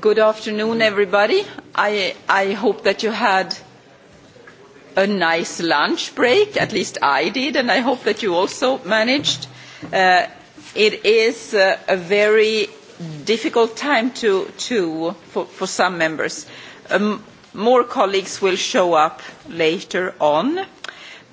Good afternoon, everybody. I, I hope that you had a nice lunch break. At least I did, and I hope that you also managed. Uh, it is uh, a very difficult time to, to, for, for some members. Um, more colleagues will show up later on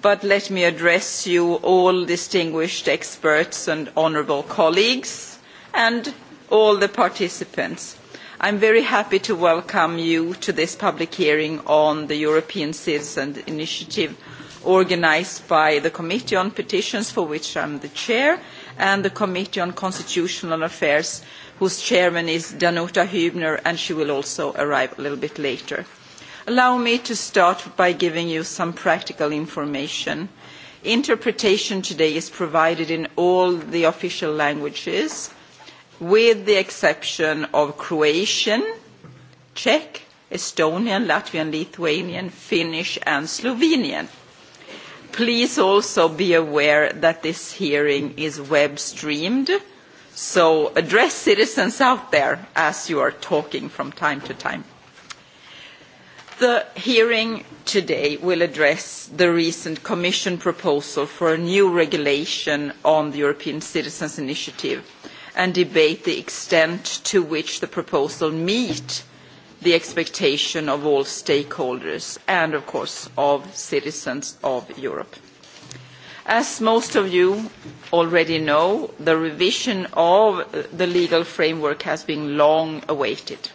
but let me address you all distinguished experts and honourable colleagues and all the participants. I am very happy to welcome you to this public hearing on the European Citizen Initiative organised by the Committee on Petitions, for which I am the chair, and the Committee on Constitutional Affairs, whose chairman is Danuta Hübner, and she will also arrive a little bit later allow me to start by giving you some practical information. interpretation today is provided in all the official languages with the exception of croatian czech estonian latvian lithuanian finnish and slovenian. please also be aware that this hearing is web streamed so address citizens out there as you are talking from time to time the hearing today will address the recent commission proposal for a new regulation on the european citizens' initiative and debate the extent to which the proposal meets the expectation of all stakeholders and of course of citizens of europe. as most of you already know the revision of the legal framework has been long awaited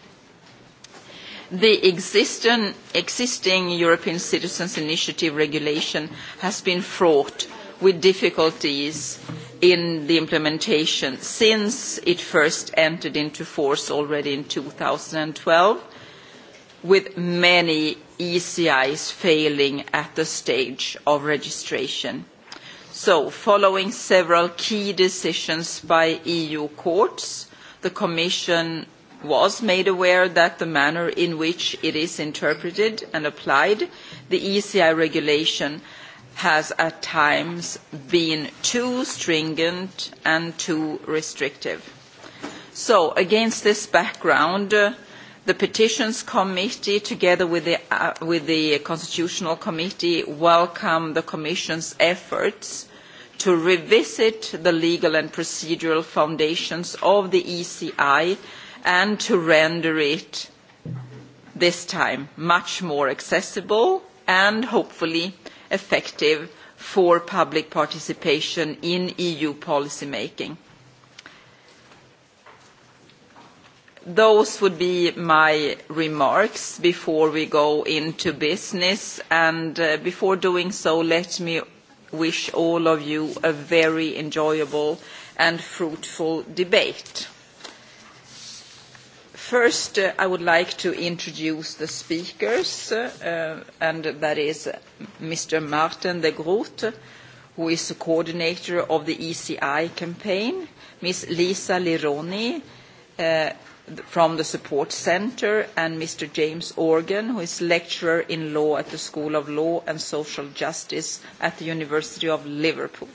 the existing, existing European Citizens Initiative regulation has been fraught with difficulties in the implementation since it first entered into force already in 2012 with many ECIs failing at the stage of registration. So, following several key decisions by EU courts, the Commission was made aware that the manner in which it is interpreted and applied, the ECI regulation has at times been too stringent and too restrictive. So against this background, uh, the Petitions Committee, together with the, uh, with the Constitutional Committee, welcome the Commission's efforts to revisit the legal and procedural foundations of the ECI and to render it this time much more accessible and hopefully effective for public participation in EU policy making. Those would be my remarks before we go into business and uh, before doing so let me wish all of you a very enjoyable and fruitful debate. First, uh, I would like to introduce the speakers, uh, uh, and that is Mr. Martin de Groot, who is the coordinator of the ECI campaign, Ms. Lisa Lironi from the Support Centre, and Mr. James Organ, who is lecturer in law at the School of Law and Social Justice at the University of Liverpool.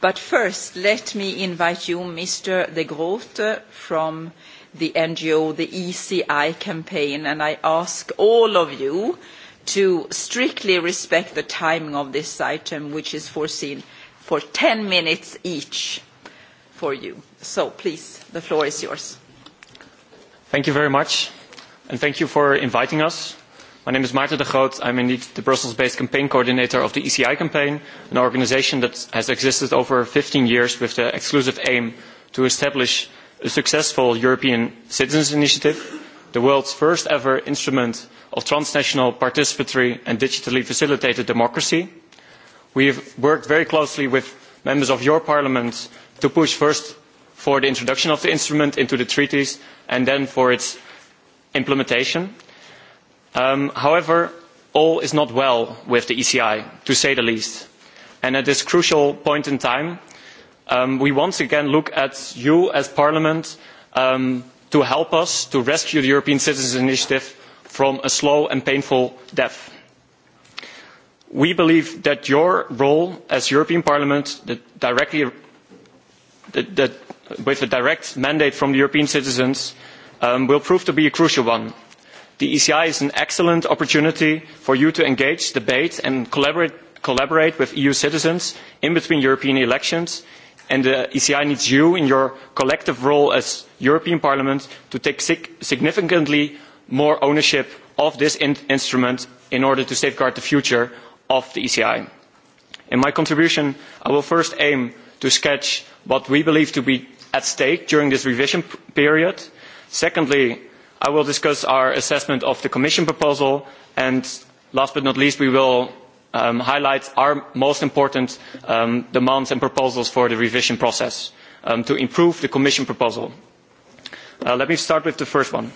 But first, let me invite you, Mr. de Groot, from the ngo the eci campaign and i ask all of you to strictly respect the timing of this item which is foreseen for 10 minutes each for you so please the floor is yours thank you very much and thank you for inviting us my name is Maarten de Groot. I'm indeed the Brussels-based campaign coordinator of the ECI campaign, an organisation that has existed over 15 years with the exclusive aim to establish a successful European Citizens Initiative, the world's first ever instrument of transnational participatory and digitally facilitated democracy. We have worked very closely with members of your parliament to push first for the introduction of the instrument into the treaties and then for its implementation. Um, however, all is not well with the ECI, to say the least. And at this crucial point in time, Um, we once again look at you as parliament um, to help us to rescue the european citizens initiative from a slow and painful death. we believe that your role as european parliament that directly, that, with a direct mandate from the european citizens um, will prove to be a crucial one. the eci is an excellent opportunity for you to engage debate and collaborate, collaborate with eu citizens in between european elections and the eci needs you in your collective role as european parliament to take significantly more ownership of this instrument in order to safeguard the future of the eci. in my contribution i will first aim to sketch what we believe to be at stake during this revision period. secondly i will discuss our assessment of the commission proposal and last but not least we will um, highlights our most important um, demands and proposals for the revision process um, to improve the Commission proposal. Uh, let me start with the first one.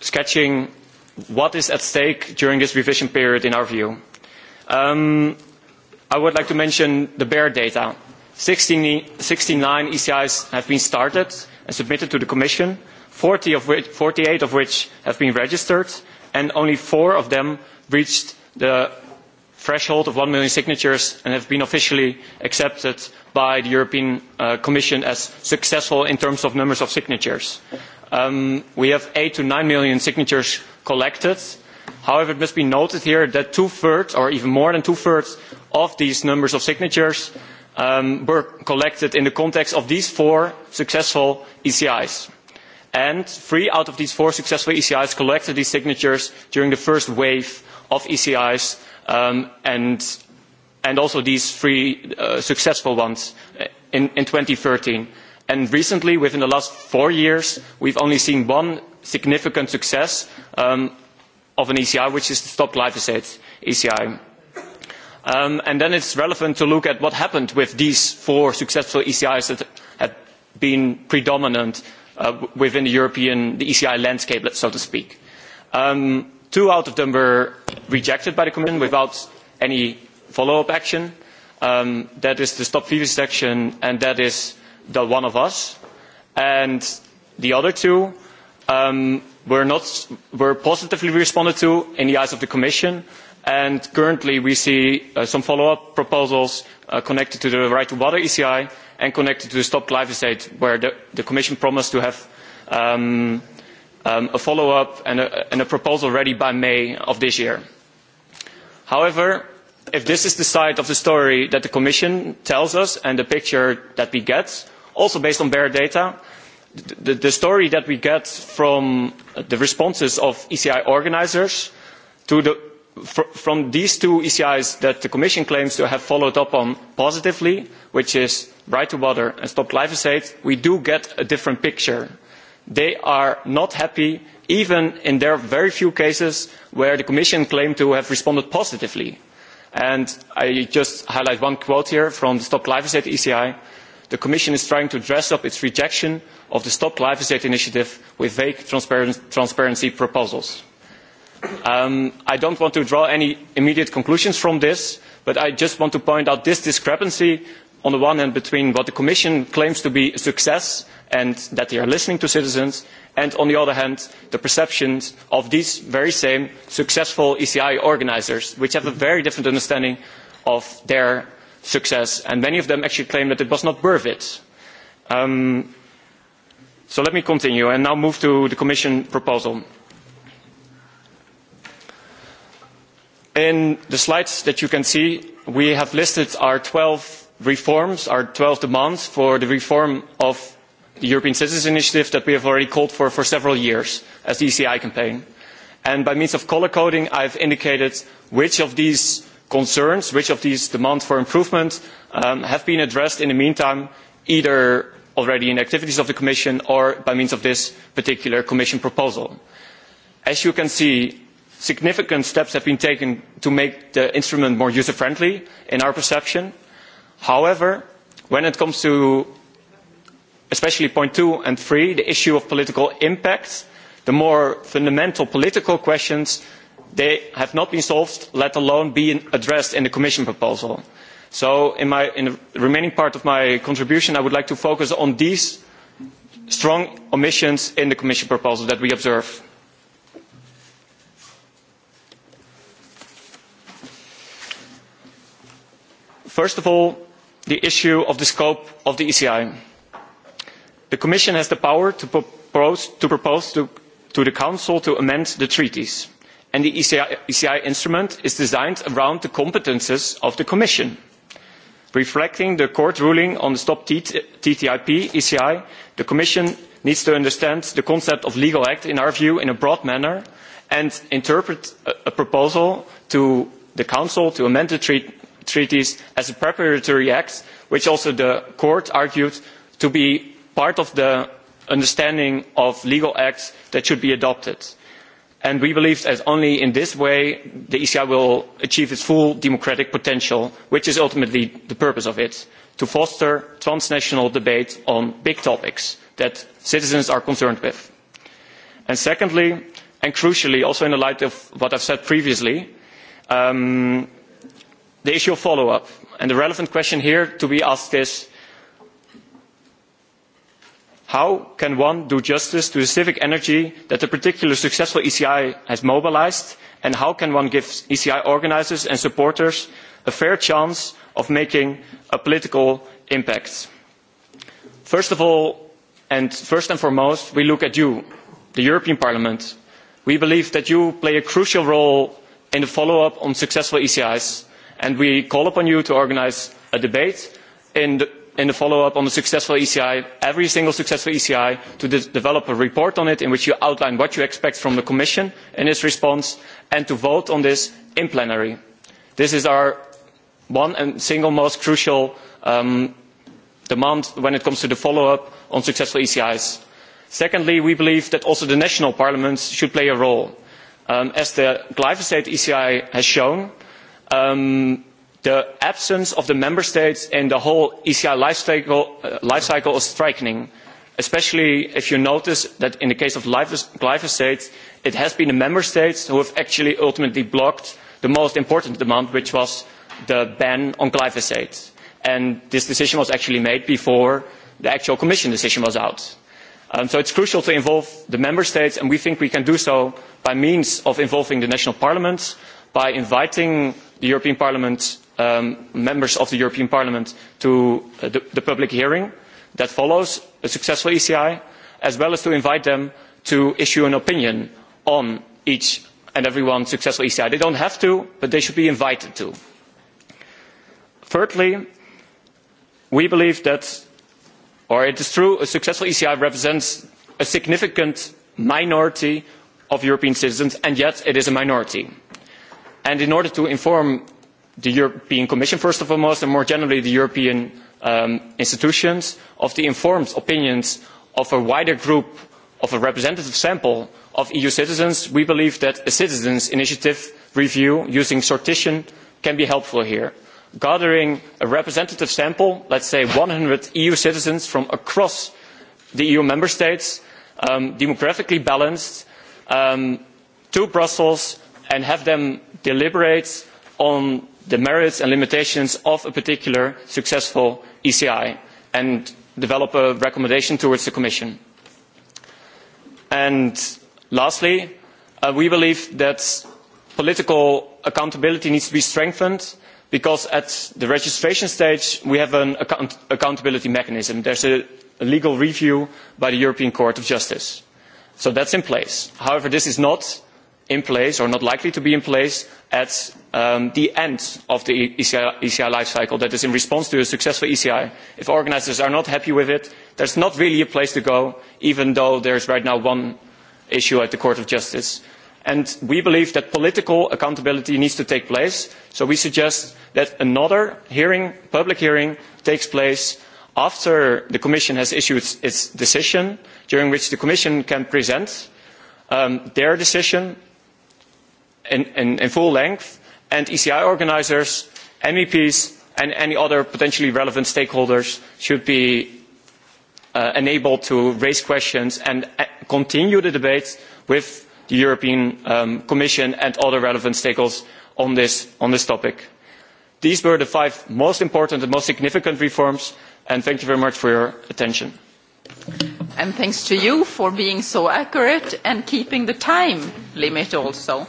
Sketching what is at stake during this revision period in our view. Um, I would like to mention the bare data. E, Sixty 69 ECIs have been started and submitted to the Commission, 40 of which, 48 of which have been registered, and only four of them reached the threshold of one million signatures and have been officially accepted by the European uh, Commission as successful in terms of numbers of signatures. Um, we have eight to nine million signatures collected. However, it must be noted here that two thirds or even more than two thirds of these numbers of signatures um, were collected in the context of these four successful ECIs and three out of these four successful ecis collected these signatures during the first wave of ecis um, and, and also these three uh, successful ones uh, in, in 2013 and recently within the last four years we've only seen one significant success um, of an eci which is the stop glyphosate eci. Um, and then it's relevant to look at what happened with these four successful ecis that had been predominant Uh, within the European, the ECI landscape, so to speak. Um, two out of them were rejected by the Commission without any follow-up action. Um, that is the Stop fever section and that is the One of Us. And the other two um, were, not, were positively responded to in the eyes of the Commission and currently we see uh, some follow up proposals uh, connected to the right to water eci and connected to the stop glyphosate where the, commission promised to have um, um, a follow up and a, proposal ready by may of this year. however if this is the side of the story that the commission tells us and the picture that we get also based on bare data the, the story that we get from the responses of eci organisers to the from these two ecis that the commission claims to have followed up on positively which is right to water and stop glyphosate we do get a different picture. they are not happy even in their very few cases where the commission claimed to have responded positively. and i just highlight one quote here from the stop glyphosate eci the commission is trying to dress up its rejection of the stop glyphosate initiative with vague transparency proposals. Um, I do not want to draw any immediate conclusions from this, but I just want to point out this discrepancy on the one hand between what the Commission claims to be a success and that they are listening to citizens, and on the other hand, the perceptions of these very same successful ECI organisers, which have a very different understanding of their success, and many of them actually claim that it was not worth it. Um, so let me continue and now move to the Commission proposal. in the slides that you can see we have listed our 12 reforms our 12 demands for the reform of the european citizens initiative that we have already called for for several years as the eci campaign and by means of colour coding i have indicated which of these concerns which of these demands for improvement um, have been addressed in the meantime either already in activities of the commission or by means of this particular commission proposal. as you can see significant steps have been taken to make the instrument more user friendly in our perception. however when it comes to especially point two and three the issue of political impact the more fundamental political questions they have not been solved let alone been addressed in the commission proposal. so in, my, in the remaining part of my contribution i would like to focus on these strong omissions in the commission proposal that we observe. first of all the issue of the scope of the eci. the commission has the power to propose to, propose to, the council to amend the treaties and the ECI, eci instrument is designed around the competences of the commission reflecting the court ruling on the stop ttip eci the commission needs to understand the concept of legal act in our view in a broad manner and interpret a proposal to the council to amend the treaties as a preparatory act which also the court argued to be part of the understanding of legal acts that should be adopted and we believe that only in this way the eci will achieve its full democratic potential which is ultimately the purpose of it to foster transnational debate on big topics that citizens are concerned with. and secondly and crucially also in the light of what i have said previously um, the issue of follow up and the relevant question here to be asked is how can one do justice to the civic energy that a particular successful eci has mobilised and how can one give eci organisers and supporters a fair chance of making a political impact? first of all and first and foremost we look at you the european parliament. we believe that you play a crucial role in the follow up on successful ecis and we call upon you to organise a debate in the, follow up on the successful eci every single successful eci to develop a report on it in which you outline what you expect from the commission in its response and to vote on this in plenary. this is our one and single most crucial um, demand when it comes to the follow up on successful ecis. secondly we believe that also the national parliaments should play a role. Um, as the glyphosate eci has shown um, the absence of the member states in the whole eci uh, life cycle, is striking especially if you notice that in the case of glyphosate it has been the member states who have actually ultimately blocked the most important demand which was the ban on glyphosate and this decision was actually made before the actual commission decision was out. Um, so it is crucial to involve the member states and we think we can do so by means of involving the national parliaments by inviting the European Parliament um, members of the European Parliament to uh, the, the public hearing that follows a successful ECI, as well as to invite them to issue an opinion on each and every one successful ECI. They don't have to, but they should be invited to. Thirdly, we believe that or it is true a successful ECI represents a significant minority of European citizens and yet it is a minority and in order to inform the european commission first of all and more generally the european um, institutions of the informed opinions of a wider group of a representative sample of eu citizens we believe that a citizens' initiative review using sortition can be helpful here gathering a representative sample let's say 100 eu citizens from across the eu member states um, demographically balanced um, to brussels and have them deliberate on the merits and limitations of a particular successful ECI and develop a recommendation towards the Commission. And lastly, uh, we believe that political accountability needs to be strengthened because at the registration stage we have an accountability mechanism. There's is a legal review by the European Court of Justice. So that's in place. However, this is not in place or not likely to be in place at um, the end of the ECI, ECI life cycle that is in response to a successful ECI. If organisers are not happy with it, there's not really a place to go, even though there's right now one issue at the Court of Justice. And we believe that political accountability needs to take place, so we suggest that another hearing, public hearing takes place after the Commission has issued its decision, during which the Commission can present um, their decision in, in full length and eci organisers meps and any other potentially relevant stakeholders should be uh, enabled to raise questions and uh, continue the debate with the european um, commission and other relevant stakeholders on this, on this topic. these were the five most important and most significant reforms and thank you very much for your attention. and thanks to you for being so accurate and keeping the time limit also.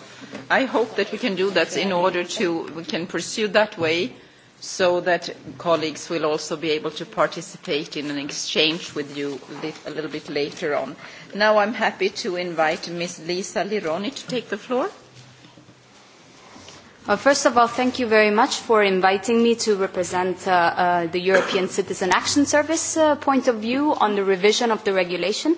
I hope that we can do that in order to we can pursue that way so that colleagues will also be able to participate in an exchange with you a little bit later on. Now I'm happy to invite Ms. Lisa Lironi to take the floor. first of all, thank you very much for inviting me to represent uh, uh, the European Citizen Action Service uh, point of view on the revision of the regulation.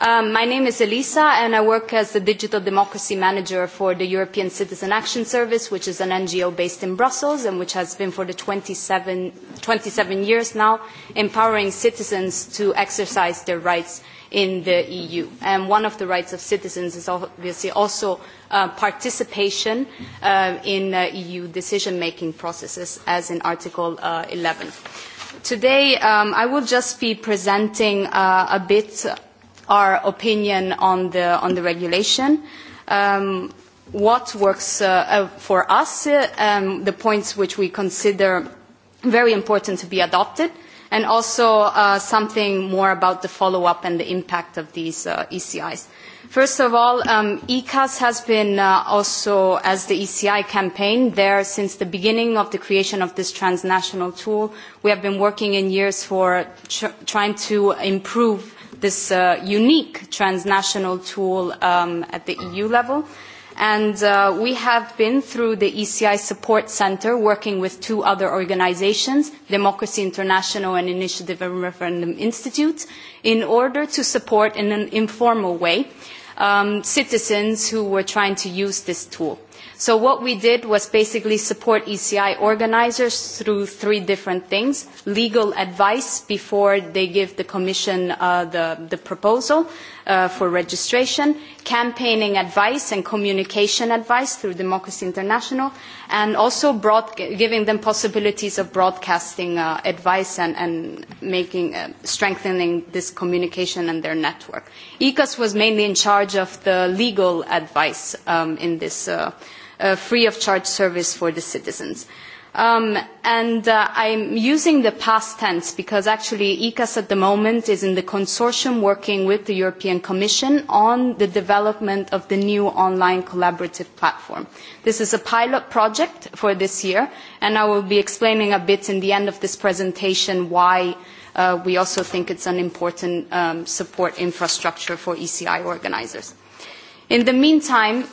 Um, my name is Elisa and I work as the Digital Democracy Manager for the European Citizen Action Service, which is an NGO based in Brussels and which has been for the 27, 27 years now, empowering citizens to exercise their rights in the EU. And one of the rights of citizens is obviously also uh, participation uh, in uh, EU decision-making processes, as in Article 11. Uh, Today, um, I will just be presenting uh, a bit our opinion on the, on the regulation. Um, what works uh, uh, for us, uh, um, the points which we consider very important to be adopted, and also something more about the follow-up and the impact of these ECIs. First of all, um, ECAS has been also, as the ECI campaign, there since the beginning of the creation of this transnational tool. We have been working in years for trying to improve this uh, unique transnational tool um, at the EU level. And uh, we have been through the ECI Support Center working with two other organizations, Democracy International and Initiative and Referendum Institute, in order to support in an informal way um, citizens who were trying to use this tool. So what we did was basically support ECI organisers through three different things. Legal advice before they give the Commission uh, the, proposal uh, for registration, campaigning advice and communication advice through Democracy International, and also broad, giving them possibilities of broadcasting uh, advice and, and making, uh, strengthening this communication and their network. ECAS was mainly in charge of the legal advice um, in this uh, uh, free of charge service for the citizens. Um, and uh, I'm using the past tense because actually ECAS at the moment is in the consortium working with the European Commission on the development of the new online collaborative platform. This is a pilot project for this year and I will be explaining a bit in the end of this presentation why uh, we also think it's an important um, support infrastructure for ECI organizers. In the meantime,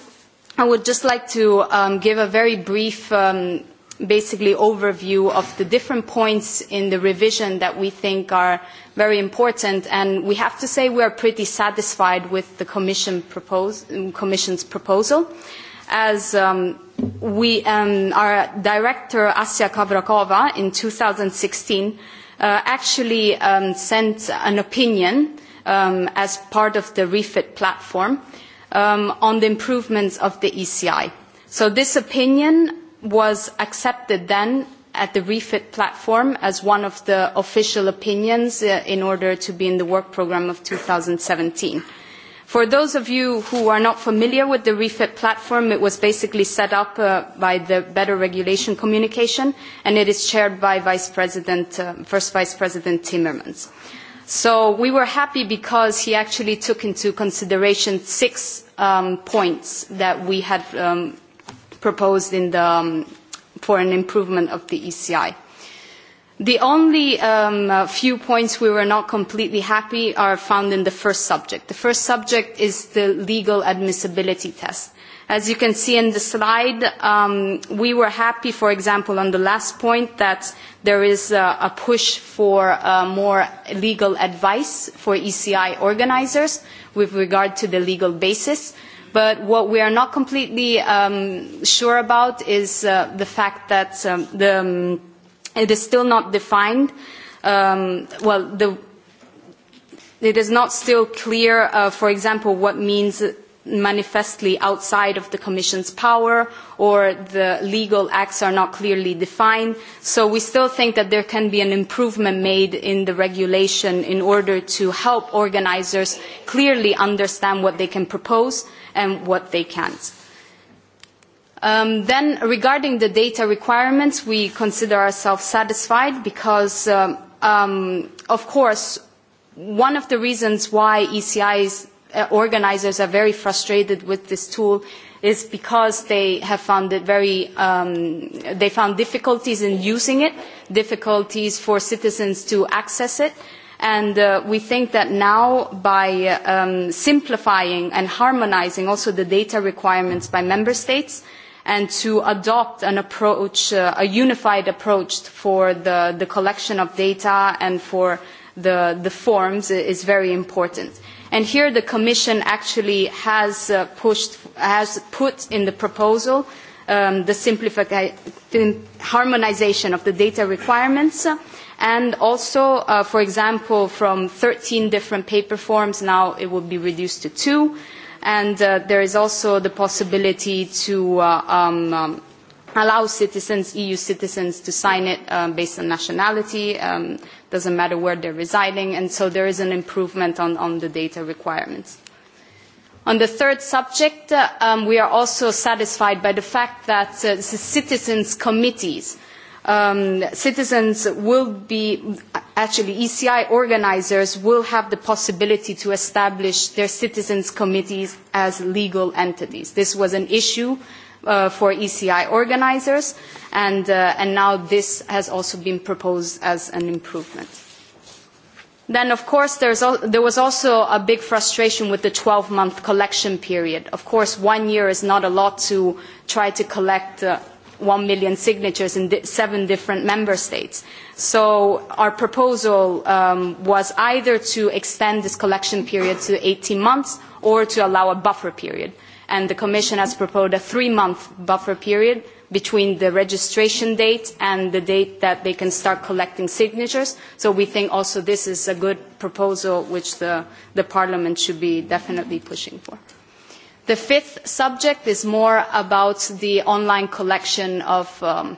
I would just like to um, give a very brief um, basically overview of the different points in the revision that we think are very important and we have to say we are pretty satisfied with the commission's proposal as um, we um, our director Asya Kavrakova in 2016 uh, actually um, sent an opinion as part of the refit platform on the improvements of the ECI so this opinion was accepted then at the refit platform as one of the official opinions uh, in order to be in the work programme of 2017 for those of you who are not familiar with the refit platform it was basically set up uh, by the better regulation communication and it is chaired by vice president uh, first vice president timmermans so we were happy because he actually took into consideration six um, points that we had um, proposed in the, um, for an improvement of the ECI. The only um, uh, few points we were not completely happy are found in the first subject. The first subject is the legal admissibility test. As you can see in the slide, um, we were happy, for example, on the last point that there is a push for uh, more legal advice for ECI organizers with regard to the legal basis but what we are not completely um, sure about is uh, the fact that um, the, um, it is still not defined. well, the, it is not still clear, uh, for example, what means manifestly outside of the commission's power or the legal acts are not clearly defined so we still think that there can be an improvement made in the regulation in order to help organisers clearly understand what they can propose and what they can't. Um, then regarding the data requirements we consider ourselves satisfied because um, um of course one of the reasons why ECIs Uh, organizers are very frustrated with this tool is because they have found it very um, they found difficulties in using it difficulties for citizens to access it and uh, we think that now by um, simplifying and harmonizing also the data requirements by member states and to adopt an approach uh, a unified approach for the the collection of data and for the, the forms is very important. And here the Commission actually has, uh, pushed, has put in the proposal um, the simplification, harmonization of the data requirements and also, uh, for example, from 13 different paper forms, now it will be reduced to two. And uh, there is also the possibility to um, um, allow citizens, EU citizens, to sign it based on nationality doesn't matter where they're residing, and so there is an improvement on, on the data requirements. On the third subject, uh, um, we are also satisfied by the fact that uh, the citizens' committees, um, citizens will be, actually ECI organisers will have the possibility to establish their citizens' committees as legal entities. This was an issue Uh, for ECI organizers, and, uh, and now this has also been proposed as an improvement. Then, of course, there's there was also a big frustration with the 12-month collection period. Of course, one year is not a lot to try to collect uh, 1 million signatures in di seven different member states. So our proposal um, was either to extend this collection period to 18 months or to allow a buffer period and the Commission has proposed a three-month buffer period between the registration date and the date that they can start collecting signatures. So we think also this is a good proposal which the, Parliament should be definitely pushing for. The fifth subject is more about the online collection of, um,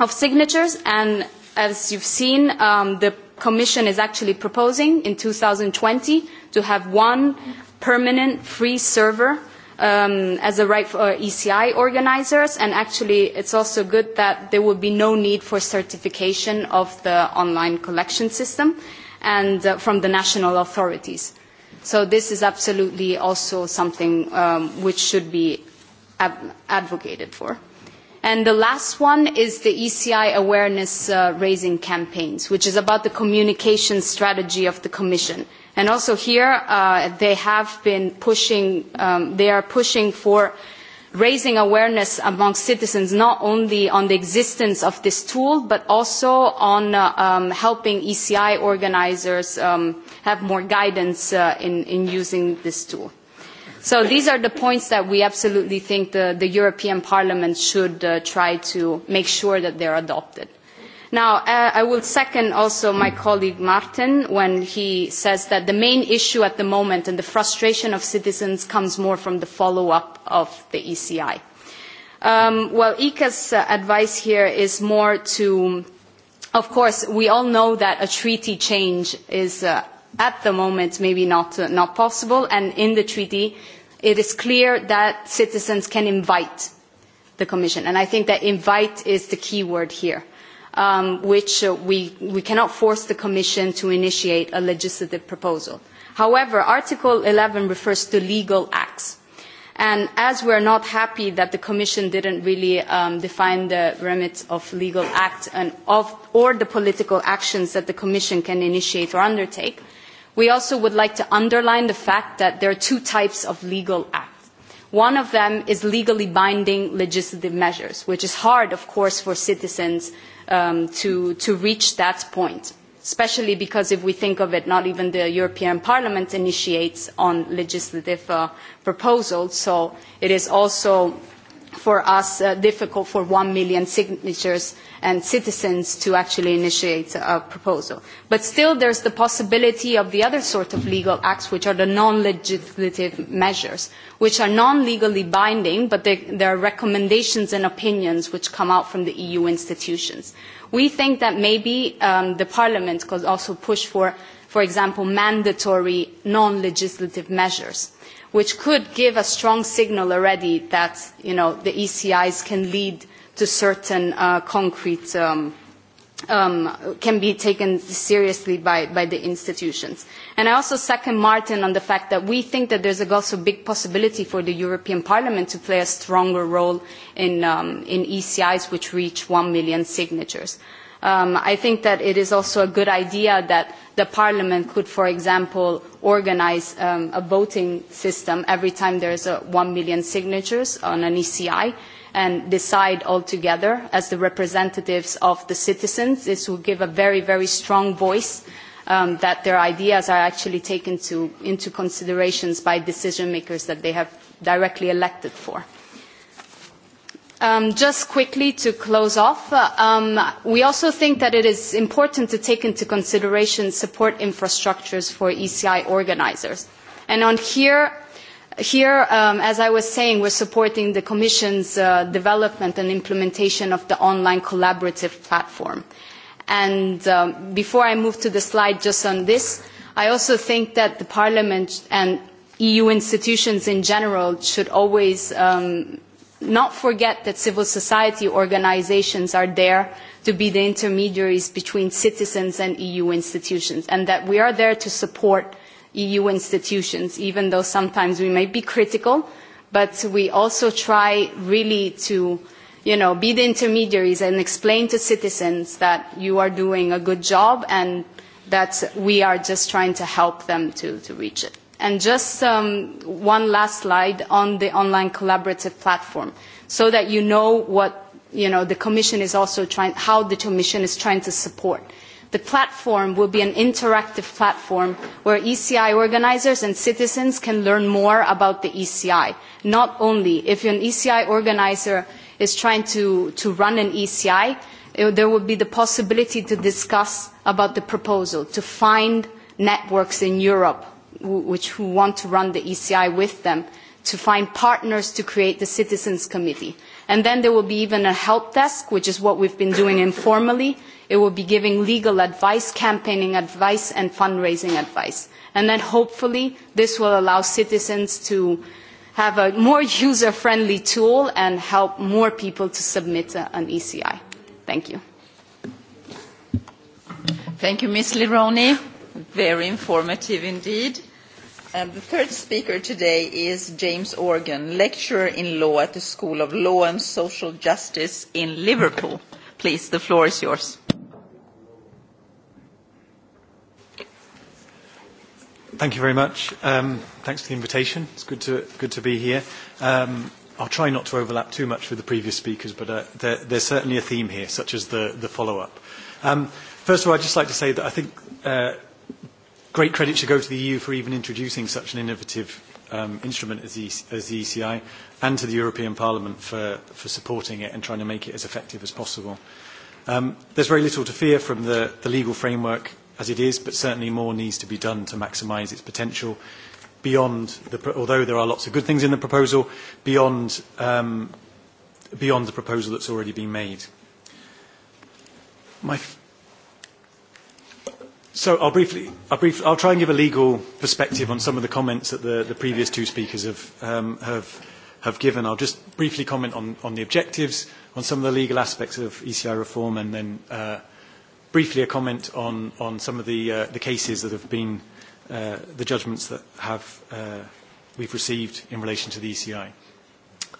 of signatures. And as you've seen, um, the Commission is actually proposing in 2020 to have one permanent free server Um, as a right for ECI organisers and actually it's also good that there will be no need for certification of the online collection system and uh, from the national authorities. So this is absolutely also something um, which should be advocated for. And the last one is the ECI awareness uh, raising campaigns, which is about the communication strategy of the Commission And also here, uh, they have been pushing, um, they are pushing for raising awareness among citizens not only on the existence of this tool, but also on uh, um, helping ECI organizers um, have more guidance uh, in, using this tool. So these are the points that we absolutely think the, European Parliament should try to make sure that they are adopted. Now, uh, I will second also my colleague Martin when he says that the main issue at the moment and the frustration of citizens comes more from the follow-up of the ECI. Um, well, ICA's uh, advice here is more to, of course, we all know that a treaty change is uh, at the moment maybe not, not possible, and in the treaty it is clear that citizens can invite the Commission, and I think that invite is the key word here um, which uh, we, we cannot force the Commission to initiate a legislative proposal. However, Article 11 refers to legal acts. And as we are not happy that the Commission didn't really um, define the remit of legal acts and or the political actions that the Commission can initiate or undertake, we also would like to underline the fact that there are two types of legal acts. One of them is legally binding legislative measures, which is hard, of course, for citizens um, to, to reach that point especially because if we think of it not even the european parliament initiates on legislative uh, proposals so it is also for us uh, difficult for one million signatures and citizens to actually initiate a proposal. But still there's the possibility of the other sort of legal acts which are the non-legislative measures, which are non-legally binding but they, there are recommendations and opinions which come out from the EU institutions. We think that maybe um, the Parliament could also push for, for example, mandatory non-legislative measures which could give a strong signal already that you know, the ECIs can lead to certain uh, concrete um, um, can be taken seriously by, by the institutions. And I also second Martin on the fact that we think that there's also a big possibility for the European Parliament to play a stronger role in, um, in ECIs which reach 1 million signatures. Um, I think that it is also a good idea that the Parliament could, for example, organise um, a voting system every time there is one million signatures on an ECI and decide altogether as the representatives of the citizens. This will give a very, very strong voice um, that their ideas are actually taken into considerations by decision makers that they have directly elected for. Um, just quickly to close off, uh, um, we also think that it is important to take into consideration support infrastructures for ECI organisers. And on here, here um, as I was saying, we're supporting the Commission's uh, development and implementation of the online collaborative platform. And before I move to the slide just on this, I also think that the Parliament and EU institutions in general should always not forget that civil society organisations are there to be the intermediaries between citizens and eu institutions and that we are there to support eu institutions even though sometimes we may be critical but we also try really to you know be the intermediaries and explain to citizens that you are doing a good job and that we are just trying to help them to reach it And just um, one last slide on the online collaborative platform, so that you know what you know, the Commission is also trying, how the Commission is trying to support. The platform will be an interactive platform where ECI organisers and citizens can learn more about the ECI. Not only if an ECI organiser is trying to, to run an ECI, eh, there will be the possibility to discuss about the proposal, to find networks in Europe who, which who want to run the ECI with them to find partners to create the citizens committee. And then there will be even a help desk, which is what we've been doing informally. It will be giving legal advice, campaigning advice, and fundraising advice. And then hopefully this will allow citizens to have a more user-friendly tool and help more people to submit an ECI. Thank you. Thank you, Ms. Lironi. Very informative indeed. And the third speaker today is James Organ, lecturer in law at the School of Law and Social Justice in Liverpool. Please, the floor is yours. Thank you very much. Um, thanks for the invitation. It's good to, good to be here. Um, I'll try not to overlap too much with the previous speakers, but uh, there, there's certainly a theme here, such as the, the follow-up. Um, first of all, I'd just like to say that I think uh, great credit should go to the EU for even introducing such an innovative um, instrument as the, as the ECI and to the European Parliament for, for supporting it and trying to make it as effective as possible. Um, there's very little to fear from the, the legal framework as it is, but certainly more needs to be done to maximise its potential beyond, the, although there are lots of good things in the proposal, beyond, um, beyond the proposal that's already been made. My So I'll briefly, I'll, brief, I'll try and give a legal perspective on some of the comments that the, the previous two speakers have, um, have, have given. I'll just briefly comment on, on the objectives, on some of the legal aspects of ECI reform, and then uh, briefly a comment on, on some of the, uh, the cases that have been, uh, the judgments that have, we've received in relation to the ECI,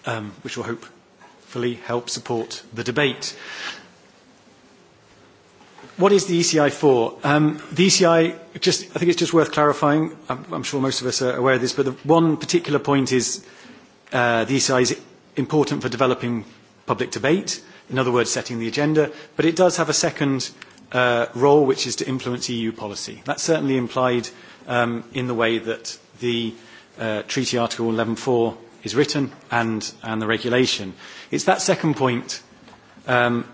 um, which will hopefully help support the debate. What is the ECI for? Um, the ECI, just, I think it's just worth clarifying. I'm, sure most of us are aware of this, but the one particular point is uh, the ECI is important for developing public debate, in other words, setting the agenda, but it does have a second uh, role, which is to influence EU policy. That's certainly implied um, in the way that the uh, Treaty Article 11.4 is written and, the regulation. It's that second point um,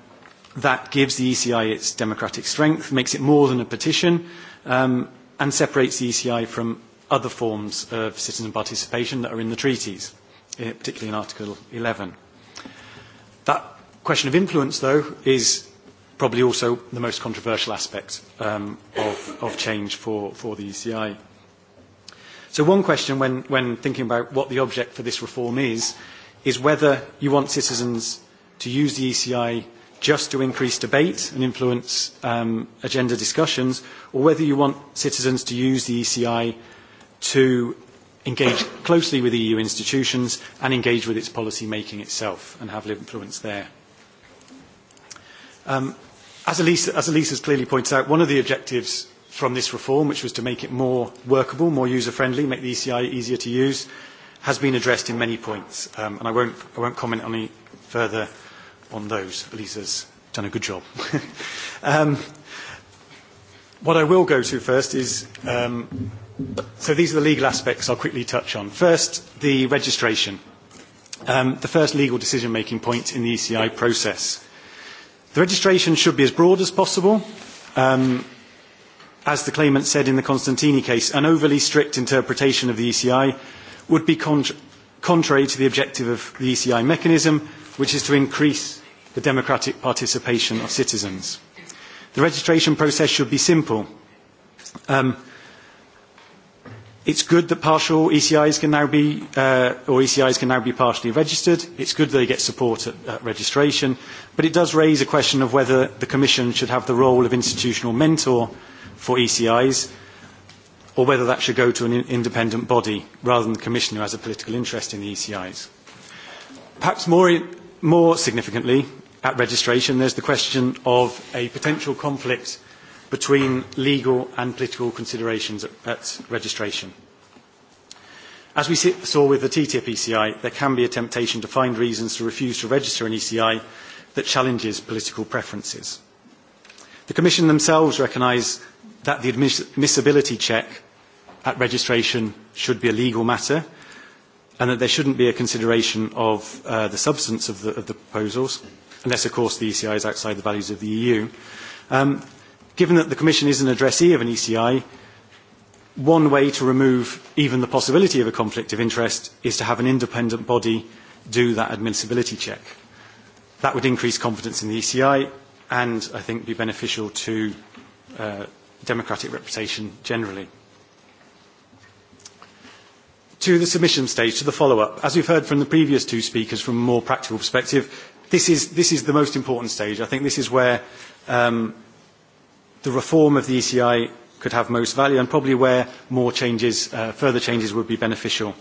that gives the ECI its democratic strength, makes it more than a petition, um, and separates the ECI from other forms of citizen participation that are in the treaties, eh, particularly in Article 11. That question of influence, though, is probably also the most controversial aspect um, of, of change for, for the ECI. So one question when, when thinking about what the object for this reform is, is whether you want citizens to use the ECI just to increase debate and influence um, agenda discussions, or whether you want citizens to use the ECI to engage closely with EU institutions and engage with its policy making itself and have influence there. Um, as, Elise, as Elise has clearly pointed out, one of the objectives from this reform, which was to make it more workable, more user-friendly, make the ECI easier to use, has been addressed in many points, um, and I won't, I won't comment on any further on those. Lisa's done a good job. um, what I will go to first is, um, so these are the legal aspects I'll quickly touch on. First, the registration, um, the first legal decision-making point in the ECI process. The registration should be as broad as possible. Um, as the claimant said in the Constantini case, an overly strict interpretation of the ECI would be contrary to the objective of the ECI mechanism, which is to increase the democratic participation of citizens. The registration process should be simple. Um, it's good that partial ECIs can now be, uh, or ECIs can now be partially registered. It's good they get support at, at registration, but it does raise a question of whether the Commission should have the role of institutional mentor for ECIs, or whether that should go to an independent body rather than the Commission who has a political interest in the ECIs. Perhaps more, more significantly, at registration. There's the question of a potential conflict between legal and political considerations at, at registration. As we saw with the TTIP ECI, there can be a temptation to find reasons to refuse to register an ECI that challenges political preferences. The Commission themselves recognise that the admissibility check at registration should be a legal matter and that there shouldn't be a consideration of uh, the substance of the, of the proposals unless, of course, the ECI is outside the values of the EU. Um, given that the Commission is an addressee of an ECI, one way to remove even the possibility of a conflict of interest is to have an independent body do that admissibility check. That would increase confidence in the ECI and, I think, be beneficial to uh, democratic reputation generally. To the submission stage, to the follow-up. As we've heard from the previous two speakers from a more practical perspective, this is, this is the most important stage. I think this is where um, the reform of the ECI could have most value and probably where more changes, uh, further changes would be beneficial.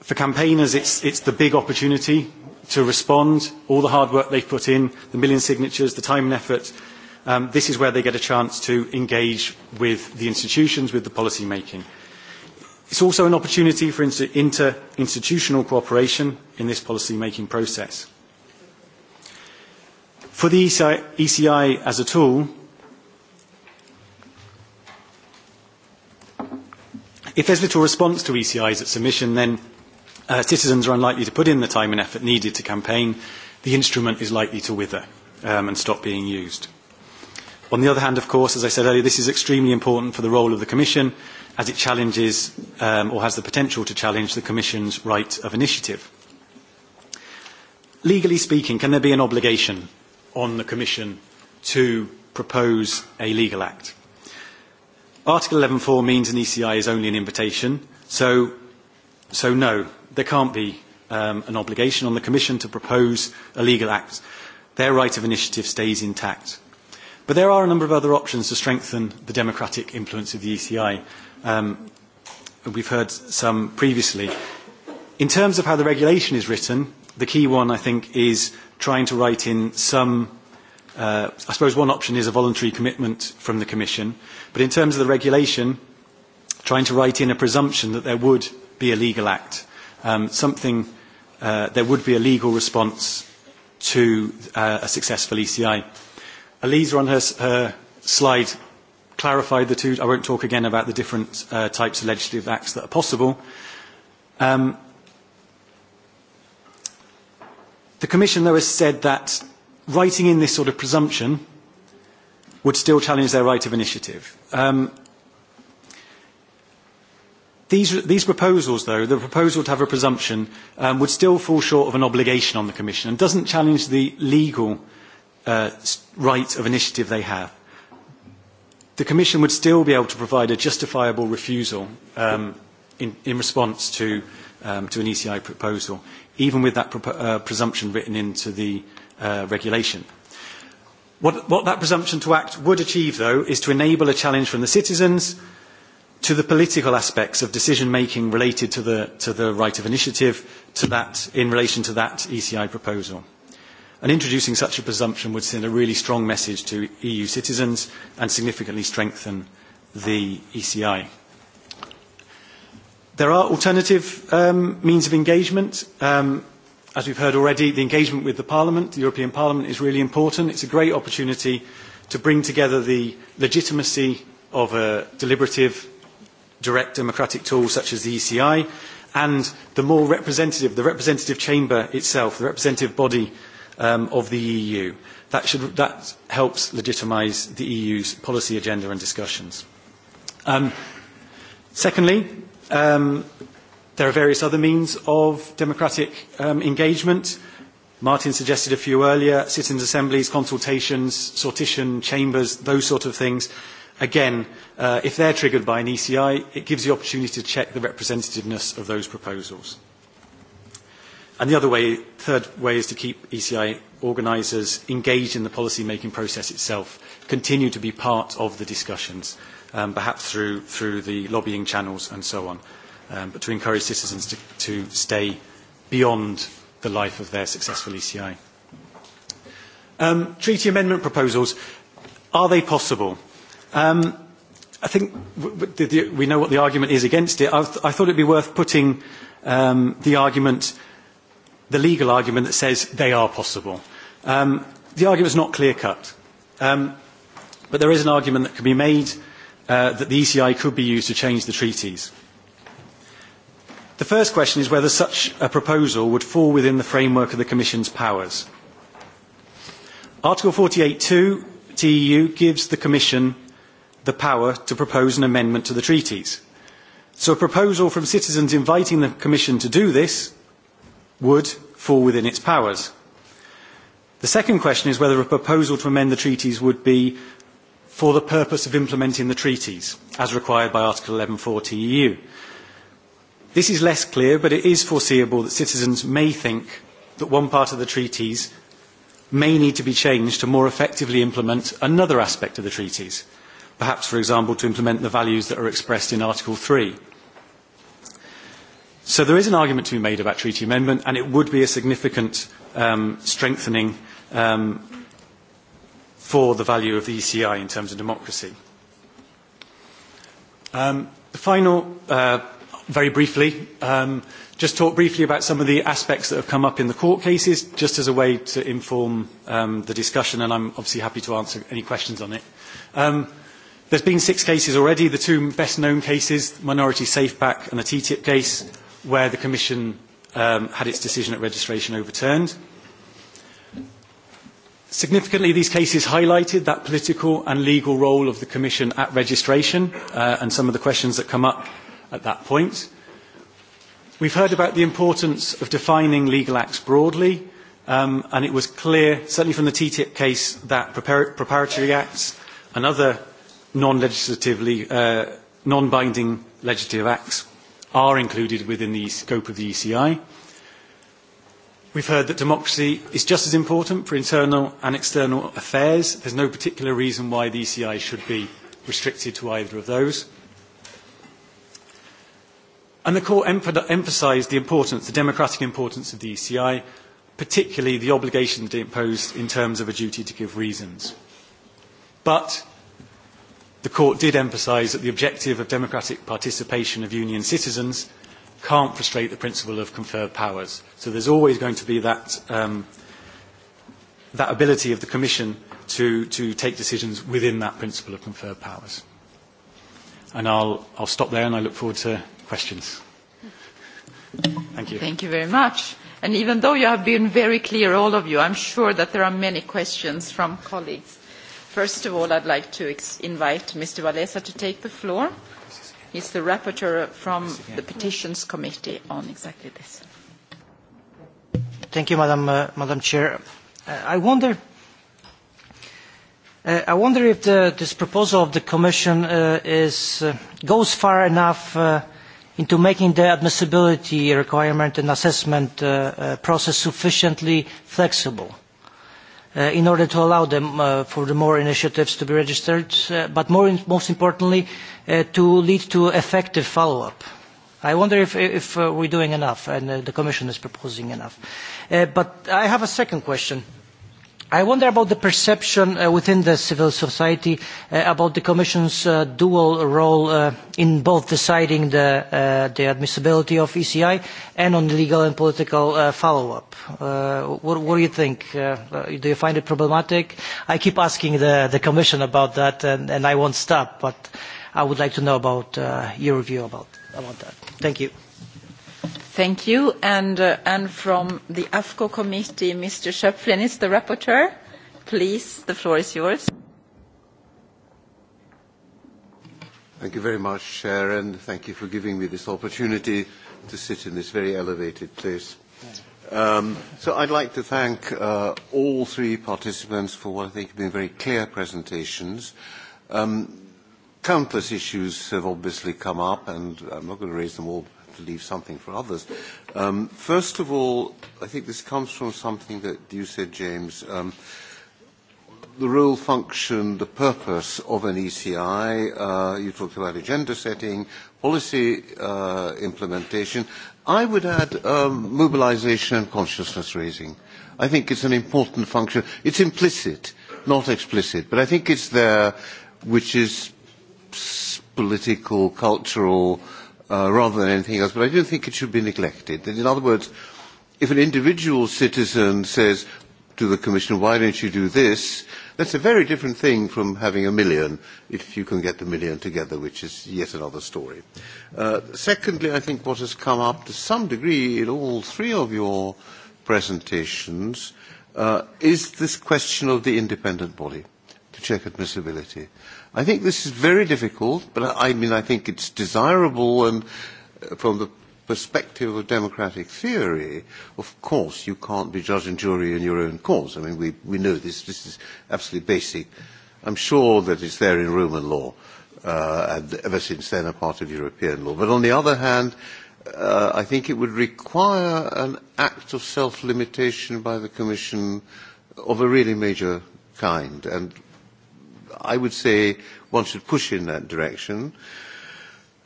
For campaigners, it's, it's the big opportunity to respond, all the hard work they've put in, the million signatures, the time and effort. Um, this is where they get a chance to engage with the institutions, with the policy making. It's also an opportunity for interinstitutional cooperation in this policy-making process. For the ECI e as a tool, if there's little response to ECIs at submission, then uh, citizens are unlikely to put in the time and effort needed to campaign. The instrument is likely to wither um, and stop being used. On the other hand, of course, as I said earlier, this is extremely important for the role of the Commission as it challenges um, or has the potential to challenge the Commission's right of initiative. Legally speaking, can there be an obligation on the Commission to propose a legal act? Article 11.4 means an ECI is only an invitation, so, so no, there can't be um, an obligation on the Commission to propose a legal act. Their right of initiative stays intact. But there are a number of other options to strengthen the democratic influence of the ECI. Um, we've heard some previously. In terms of how the regulation is written, the key one, I think, is trying to write in some uh, I suppose one option is a voluntary commitment from the Commission, but in terms of the regulation, trying to write in a presumption that there would be a legal act, um, something uh, there would be a legal response to uh, a successful ECI. Elisa on her, her slide clarify the two. I won't talk again about the different uh, types of legislative acts that are possible. Um, the Commission, though, has said that writing in this sort of presumption would still challenge their right of initiative. Um, these, these proposals, though, the proposal to have a presumption, um, would still fall short of an obligation on the Commission and doesn't challenge the legal uh, right of initiative they have the Commission would still be able to provide a justifiable refusal um, in, in response to, um, to an ECI proposal, even with that uh, presumption written into the uh, regulation. What, what that presumption to act would achieve, though, is to enable a challenge from the citizens to the political aspects of decision making related to the, to the right of initiative to that, in relation to that ECI proposal and introducing such a presumption would send a really strong message to EU citizens and significantly strengthen the ECI. There are alternative um, means of engagement. Um, as we've heard already, the engagement with the Parliament, the European Parliament, is really important. It's a great opportunity to bring together the legitimacy of a deliberative, direct democratic tool such as the ECI and the more representative, the representative chamber itself, the representative body Um, of the EU. That, should, that helps legitimise the EU's policy agenda and discussions. Um, secondly, um, there are various other means of democratic um, engagement. Martin suggested a few earlier, citizens' assemblies, consultations, sortition, chambers, those sort of things. Again, if uh, if they're triggered by an ECI, it gives the opportunity to check the representativeness of those proposals. And the other way, third way is to keep ECI organisers engaged in the policy making process itself, continue to be part of the discussions, um, perhaps through, through the lobbying channels and so on, um, but to encourage citizens to, to stay beyond the life of their successful ECI. Um, treaty amendment proposals, are they possible? Um, I think w the, we know what the argument is against it. I, th I thought it would be worth putting um, the argument the legal argument that says they are possible. Um, the argument is not clear cut, um, but there is an argument that can be made uh, that the ECI could be used to change the treaties. The first question is whether such a proposal would fall within the framework of the Commission's powers. Article 48.2 TEU gives the Commission the power to propose an amendment to the treaties. So a proposal from citizens inviting the Commission to do this would fall within its powers. The second question is whether a proposal to amend the treaties would be for the purpose of implementing the treaties, as required by Article 1140 EU. This is less clear, but it is foreseeable that citizens may think that one part of the treaties may need to be changed to more effectively implement another aspect of the treaties, perhaps, for example, to implement the values that are expressed in Article 3 So there is an argument to be made about treaty amendment, and it would be a significant um, strengthening um, for the value of the ECI in terms of democracy. Um, the final, uh, very briefly, um, just talk briefly about some of the aspects that have come up in the court cases, just as a way to inform um, the discussion, and I'm obviously happy to answer any questions on it. Um, there's been six cases already, the two best-known cases, Minority Safe Pack and the TTIP case where the Commission um, had its decision at registration overturned. Significantly, these cases highlighted that political and legal role of the Commission at registration uh, and some of the questions that come up at that point. We've heard about the importance of defining legal acts broadly, um, and it was clear, certainly from the TTIP case, that prepar preparatory acts and other non-legislative, uh, non-binding legislative acts are included within the scope of the ECI. We've heard that democracy is just as important for internal and external affairs. There's no particular reason why the ECI should be restricted to either of those. And the court emphasised the importance, the democratic importance of the ECI, particularly the obligation that it imposed in terms of a duty to give reasons. But the court did emphasise that the objective of democratic participation of union citizens can't frustrate the principle of conferred powers. So there's always going to be that, um, ability of the Commission to, take decisions within that principle of conferred powers. And I'll, I'll stop there and I look forward to questions. Thank you. Thank you very much. And even though you have been very clear, all of you, I'm sure that there are many questions from colleagues. First of all, I'd like to invite Mr. Walesa to take the floor. He's the rapporteur from the Petitions Committee on exactly this. Thank you, Madam, uh, Madam Chair. Uh, I wonder... Uh, I wonder if the, this proposal of the Commission is, goes far enough into making the admissibility requirement and assessment process sufficiently flexible Uh, in order to allow them uh, for the more initiatives to be registered, uh, but more most importantly to lead to effective follow up. I wonder if, if we're doing enough and the Commission is proposing enough. But I have a second question i wonder about the perception uh, within the civil society uh, about the Commission's uh, dual role uh, in both deciding the, uh, the admissibility of ECI and on legal and political uh, follow-up. What, what do you think? Do you find it problematic? I keep asking the, the Commission about that and, and I won't stop, but I would like to know about your view about, about that. Thank you. Thank you. And, uh, and from the AFCO committee, Mr. Schöpflin is the rapporteur. Please, the floor is yours. Thank you very much, Chair, and thank you for giving me this opportunity to sit in this very elevated place. Um, so I'd like to thank uh, all three participants for what I think have been very clear presentations. Um, countless issues have obviously come up, and I'm not going to raise them all to leave something for others. Um, first of all, I think this comes from something that you said, James. Um, the role, function, the purpose of an ECI. Uh, you talked about agenda setting, policy uh, implementation. I would add um, mobilization and consciousness raising. I think it's an important function. It's implicit, not explicit, but I think it's there, which is political, cultural, Uh, rather than anything else, but I don't think it should be neglected. In other words, if an individual citizen says to the Commission, why don't you do this, that's a very different thing from having a million, if you can get the million together, which is yet another story. Uh, secondly, I think what has come up to some degree in all three of your presentations uh, is this question of the independent body to check admissibility. I think this is very difficult, but I mean, I think it's desirable and um, from the perspective of democratic theory, of course, you can't be judge and jury in your own cause. I mean, we, we know this. This is absolutely basic. I'm sure that it's there in Roman law, uh, and ever since then a part of European law. But on the other hand, uh, I think it would require an act of self-limitation by the Commission of a really major kind. And i would say one should push in that direction.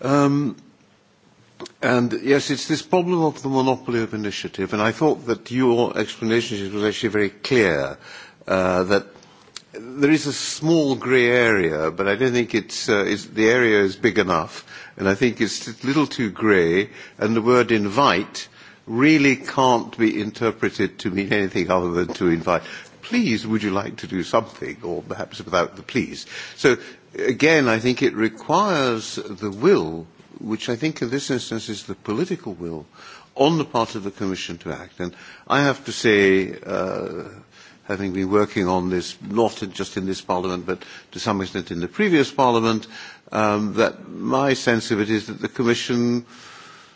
Um, and yes, it's this problem of the monopoly of initiative, and I thought that your explanation was actually very clear, uh, that there is a small grey area, but I don't think it's, uh, the area is big enough, and I think it's a little too grey, and the word invite really can't be interpreted to mean anything other than to invite please, would you like to do something, or perhaps without the please. So again, I think it requires the will, which I think in this instance is the political will, on the part of the Commission to act. And I have to say, uh, having been working on this, not just in this Parliament, but to some extent in the previous Parliament, um, that my sense of it is that the Commission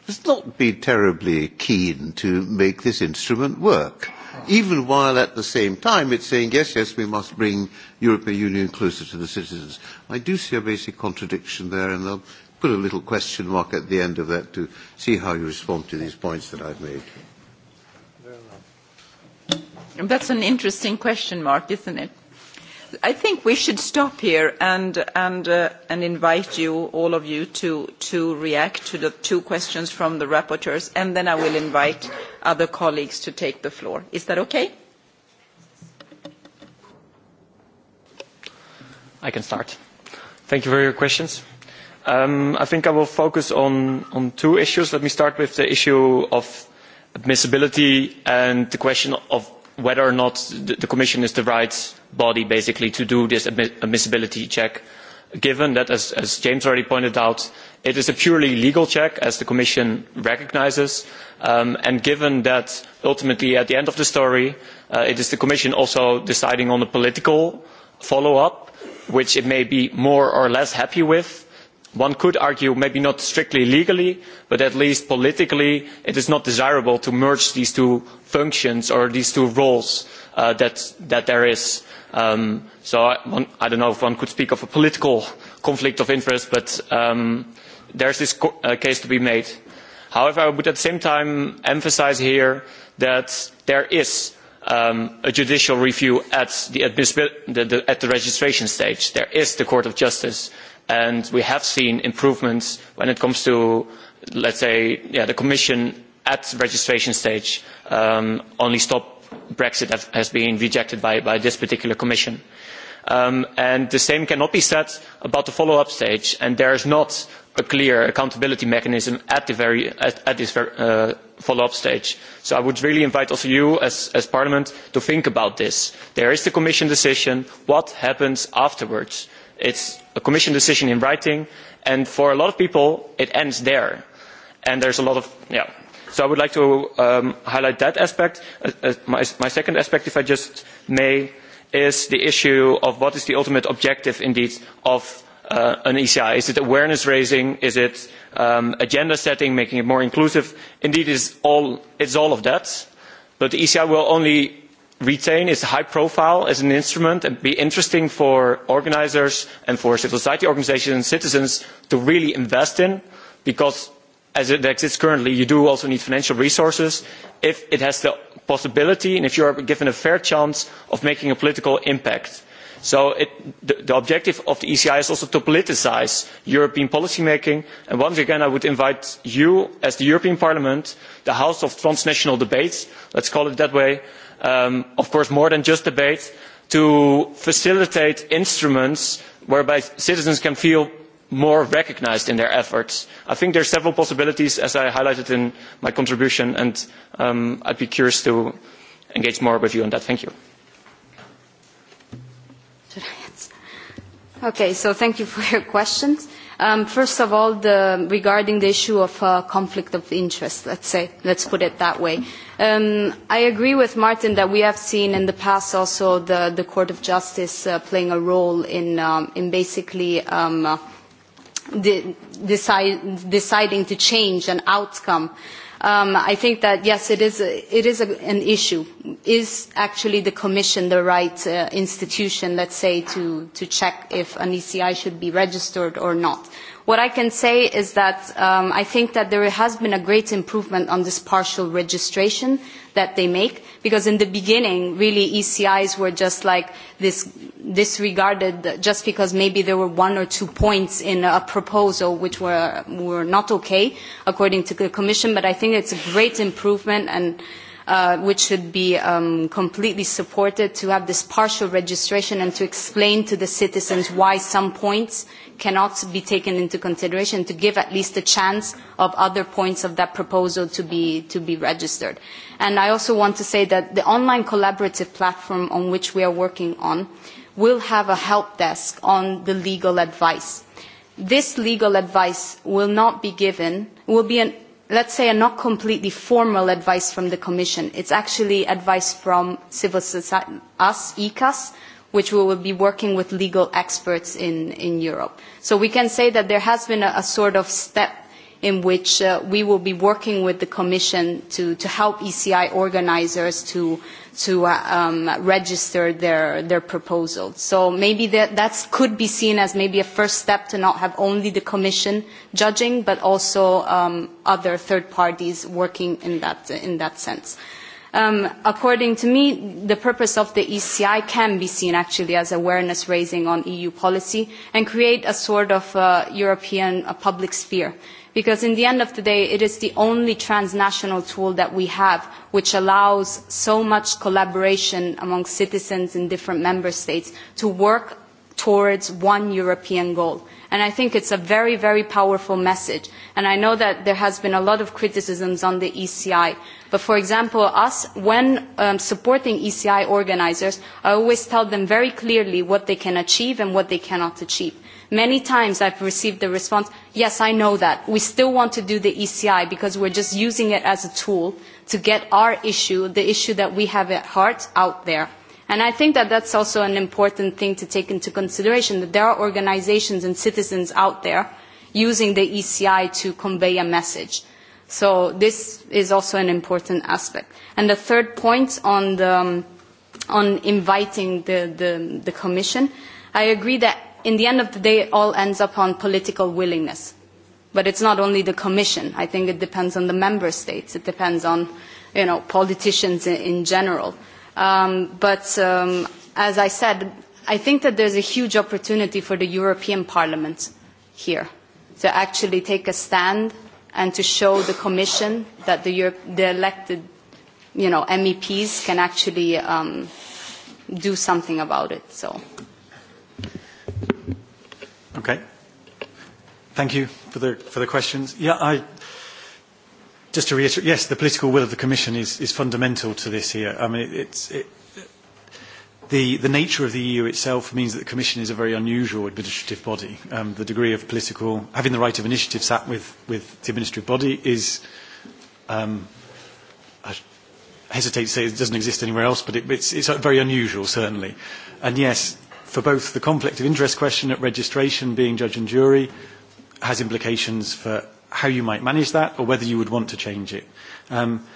has not been terribly keen to make this instrument work even while at the same time it's saying, yes, yes, we must bring European Union closer to the citizens. I do see a basic contradiction there, and I'll put a little question mark at the end of that to see how you respond to these points that I've made. That's an interesting question mark, isn't it? I think we should stop here and, uh, and invite you, all of you, to, to react to the two questions from the rapporteurs, and then I will invite other colleagues to take the floor. Is that okay? I can start. Thank you for your questions. Um, I think I will focus on, on two issues. Let me start with the issue of admissibility and the question of whether or not the, the Commission is the right body basically to do this admissibility check given that as, james already pointed out it is a purely legal check as the commission recognises um, and given that ultimately at the end of the story uh, it is the commission also deciding on the political follow up which it may be more or less happy with one could argue maybe not strictly legally but at least politically it is not desirable to merge these two functions or these two roles uh, that, that there is. Um, so I, one, I don't know if one could speak of a political conflict of interest, but um, there's this uh, case to be made. However, I would at the same time emphasize here that there is um, a judicial review at the, at the registration stage. There is the Court of Justice, and we have seen improvements when it comes to, let's say, yeah, the Commission at registration stage um, only stop Brexit has, has been rejected by, by this particular Commission. Um, and the same cannot be said about the follow up stage, and there is not a clear accountability mechanism at the very at, this uh, follow up stage. So I would really invite also you as, as Parliament to think about this. There is the Commission decision, what happens afterwards? It's a Commission decision in writing and for a lot of people it ends there. And there's a lot of yeah so i would like to um, highlight that aspect. Uh, uh, my, second aspect if i just may is the issue of what is the ultimate objective indeed of uh, an eci. is it awareness raising is it um, agenda setting making it more inclusive? indeed it is it's all of that but the eci will only retain its high profile as an instrument and be interesting for organisers and for civil society organisations and citizens to really invest in because as it exists currently you do also need financial resources if it has the possibility and if you are given a fair chance of making a political impact. so the, objective of the eci is also to politicise european policy making and once again i would invite you as the european parliament the house of transnational debates let's call it that way um, of course more than just debates, to facilitate instruments whereby citizens can feel more recognised in their efforts. I think there are several possibilities, as I highlighted in my contribution, and um, I'd be curious to engage more with you on that. Thank you. Okay, so thank you for your questions. Um, first of all, regarding the issue of uh, conflict of interest, let's say, let's put it that way. Um, I agree with Martin that we have seen in the past also the, Court of Justice uh, playing a role in, in basically um, deciding to change an outcome. Um, I think that, yes, it is, a, it is an issue. Is actually the Commission the right uh, institution, let's say, to, to check if an ECI should be registered or not? What I can say is that um, I think that there has been a great improvement on this partial registration that they make, because in the beginning, really, ECIs were just like this disregarded just because maybe there were one or two points in a proposal which were, were not okay, according to the Commission, but I think it's a great improvement and Uh, which should be um, completely supported to have this partial registration and to explain to the citizens why some points cannot be taken into consideration to give at least a chance of other points of that proposal to be, to be registered. And I also want to say that the online collaborative platform on which we are working on will have a help desk on the legal advice. This legal advice will not be given, will be an let's say a not completely formal advice from the commission it's actually advice from civil society us ecas which we will be working with legal experts in europe so we can say that there has been a sort of step in which uh, we will be working with the Commission to, to help ECI organisers to, to uh, um, register their, their proposals. So maybe that that's, could be seen as maybe a first step to not have only the Commission judging, but also um, other third parties working in that, in that sense. Um, according to me, the purpose of the ECI can be seen actually as awareness raising on EU policy and create a sort of uh, European public sphere because in the end of the day it is the only transnational tool that we have which allows so much collaboration among citizens in different member states to work towards one European goal. And I think it's a very, very powerful message. And I know that there has been a lot of criticisms on the ECI. But for example, us, when um, supporting ECI organizers, I always tell them very clearly what they can achieve and what they cannot achieve Many times I've received the response, yes, I know that. We still want to do the ECI because we're just using it as a tool to get our issue, the issue that we have at heart, out there. And I think that that's also an important thing to take into consideration, that there are organizations and citizens out there using the ECI to convey a message. So this is also an important aspect. And the third point on, um, on inviting the Commission, I agree that in the end of the day it all ends up on political willingness but it's not only the commission i think it depends on the member states it depends on you know politicians in, in general um, but um, as i said i think that there's a huge opportunity for the european parliament here to actually take a stand and to show the commission that the, Europe, the elected you know meps can actually um, do something about it so Okay. Thank you for the, for the questions. Yeah, I, just to reiterate, yes, the political will of the Commission is, is fundamental to this here. I mean, it, it's, it, the, the nature of the EU itself means that the Commission is a very unusual administrative body. Um, the degree of political, having the right of initiative sat with, with the administrative body is, um, I hesitate to say it doesn't exist anywhere else, but it, it's, it's very unusual, certainly. And yes, for both the conflict of interest question at registration being judge and jury has implications for how you might manage that or whether you would want to change it. Um,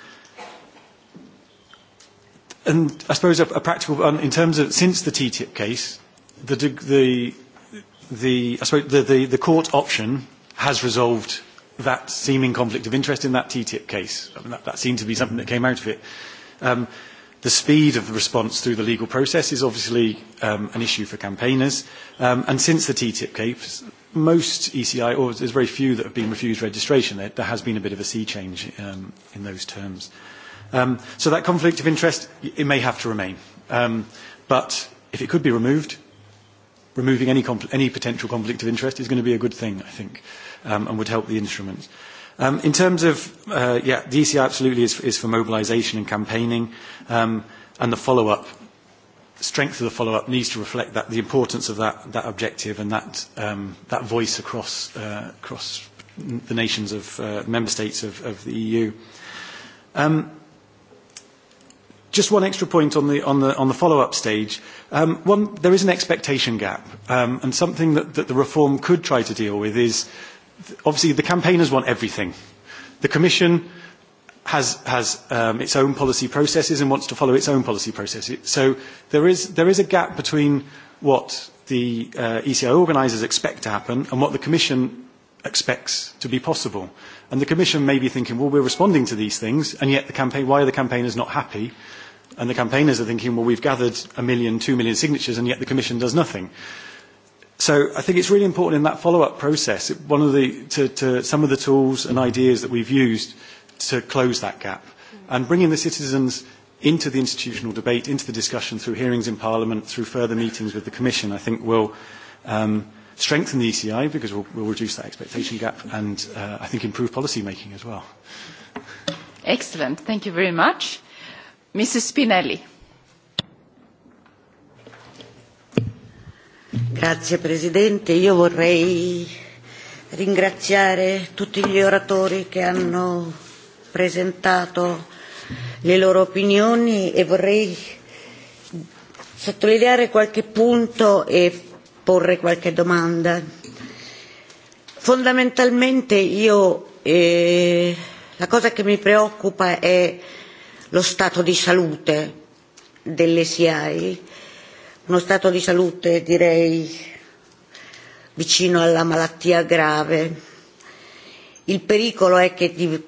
and I suppose a, a practical, um, in terms of since the TTIP case, the, the, the, I suppose the, the, the court option has resolved that seeming conflict of interest in that TTIP case. I mean, that, that seemed to be something that came out of it. Um, The speed of the response through the legal process is obviously um, an issue for campaigners. Um, and since the TTIP case, most ECI, or there's very few that have been refused registration, there, there has been a bit of a sea change um, in those terms. Um, so that conflict of interest, it may have to remain. Um, but if it could be removed, removing any, any potential conflict of interest is going to be a good thing, I think, um, and would help the instruments. Um, in terms of, uh, yeah, the absolutely is, is for mobilisation and campaigning um, and the follow-up. Strength of the follow-up needs to reflect that, the importance of that, that objective and that, um, that voice across, uh, across the nations of uh, member states of, of the EU. Um, just one extra point on the, on the, on the follow-up stage. Um, one, there is an expectation gap, um, and something that, that the reform could try to deal with is obviously the campaigners want everything. The Commission has, has um, its own policy processes and wants to follow its own policy processes. So there is, there is a gap between what the uh, ECI organisers expect to happen and what the Commission expects to be possible. And the Commission may be thinking, well, we're responding to these things, and yet the campaign, why are the campaigners not happy? And the campaigners are thinking, well, we've gathered a million, two million signatures, and yet the Commission does nothing. So I think it's really important in that follow-up process, one of the, to, to some of the tools and ideas that we've used to close that gap and bringing the citizens into the institutional debate, into the discussion through hearings in Parliament, through further meetings with the Commission, I think will um, strengthen the ECI because we'll, we'll reduce that expectation gap and uh, I think improve policy making as well. Excellent. Thank you very much. Mrs. Spinelli. Grazie Presidente, io vorrei ringraziare tutti gli oratori che hanno presentato le loro opinioni e vorrei sottolineare qualche punto e porre qualche domanda. Fondamentalmente io eh, la cosa che mi preoccupa è lo stato di salute delle SIAI uno stato di salute direi vicino alla malattia grave il pericolo è che, il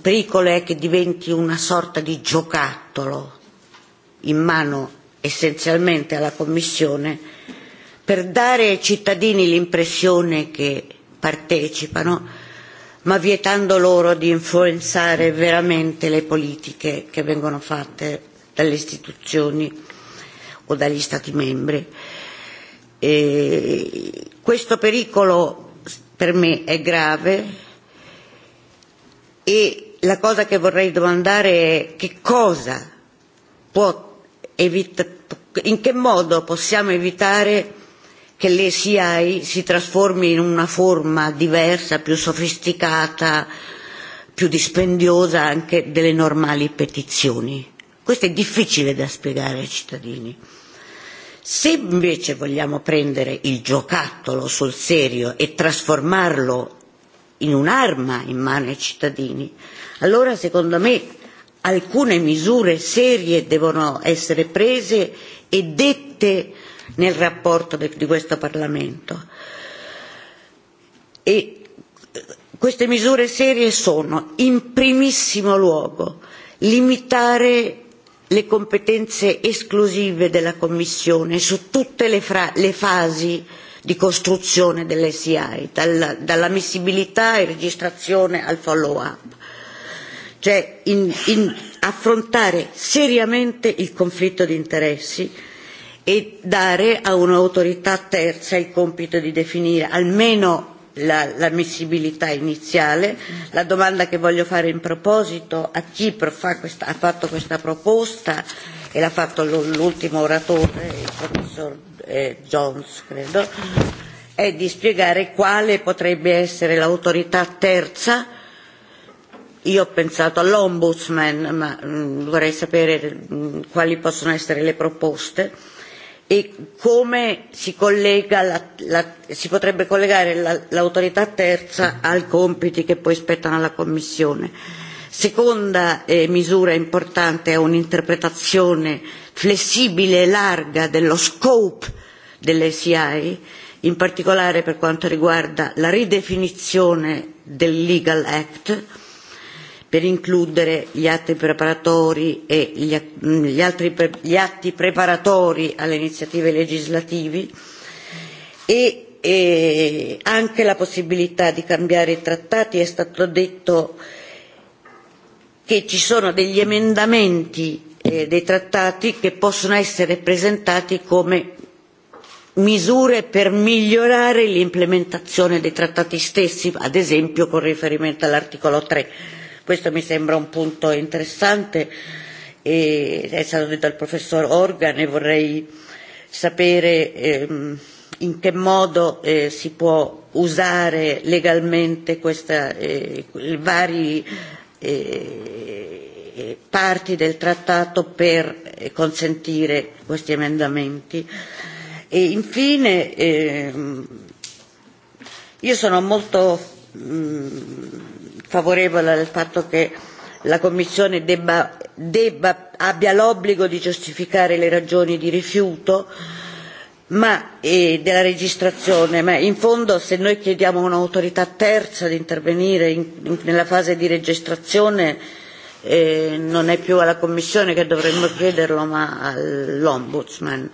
pericolo è che diventi una sorta di giocattolo in mano essenzialmente alla commissione per dare ai cittadini l'impressione che partecipano ma vietando loro di influenzare veramente le politiche che vengono fatte dalle istituzioni o dagli Stati membri. E questo pericolo per me è grave e la cosa che vorrei domandare è che cosa può evitare in che modo possiamo evitare che l'ECI si trasformi in una forma diversa, più sofisticata, più dispendiosa anche delle normali petizioni. Questo è difficile da spiegare ai cittadini. Se invece vogliamo prendere il giocattolo sul serio e trasformarlo in un'arma in mano ai cittadini, allora secondo me alcune misure serie devono essere prese e dette nel rapporto di questo Parlamento. E eh, queste misure serie sono in primissimo luogo limitare le competenze esclusive della Commissione su tutte le, fasi di costruzione dell'SI, dalla, dall'ammissibilità e registrazione al follow-up. Cioè in affrontare seriamente il conflitto di interessi e dare a un'autorità terza il compito di definire almeno l'ammissibilità iniziale la domanda che voglio fare in proposito a chi fa questa, ha fatto questa proposta e l'ha fatto l'ultimo oratore il professor eh, Jones credo è di spiegare quale potrebbe essere l'autorità terza io ho pensato all'ombudsman ma mm, vorrei sapere mm, quali possono essere le proposte e come si, collega la, si potrebbe collegare l'autorità terza ai compiti che poi spettano alla Commissione. Seconda eh, misura importante è un'interpretazione flessibile e larga dello scope delle SIAE, in particolare per quanto riguarda la ridefinizione del Legal Act, per includere gli atti preparatori e mm, gli, atti preparatori alle iniziative legislativi e, e, anche la possibilità di cambiare i trattati è stato detto che ci sono degli emendamenti eh, dei trattati che possono essere presentati come misure per migliorare l'implementazione dei trattati stessi ad esempio con riferimento all'articolo 3 Questo mi sembra un punto interessante e è stato detto dal professor Organ e vorrei sapere ehm, in che modo eh, si può usare legalmente questa, eh, vari eh, eh, parti del trattato per consentire questi emendamenti. E infine ehm, io sono molto mm, favorevole al fatto che la Commissione debba, debba, abbia l'obbligo di giustificare le ragioni di rifiuto ma, e della registrazione, ma in fondo se noi chiediamo a un'autorità terza di intervenire nella fase di registrazione eh, non è più alla Commissione che dovremmo chiederlo ma all'Ombudsman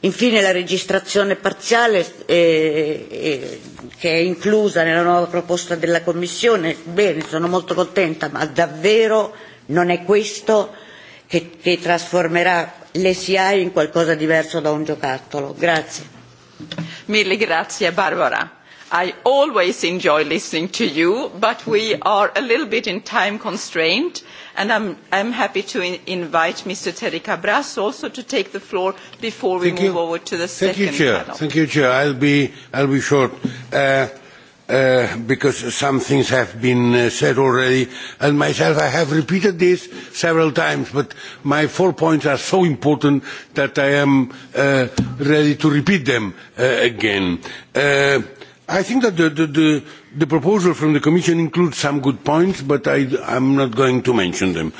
infine la registrazione parziale eh, eh, che è inclusa nella nuova proposta della commissione bene sono molto contenta ma davvero non è questo che, trasformerà l'ECI in qualcosa diverso da un giocattolo grazie mille grazie barbara always listening a little bit in time constraint and i am happy to invite mr terry cabras also to take the floor before we move over to the thank second you, panel. thank you chair i'll be short uh, uh, because some things have been uh, said already and myself i have repeated this several times but my four points are so important that i am ready to repeat them again i think that the, the, the, proposal from the Commission includes some good points, but I, I'm not going to mention them.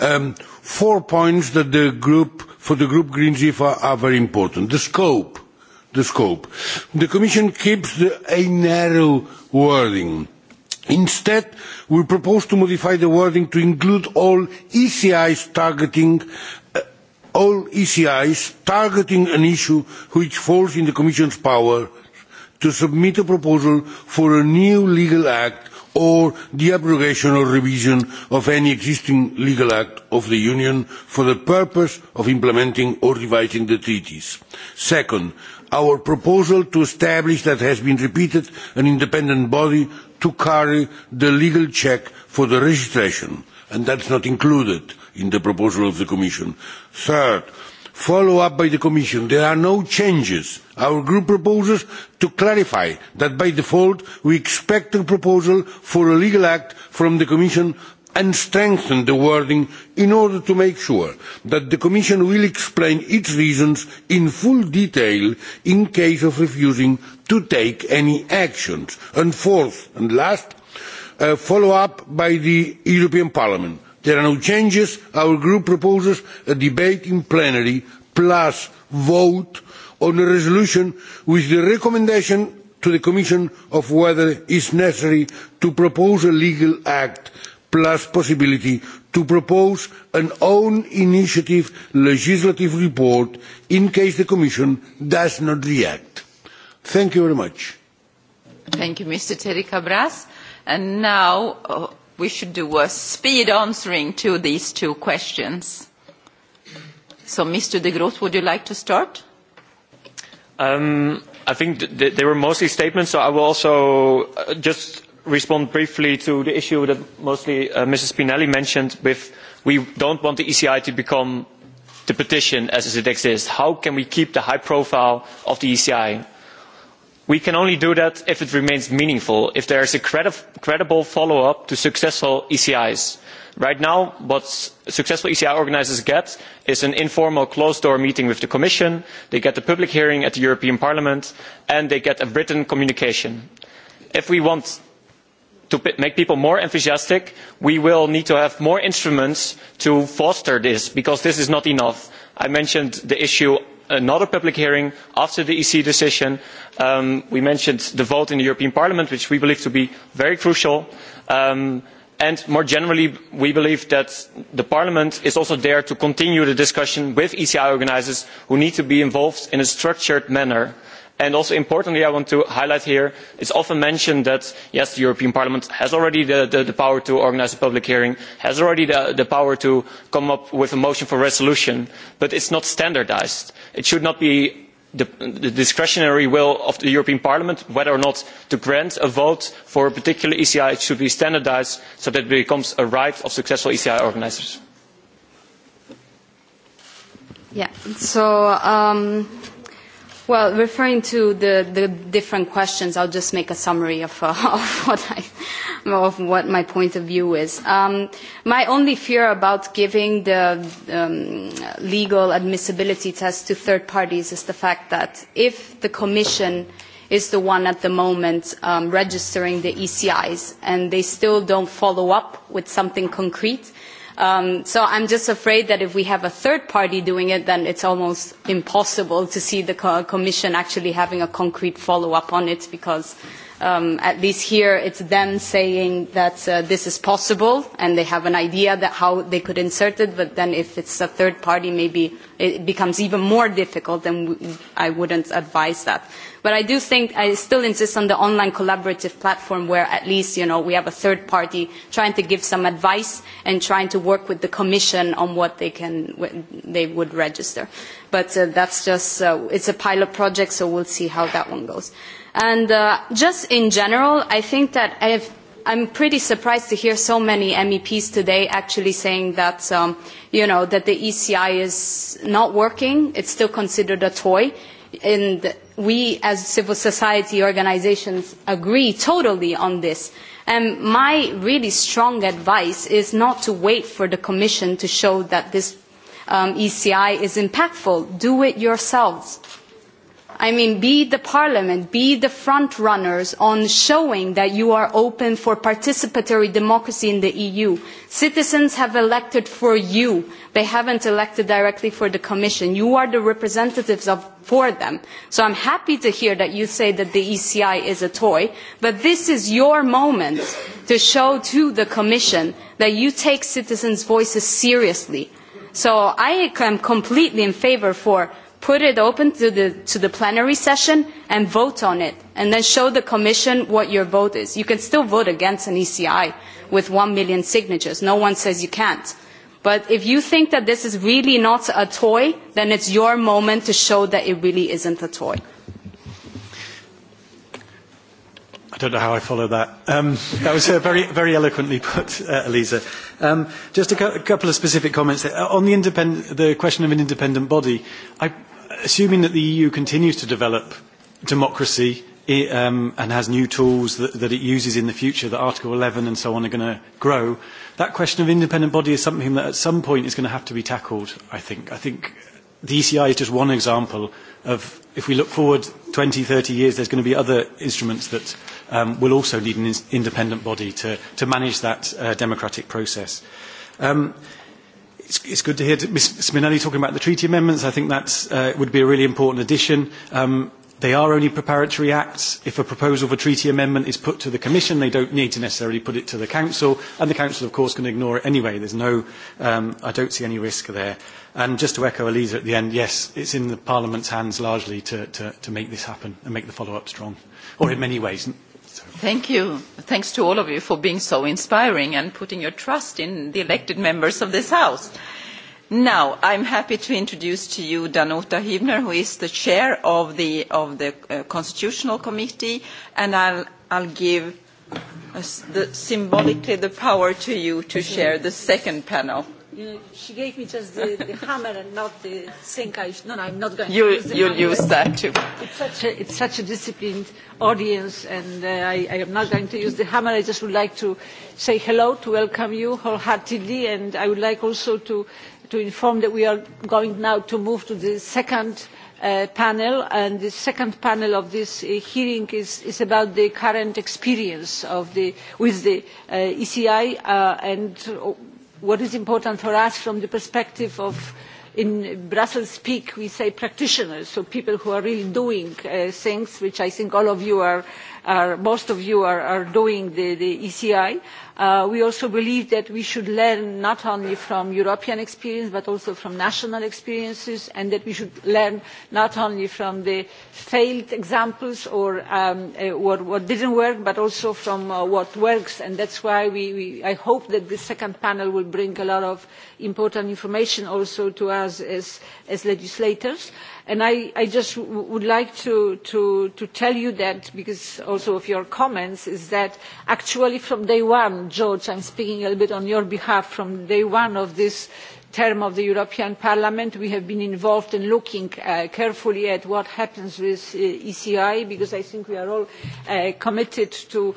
Um, four points that the group, for the group Green if are, very important. The scope. The scope. The Commission keeps a narrow wording. Instead, we propose to modify the wording to include all ECIs targeting uh, all ECIs targeting an issue which falls in the Commission's power to submit a proposal for a new legal act or the abrogation or revision of any existing legal act of the Union for the purpose of implementing or revising the treaties. Second, our proposal to establish that has been repeated an independent body to carry the legal check for the registration and that's not included in the proposal of the Commission. Third, follow up by the commission there are no changes our group proposes to clarify that by default we expect a proposal for a legal act from the commission and strengthen the wording in order to make sure that the commission will explain its reasons in full detail in case of refusing to take any actions. and fourth and last a follow up by the european parliament there are no changes our group proposes a debate in plenary plus vote on a resolution with the recommendation to the commission of whether it is necessary to propose a legal act plus possibility to propose an own initiative legislative report in case the commission does not react. thank you very much. thank you mr terry cabras and now uh, we should do a speed answering to these two questions. So, Mr. de Groot, would you like to start? Um, I think th they were mostly statements, so I will also uh, just respond briefly to the issue that mostly uh, Mrs. Spinelli mentioned with we don't want the ECI to become the petition as it exists. How can we keep the high profile of the ECI? we can only do that if it remains meaningful if there is a credible follow up to successful ecis. right now what successful eci organisers get is an informal closed door meeting with the commission they get a public hearing at the european parliament and they get a written communication. if we want to make people more enthusiastic we will need to have more instruments to foster this because this is not enough. i mentioned the issue another uh, public hearing after the ec decision. Um, we mentioned the vote in the european parliament which we believe to be very crucial um, and more generally we believe that the parliament is also there to continue the discussion with eci organisers who need to be involved in a structured manner and also importantly i want to highlight here it is often mentioned that yes the european parliament has already the, power to organise a public hearing has already the, power to come up with a motion for resolution but it is not standardised. it should not be the discretionary will of the european parliament whether or not to grant a vote for a particular eci it should be standardised so that it becomes a right of successful eci organisers. Um, Well, referring to the, the different questions, I'll just make a summary of, uh, of, what, I, of what my point of view is. Um, my only fear about giving the um, legal admissibility test to third parties is the fact that if the Commission is the one at the moment um, registering the ECIs and they still don't follow up with something concrete, So um, so I'm just afraid that if we have a third party doing it, then it's almost impossible to see the Commission actually having a concrete follow-up on it because um, at least here it's them saying that uh, this is possible and they have an idea that how they could insert it, but then if it's a third party, maybe it becomes even more difficult and I wouldn't advise that but i do think i still insist on the online collaborative platform where at least you know we have a third party trying to give some advice and trying to work with the commission on what they can what they would register but uh, that's just uh, it's a pilot project so we'll see how that one goes and uh, just in general i think that have, I'm pretty surprised to hear so many MEPs today actually saying that, um, you know, that the ECI is not working. It's still considered a toy. And we as civil society organisations agree totally on this. And um, my really strong advice is not to wait for the Commission to show that this um, ECI is impactful. Do it yourselves i mean, be the parliament, be the front runners on showing that you are open for participatory democracy in the EU. Citizens have elected for you. They haven't elected directly for the commission. You are the representatives of, for them. So I'm happy to hear that you say that the ECI is a toy, but this is your moment to show to the commission that you take citizens' voices seriously. So I am completely in favour for put it open to the, to the plenary session and vote on it and then show the commission what your vote is. You can still vote against an ECI with one million signatures. No one says you can't. But if you think that this is really not a toy, then it's your moment to show that it really isn't a toy. I don't know how I follow that. Um, that was uh, very, very eloquently put, uh, Elisa. Um, just a, couple of specific comments uh, on the, the question of an independent body. I, assuming that the EU continues to develop democracy um, and has new tools that, it uses in the future, that Article 11 and so on are going to grow, that question of independent body is something that at some point is going to have to be tackled, I think. I think the ECI is just one example of, if we look forward 20, 30 years, there's going to be other instruments that um, will also need an independent body to, to manage that uh, democratic process. Um, It's, it's good to hear Ms. Spinelli talking about the treaty amendments. I think that uh, would be a really important addition. Um, they are only preparatory acts. If a proposal for treaty amendment is put to the Commission, they don't need to necessarily put it to the Council, and the Council, of course, can ignore it anyway. There's no, um, I don't see any risk there. And just to echo Elisa at the end, yes, it's in the Parliament's hands largely to, to, to make this happen and make the follow-up strong, or in many ways, Thank you. Thanks to all of you for being so inspiring and putting your trust in the elected members of this House. Now, I'm happy to introduce to you Danuta Hübner, who is the chair of the, of the uh, Constitutional Committee, and I'll, I'll give uh, the, symbolically the power to you to share the second panel she gave me just the, the hammer and not the sink. I, no, no, I'm not going to use the You'll use that too. It's such a, it's such a disciplined audience, and uh, I, I am not going to use the hammer. I just would like to say hello, to welcome you wholeheartedly, and I would like also to, to inform that we are going now to move to the second uh, panel and the second panel of this uh, hearing is, is about the current experience of the, with the eci and what is important for us from the perspective of in brussels speak we say practitioners so people who are really doing uh, things which i think all of you are, are most of you are, are doing the, the eci Uh, we also believe that we should learn not only from european experience but also from national experiences and that we should learn not only from the failed examples or um, uh, what, didn't work but also from uh, what works and that is why i hope that the second panel will bring a lot of important information also to us as, as legislators and i, I just would like to, to, to tell you that because also of your comments is that actually from day one george i am speaking a little bit on your behalf from day one of this term of the european parliament we have been involved in looking uh, carefully at what happens with uh, eci because i think we are all uh, committed to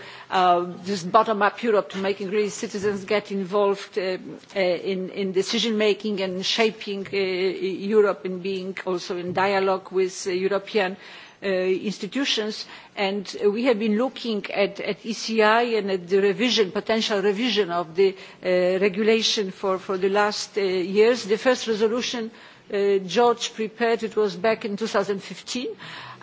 this bottom up europe to making really citizens get involved in, in decision making and shaping europe and being also in dialogue with european Uh, institutions and we have been looking at, at eci and at the revision potential revision of the uh, regulation for, the last uh, years. the first resolution george prepared it was back in two thousand and fifteen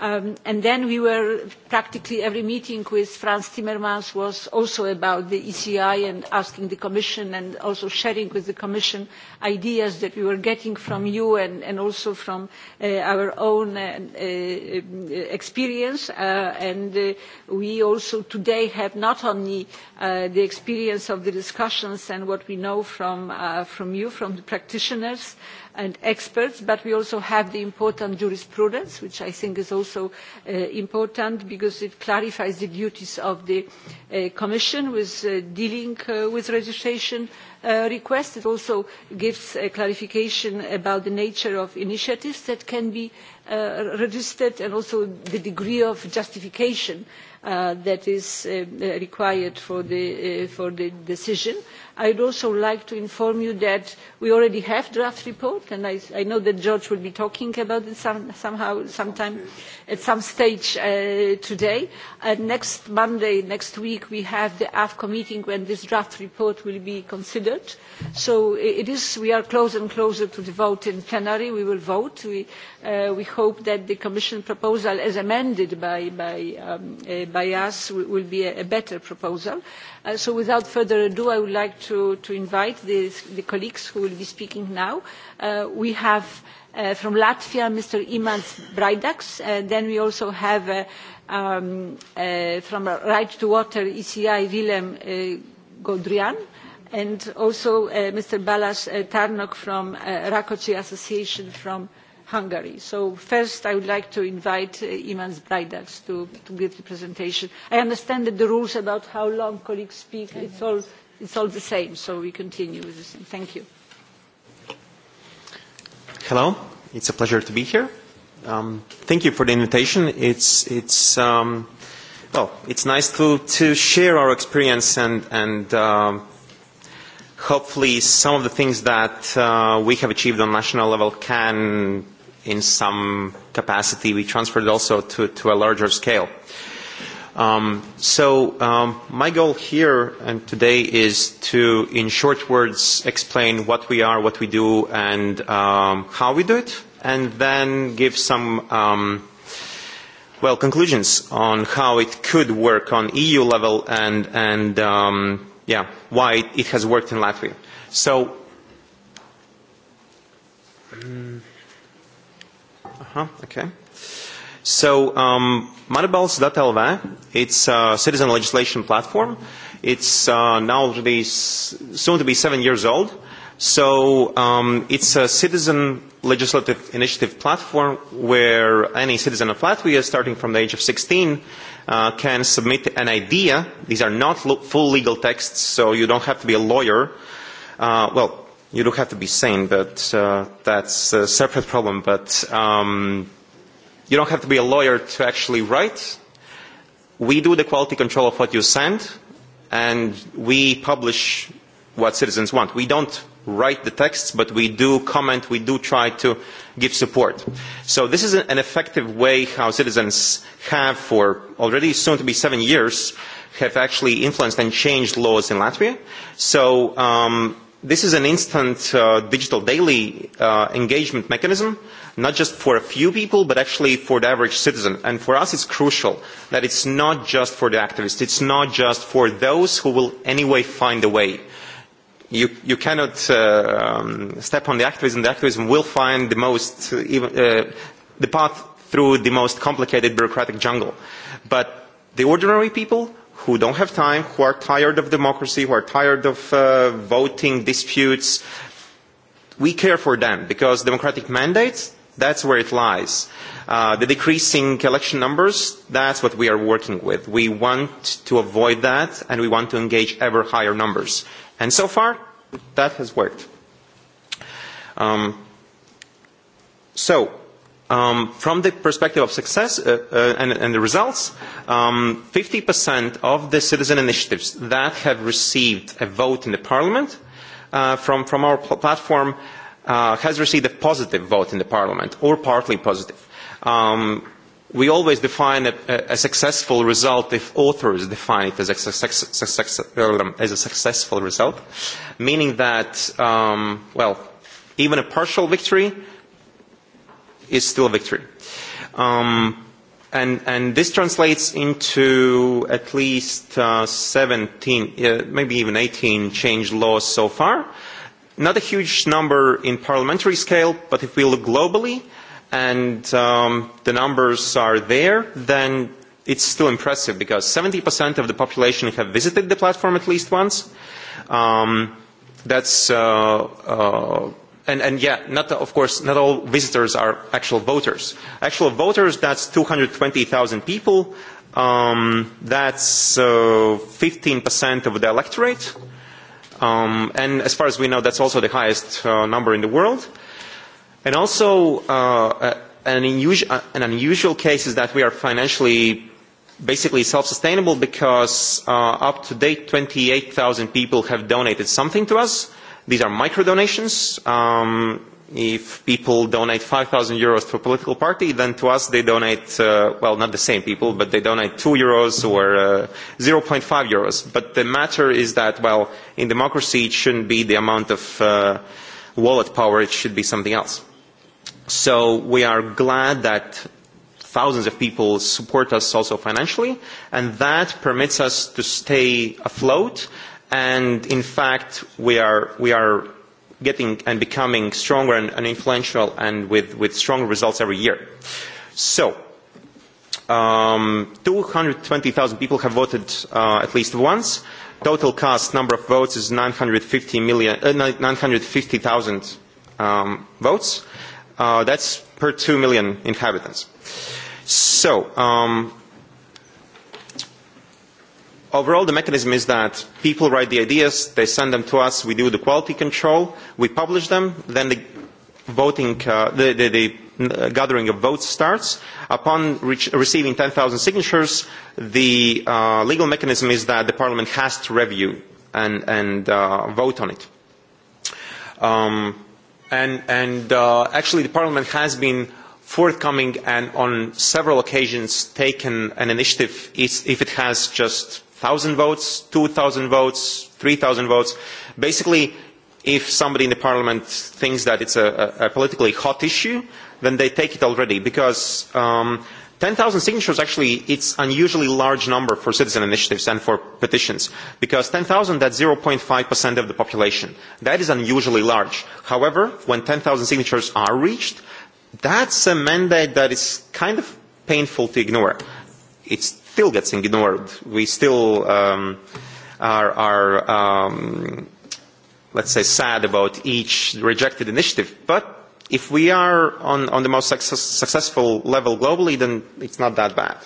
Um, and then we were practically every meeting with Frans Timmermans was also about the ECI and asking the Commission and also sharing with the Commission ideas that we were getting from you and, and also from uh, our own uh, uh, experience. and we also today have not only the experience of the discussions and what we know from, from you, from the practitioners and experts, but we also have the important jurisprudence, which I think is also also uh, important because it clarifies the duties of the uh, commission with uh, dealing with registration Uh, request. It also gives a clarification about the nature of initiatives that can be uh, registered and also the degree of justification uh, that is required for the, decision. I would also like to inform you that we already have a draft report and I, know that George will be talking about it somehow sometime at some stage today. next Monday, next week we have the AFCO meeting when this draft report will be considered so we are closer and closer to the vote in plenary we will vote we, uh, hope that the commission proposal as amended by, um, uh, us will be a, better proposal uh, so without further ado i would like to, invite the, colleagues who will be speaking now we have from latvia mr imants and then we also have um, from right to water eci Willem godrian and also uh, Mr Balas uh, Tarnok from uh, Rakoczy Association from Hungary. So first I would like to invite Imans Braidax to, give the presentation. I understand that the rules about how long colleagues speak it's all it's all the same, so we continue with the same. Thank you. Hello, it's a pleasure to be here. Um, thank you for the invitation. It's it's um, well, it's nice to to share our experience and and um, hopefully some of the things that uh, we have achieved on national level can in some capacity be transferred also to, a larger scale. Um, so um, my goal here and today is to, in short words, explain what we are, what we do, and um, how we do it, and then give some um, well conclusions on how it could work on EU level and and um, yeah, why it, has worked in Latvia. So, mm. uh-huh, okay. So, um, Manibals.lv, it's a citizen legislation platform. It's uh, now already soon to be seven years old. So um, it's a citizen legislative initiative platform where any citizen of Latvia, starting from the age of 16, uh, can submit an idea. These are not full legal texts, so you don't have to be a lawyer. Uh, well, you don't have to be sane, but uh, that's a separate problem. But um, you don't have to be a lawyer to actually write. We do the quality control of what you send, and we publish what citizens want. We don't write the texts but we do comment we do try to give support. so this is an effective way how citizens have for already soon to be seven years have actually influenced and changed laws in latvia. so um, this is an instant uh, digital daily uh, engagement mechanism not just for a few people but actually for the average citizen and for us it's crucial that it's not just for the activists it's not just for those who will anyway find a way you, you cannot uh, um, step on the activism. The activism will find the most, uh, uh, the path through the most complicated bureaucratic jungle. But the ordinary people who don't have time, who are tired of democracy, who are tired of uh, voting disputes, we care for them because democratic mandates, that's where it lies. Uh, the decreasing election numbers, that's what we are working with. We want to avoid that and we want to engage ever higher numbers. And so far, that has worked. Um, so, um, from the perspective of success uh, uh, and, and the results, um, 50% of the citizen initiatives that have received a vote in the parliament uh, from, from our pl platform uh, has received a positive vote in the parliament, or partly positive. Um, we always define a, uh, a successful result if authors define it uh, as a, successful result, meaning that, um, well, even a partial victory is still a victory. Um, and, and this translates into at least uh, 17, uh, maybe even 18 changed laws so far. Not a huge number in parliamentary scale, but if we look globally, and um, the numbers are there, then it's still impressive because 70% of the population have visited the platform at least once. Um, that's uh, uh, and, and yeah, not of course, not all visitors are actual voters. Actual voters, that's 220,000 people. Um, that's uh, 15% of the electorate. Um, and as far as we know, that's also the highest uh, number in the world and also uh, an, unusual, an unusual case is that we are financially basically self-sustainable because uh, up to date 28,000 people have donated something to us. These are micro donations. Um, if people donate 5,000 euros to a political party, then to us they donate, uh, well, not the same people, but they donate 2 euros or uh, 0.5 euros. But the matter is that, well, in democracy it shouldn't be the amount of uh, wallet power, it should be something else. So we are glad that thousands of people support us also financially, and that permits us to stay afloat. And in fact, we are, we are getting and becoming stronger and, and influential and with, with stronger results every year. So, um, 220,000 people have voted uh, at least once. Total cast number of votes is 950,000 uh, 950, um, votes Uh, that's per 2 million inhabitants. So, um, overall the mechanism is that people write the ideas, they send them to us, we do the quality control, we publish them, then the voting, uh, the, the, the uh, gathering of votes starts. Upon reach, receiving 10,000 signatures, the uh, legal mechanism is that the parliament has to review and, and uh, vote on it. Um, and, uh, actually the parliament has been forthcoming and on several occasions taken an initiative if it has just 1000 votes 2000 votes 3000 votes basically if somebody in the parliament thinks that it's a, a politically hot issue then they take it already because um, 10,000 signatures actually it's unusually large number for citizen initiatives and for petitions because 10,000 that's 0.5% of the population. That is unusually large. However, when 10,000 signatures are reached, that's a mandate that is kind of painful to ignore. It still gets ignored. We still um, are, are um, let's say, sad about each rejected initiative, but If we are on, on the most success, successful level globally, then it's not that bad.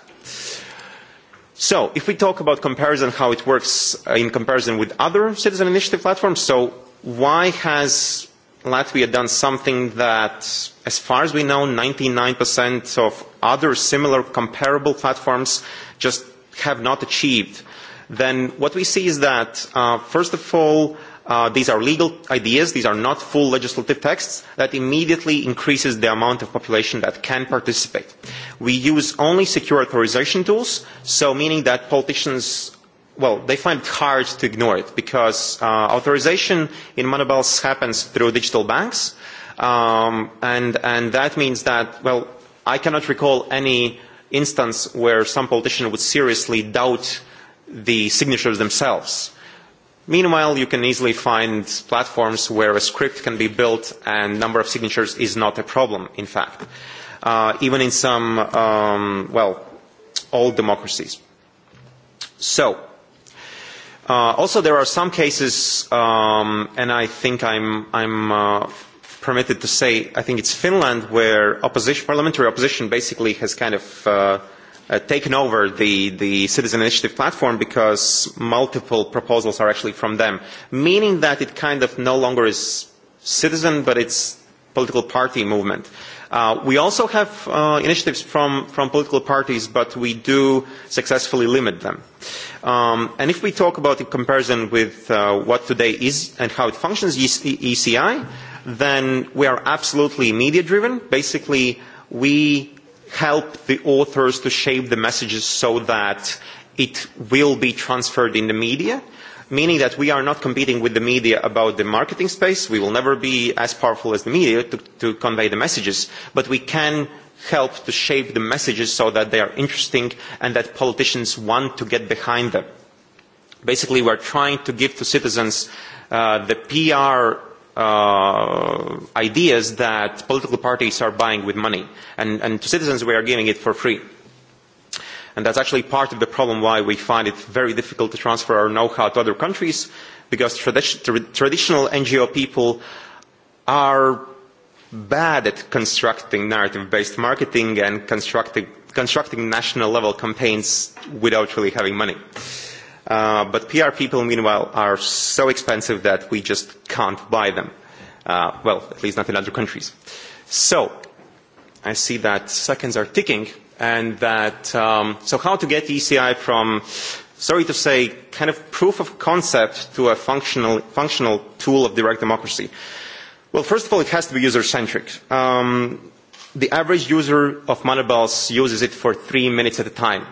So if we talk about comparison, how it works uh, in comparison with other citizen initiative platforms, so why has Latvia done something that, as far as we know, 99% of other similar comparable platforms just have not achieved? Then what we see is that, uh, first of all, Uh, these are legal ideas, these are not full legislative texts, that immediately increases the amount of population that can participate. We use only secure authorisation tools, so meaning that politicians well, they find it hard to ignore it because authorisation authorization in monobills happens through digital banks, um, and, and that means that, well, I cannot recall any instance where some politician would seriously doubt the signatures themselves meanwhile you can easily find platforms where a script can be built and number of signatures is not a problem in fact uh, even in some um, well old democracies so uh, also there are some cases um, and i think i'm i'm uh, permitted to say i think it's finland where opposition parliamentary opposition basically has kind of uh, uh, taken over the, the citizen initiative platform because multiple proposals are actually from them, meaning that it kind of no longer is citizen, but it's political party movement. Uh, we also have uh, initiatives from, from political parties, but we do successfully limit them. Um, and if we talk about in comparison with uh, what today is and how it functions, ECI, e then we are absolutely media driven. Basically, we help the authors to shape the messages so that it will be transferred in the media meaning that we are not competing with the media about the marketing space we will never be as powerful as the media to, convey the messages but we can help to shape the messages so that they are interesting and that politicians want to get behind them. basically we are trying to give to citizens uh, the pr uh, ideas that political parties are buying with money. And, and to citizens, we are giving it for free. And that's actually part of the problem why we find it very difficult to transfer our know-how to other countries, because tradi tra traditional NGO people are bad at constructing narrative-based marketing and constructing, constructing national-level campaigns without really having money. Uh, but PR people, meanwhile, are so expensive that we just can't buy them. Uh, well, at least not in other countries. So, I see that seconds are ticking, and that, um, so how to get ECI from, sorry to say, kind of proof of concept to a functional, functional tool of direct democracy? Well, first of all, it has to be user-centric. Um, the average user of manabels uses it for three minutes at a time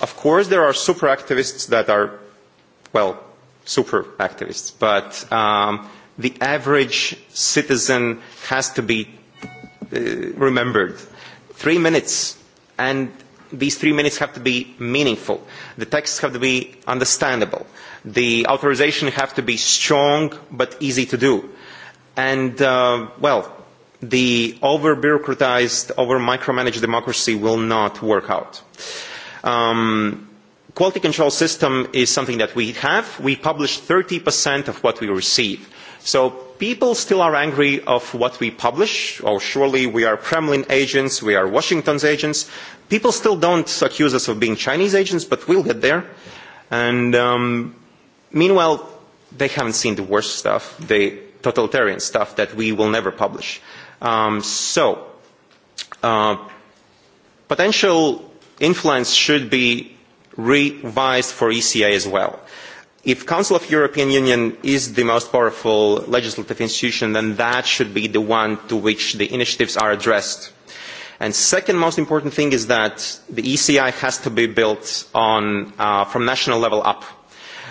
of course there are super activists that are well super activists but um, the average citizen has to be uh, remembered three minutes and these three minutes have to be meaningful the texts have to be understandable the authorization have to be strong but easy to do and uh, well the over bureaucratized over micromanaged democracy will not work out Um, quality control system is something that we have. We publish 30% of what we receive. So people still are angry of what we publish, or oh, surely we are Kremlin agents, we are Washington's agents. People still don't accuse us of being Chinese agents, but we'll get there. And um, meanwhile, they haven't seen the worst stuff, the totalitarian stuff that we will never publish. Um, so, uh, potential influence should be revised for ECA as well. If Council of European Union is the most powerful legislative institution, then that should be the one to which the initiatives are addressed. And second most important thing is that the ECI has to be built uh, from national level up.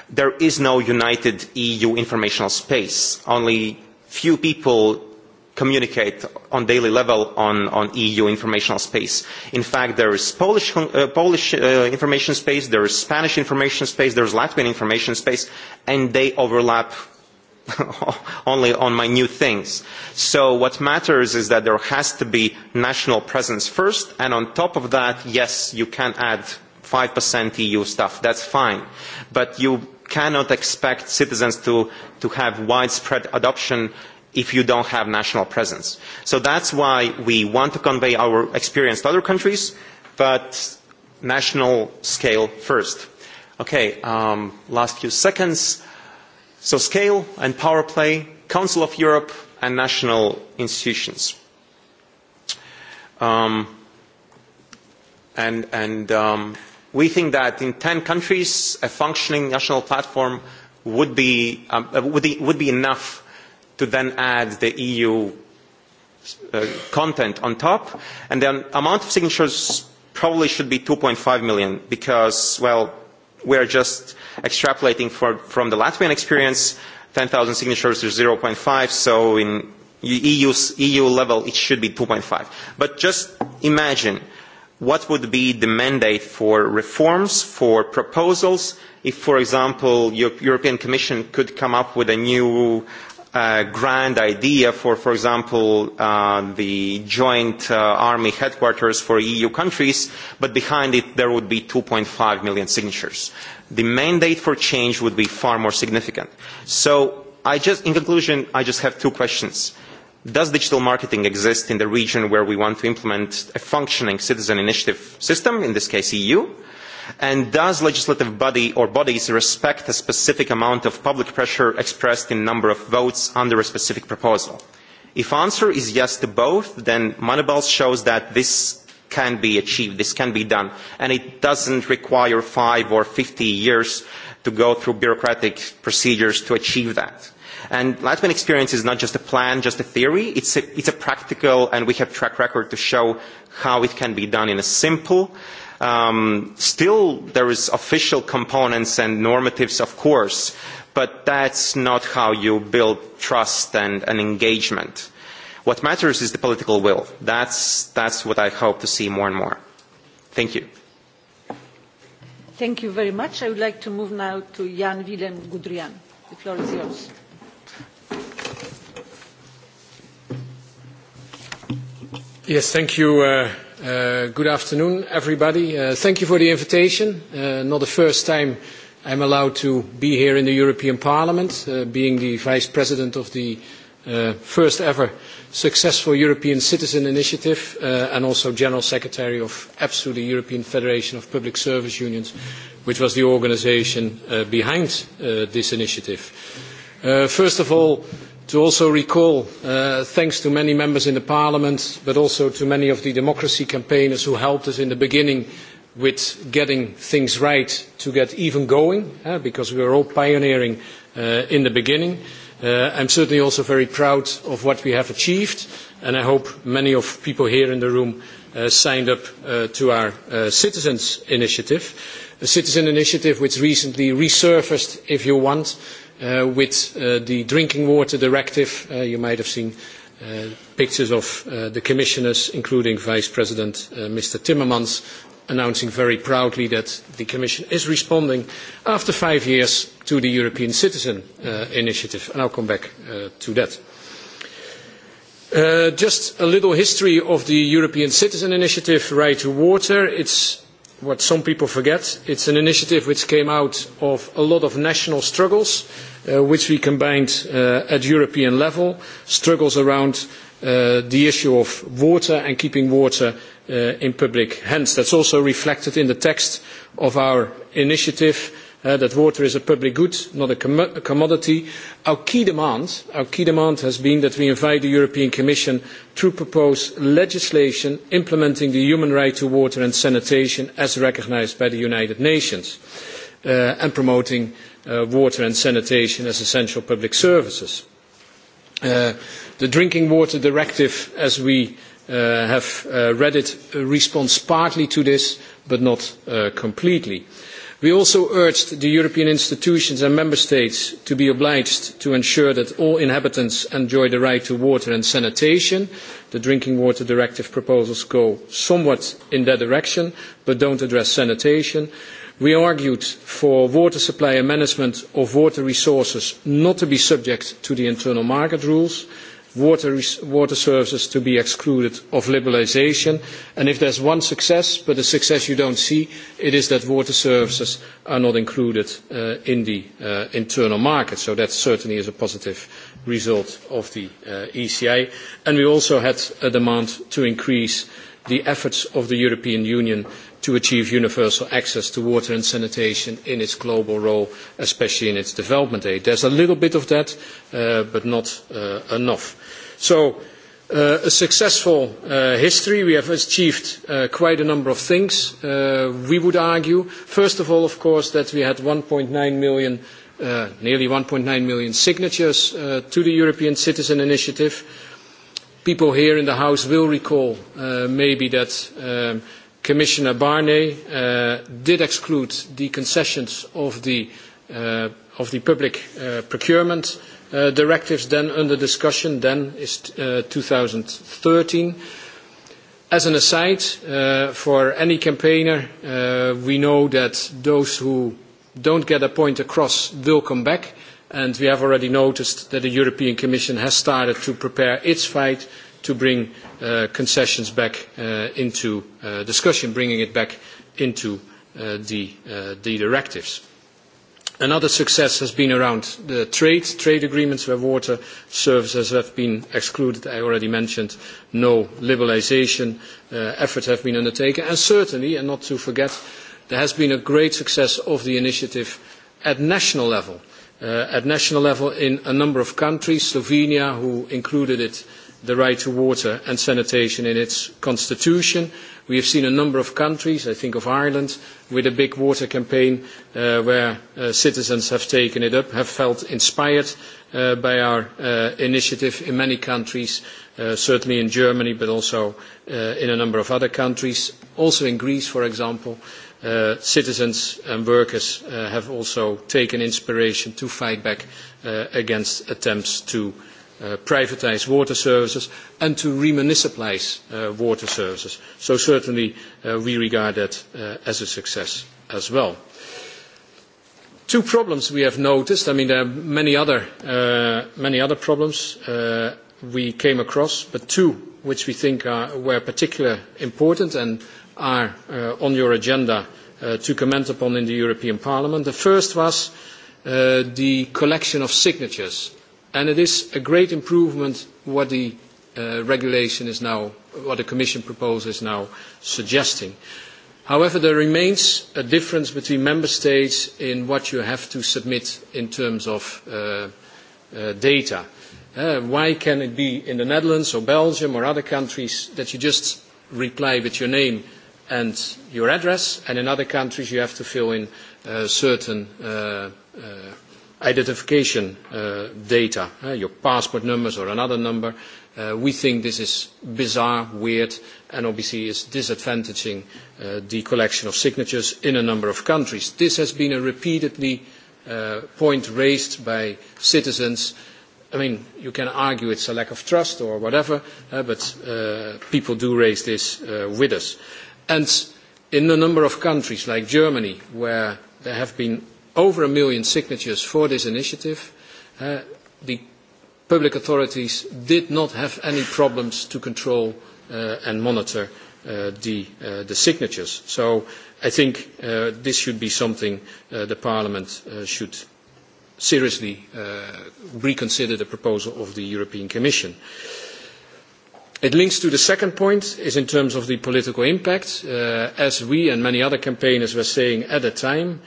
There is no united EU informational space. Only few people communicate on daily level on, on EU informational space. In fact, there is Polish, uh, Polish uh, information space, there is Spanish information space, there is Latvian information space, and they overlap only on minute things. So what matters is that there has to be national presence first, and on top of that, yes, you can add 5% EU stuff, that's fine. But you cannot expect citizens to, to have widespread adoption if you don't have national presence. So that's why we want to convey our experience to other countries, but national scale first. Okay, um, last few seconds. So scale and power play, Council of Europe and national institutions. Um, and um, we think that in 10 countries, a functioning national platform would be uh, enough to then add the EU uh, content on top. And the amount of signatures probably should be 2.5 million because, well, we are just extrapolating from the Latvian experience. 10,000 signatures is 0.5, so in EU e level it should be 2.5. But just imagine what would be the mandate for reforms, for proposals, if, for example, the European Commission could come up with a new a grand idea for, for example, uh, the joint uh, army headquarters for EU countries, but behind it there would be 2.5 million signatures. The mandate for change would be far more significant. So I just, in conclusion, I just have two questions. Does digital marketing exist in the region where we want to implement a functioning citizen initiative system, in this case EU? and does legislative body or bodies respect a specific amount of public pressure expressed in the number of votes under a specific proposal? if answer is yes to both then moneyball shows that this can be achieved this can be done and it doesn't require five or fifty years to go through bureaucratic procedures to achieve that. And Latvian experience is not just a plan, just a theory. It's is it's a practical, and we have track record to show how it can be done in a simple, Um, still there is official components and normatives of course but that's not how you build trust and, and engagement what matters is the political will that's that's what i hope to see more and more thank you thank you very much i would like to move now to jan willem gudrian the floor is yours yes thank you uh... Uh, good afternoon, everybody. Uh, thank you for the invitation. Uh, not the first time I'm allowed to be here in the European Parliament, being the Vice President of the first ever successful European Citizen Initiative and also General Secretary of EPSU, the European Federation of Public Service Unions, which was the organisation behind this initiative. First of all, to also recall uh, thanks to many members in the parliament but also to many of the democracy campaigners who helped us in the beginning with getting things right to get even going uh, because we were all pioneering uh, in the beginning. I'm certainly also very proud of what we have achieved and I hope many of people here in the room signed up to our citizens initiative, a citizen initiative which recently resurfaced if you want Uh, with uh, the drinking water directive uh, you might have seen pictures of the commissioners including vice president mr timmermans announcing very proudly that the commission is responding after five years to the european citizen initiative and i will come back to that. just a little history of the European Citizen Initiative Right to Water. It's what some people forget. It's an initiative which came out of a lot of national struggles, uh, which we combined uh, at European level, struggles around uh, the issue of water and keeping water in public hands. That's also reflected in the text of our initiative Eh, that water is a public good, not a, commodity. Our key, demand, our key demand has been that we invite the European Commission to propose legislation implementing the human right to water and sanitation as recognised by the United Nations eh, and promoting eh, water and sanitation as essential public services. the Drinking Water Directive, as we have read it responds partly to this but not completely we also urged the european institutions and member states to be obliged to ensure that all inhabitants enjoy the right to water and sanitation. the drinking water directive proposals go somewhat in that direction but do not address sanitation. we argued for water supply and management of water resources not to be subject to the internal market rules water, services to be excluded of liberalisation. And if is one success, but a success you don't see, it is that water services are not included uh, in the uh, internal market. So that certainly is a positive result of the uh, ECI ECA. And we also had a demand to increase the efforts of the European Union to achieve universal access to water and sanitation in its global role, especially in its development aid. There's a little bit of that, uh, but not uh, enough. So uh, a successful history. We have achieved quite a number of things, we would argue. First of all, of course, that we had 1.9 million, nearly 1.9 million signatures to the European Citizen Initiative. People here in the House will recall maybe that um, Commissioner Barnier uh, did exclude the concessions of the, uh, of the public uh, procurement directives then under discussion, then is 2013. As an aside, for any campaigner, we know that those who don't get a point across will come back, and we have already noticed that the European Commission has started to prepare its fight to bring uh, concessions back uh, into uh, discussion, bringing it back into the, directives. Another success has been around the trade, trade agreements where water services have been excluded. I already mentioned no liberalisation. efforts have been undertaken. And certainly, and not to forget, there has been a great success of the initiative at national level. at national level in a number of countries, Slovenia, who included it the right to water and sanitation in its constitution. We have seen a number of countries, I think of Ireland, with a big water campaign uh, where uh, citizens have taken it up, have felt inspired uh, by our initiative in many countries, certainly in Germany, but also in a number of other countries. Also in Greece, for example, citizens and workers have also taken inspiration to fight back against attempts to Uh, privatise water services and to remunicipalise uh, water services. So certainly uh, we regard that as a success as well. Two problems we have noticed. I mean, there are many other, many other problems we came across, but two which we think are, were particularly important and are on your agenda to comment upon in the European Parliament. The first was the collection of signatures and it is a great improvement what the uh, regulation is now, what the Commission proposal is now suggesting. However, there remains a difference between member states in what you have to submit in terms of uh, uh, data. why can it be in the Netherlands or Belgium or other countries that you just reply with your name and your address, and in other countries you have to fill in certain identification uh, data, uh, your passport numbers or another number. Uh, we think this is bizarre, weird, and obviously is disadvantaging the collection of signatures in a number of countries. This has been a repeatedly point raised by citizens. I mean, you can argue it's a lack of trust or whatever, but people do raise this with us. And in a number of countries like Germany, where there have been over a million signatures for this initiative. Uh, the public authorities did not have any problems to control uh, and monitor uh, the, the signatures. So I think this should be something the Parliament should seriously reconsider the proposal of the European Commission. It links to the second point is in terms of the political impact. As we and many other campaigners were saying at the time,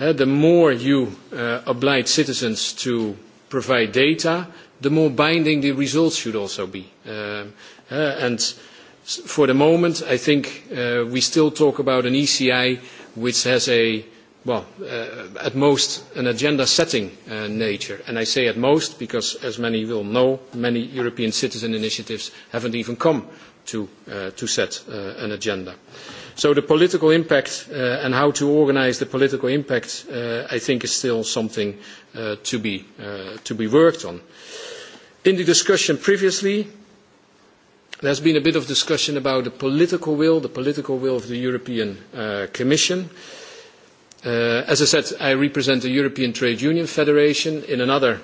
The more you uh, oblige citizens to provide data, the more binding the results should also be. Um, and for the moment, I think uh, we still talk about an ECI which has a well uh, at most an agenda setting nature and i say at most because as many will know many european citizen initiatives haven't even come to to set an agenda so the political impact uh, and how to organise the political impact uh, i think is still something uh, to be worked on in the discussion previously there has been a bit of discussion about the political will the political will of the european commission as I said, I represent the European Trade Union Federation in another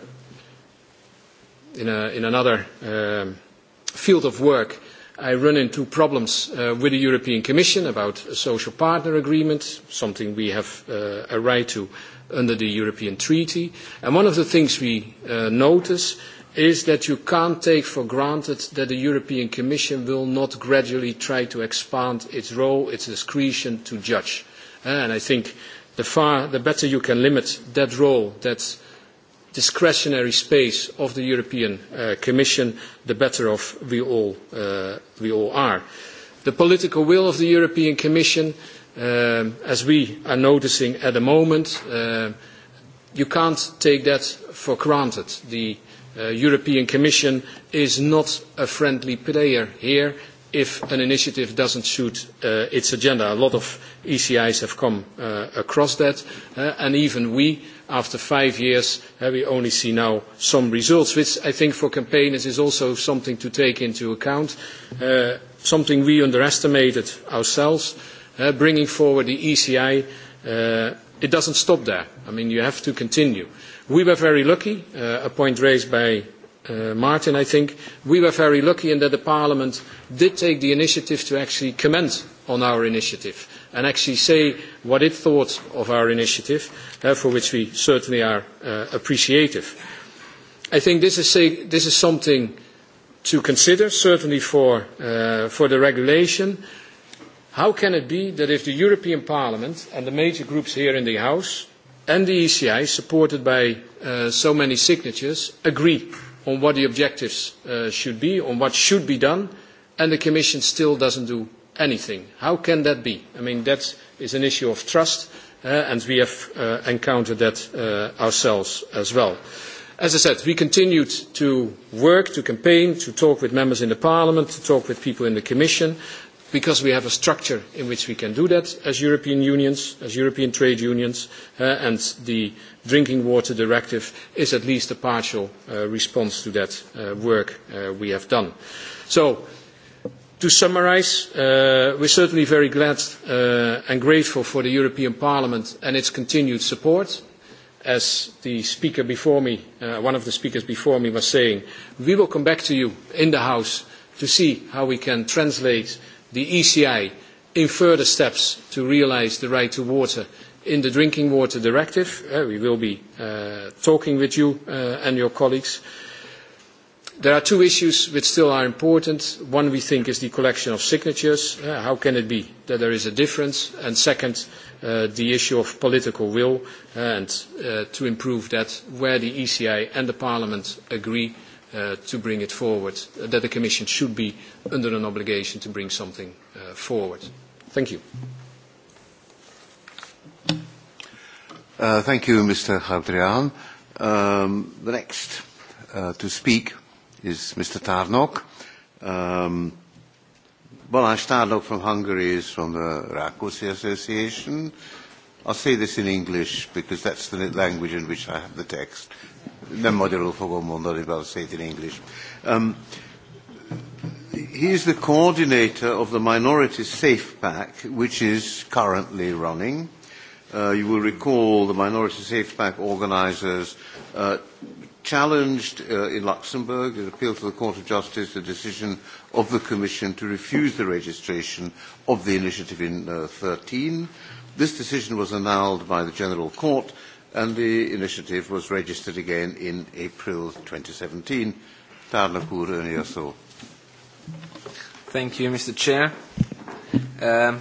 um, field of work. I run into problems uh, with the European Commission about a social partner agreement, something we have uh, a right to under the European Treaty. And one of the things we uh, notice is that you can't take for granted that the European Commission will not gradually try to expand its role, its discretion to judge. And I think the, the better you can limit that role that discretionary space of the European uh, Commission, the better off uh, we all, are. The political will of the European Commission, um, as we are noticing at the moment, uh, you can't take that for granted. The European Commission is not a friendly player here if an initiative doesn't suit its agenda. A lot of ECIs have come across that, and even we after five years eh, we only see now some results which i think for campaigners is also something to take into account eh, something we underestimated ourselves eh, bringing forward the eci it doesn't stop there i mean you have to continue we were very lucky a point raised by Martin, I think we were very lucky in that the Parliament did take the initiative to actually comment on our initiative and actually say what it thought of our initiative, uh, for which we certainly are uh, appreciative. I think this is, this is something to consider, certainly for, uh, for the regulation. How can it be that if the European Parliament and the major groups here in the House and the ECI, supported by so many signatures, agree on what the objectives should be, on what should be done, and the Commission still doesn't do anything. How can that be? I mean, that is an issue of trust, uh, and we have uh, encountered that uh, ourselves as well. As I said, we continued to work, to campaign, to talk with members in the parliament, to talk with people in the commission, because we have a structure in which we can do that as European unions, as European trade unions, and the Drinking Water Directive is at least a partial response to that work we have done. So to summarise uh, we are certainly very glad uh, and grateful for the european parliament and its continued support. as the speaker before me uh, one of the speakers before me was saying we will come back to you in the house to see how we can translate the eci in further steps to realise the right to water in the drinking water directive. we will be talking with you and your colleagues There are two issues which still are important. One, we think, is the collection of signatures. Uh, how can it be that there is a difference? And second, uh, the issue of political will, uh, and to improve that, where the ECI and the Parliament agree to bring it forward, that the Commission should be under an obligation to bring something forward. Thank you. Thank you, Mr. Um, the next to speak is Mr. Tarnok. Um, Balázs Tarnok from Hungary is from the Rákosi Association. I'll say this in English because that's the language in which I have the text. Nem magyarul fogom mondani, but I'll say it in English. Um, he is the coordinator of the Minority Safe Pack, which is currently running. Uh, you will recall the Minority Safe Pack organizers uh, challenged uh, in Luxembourg it appeal to the Court of Justice the decision of the Commission to refuse the registration of the initiative in 2013. Uh, This decision was annulled by the General Court and the initiative was registered again in April 2017. Thank you, Mr. Chair. Um,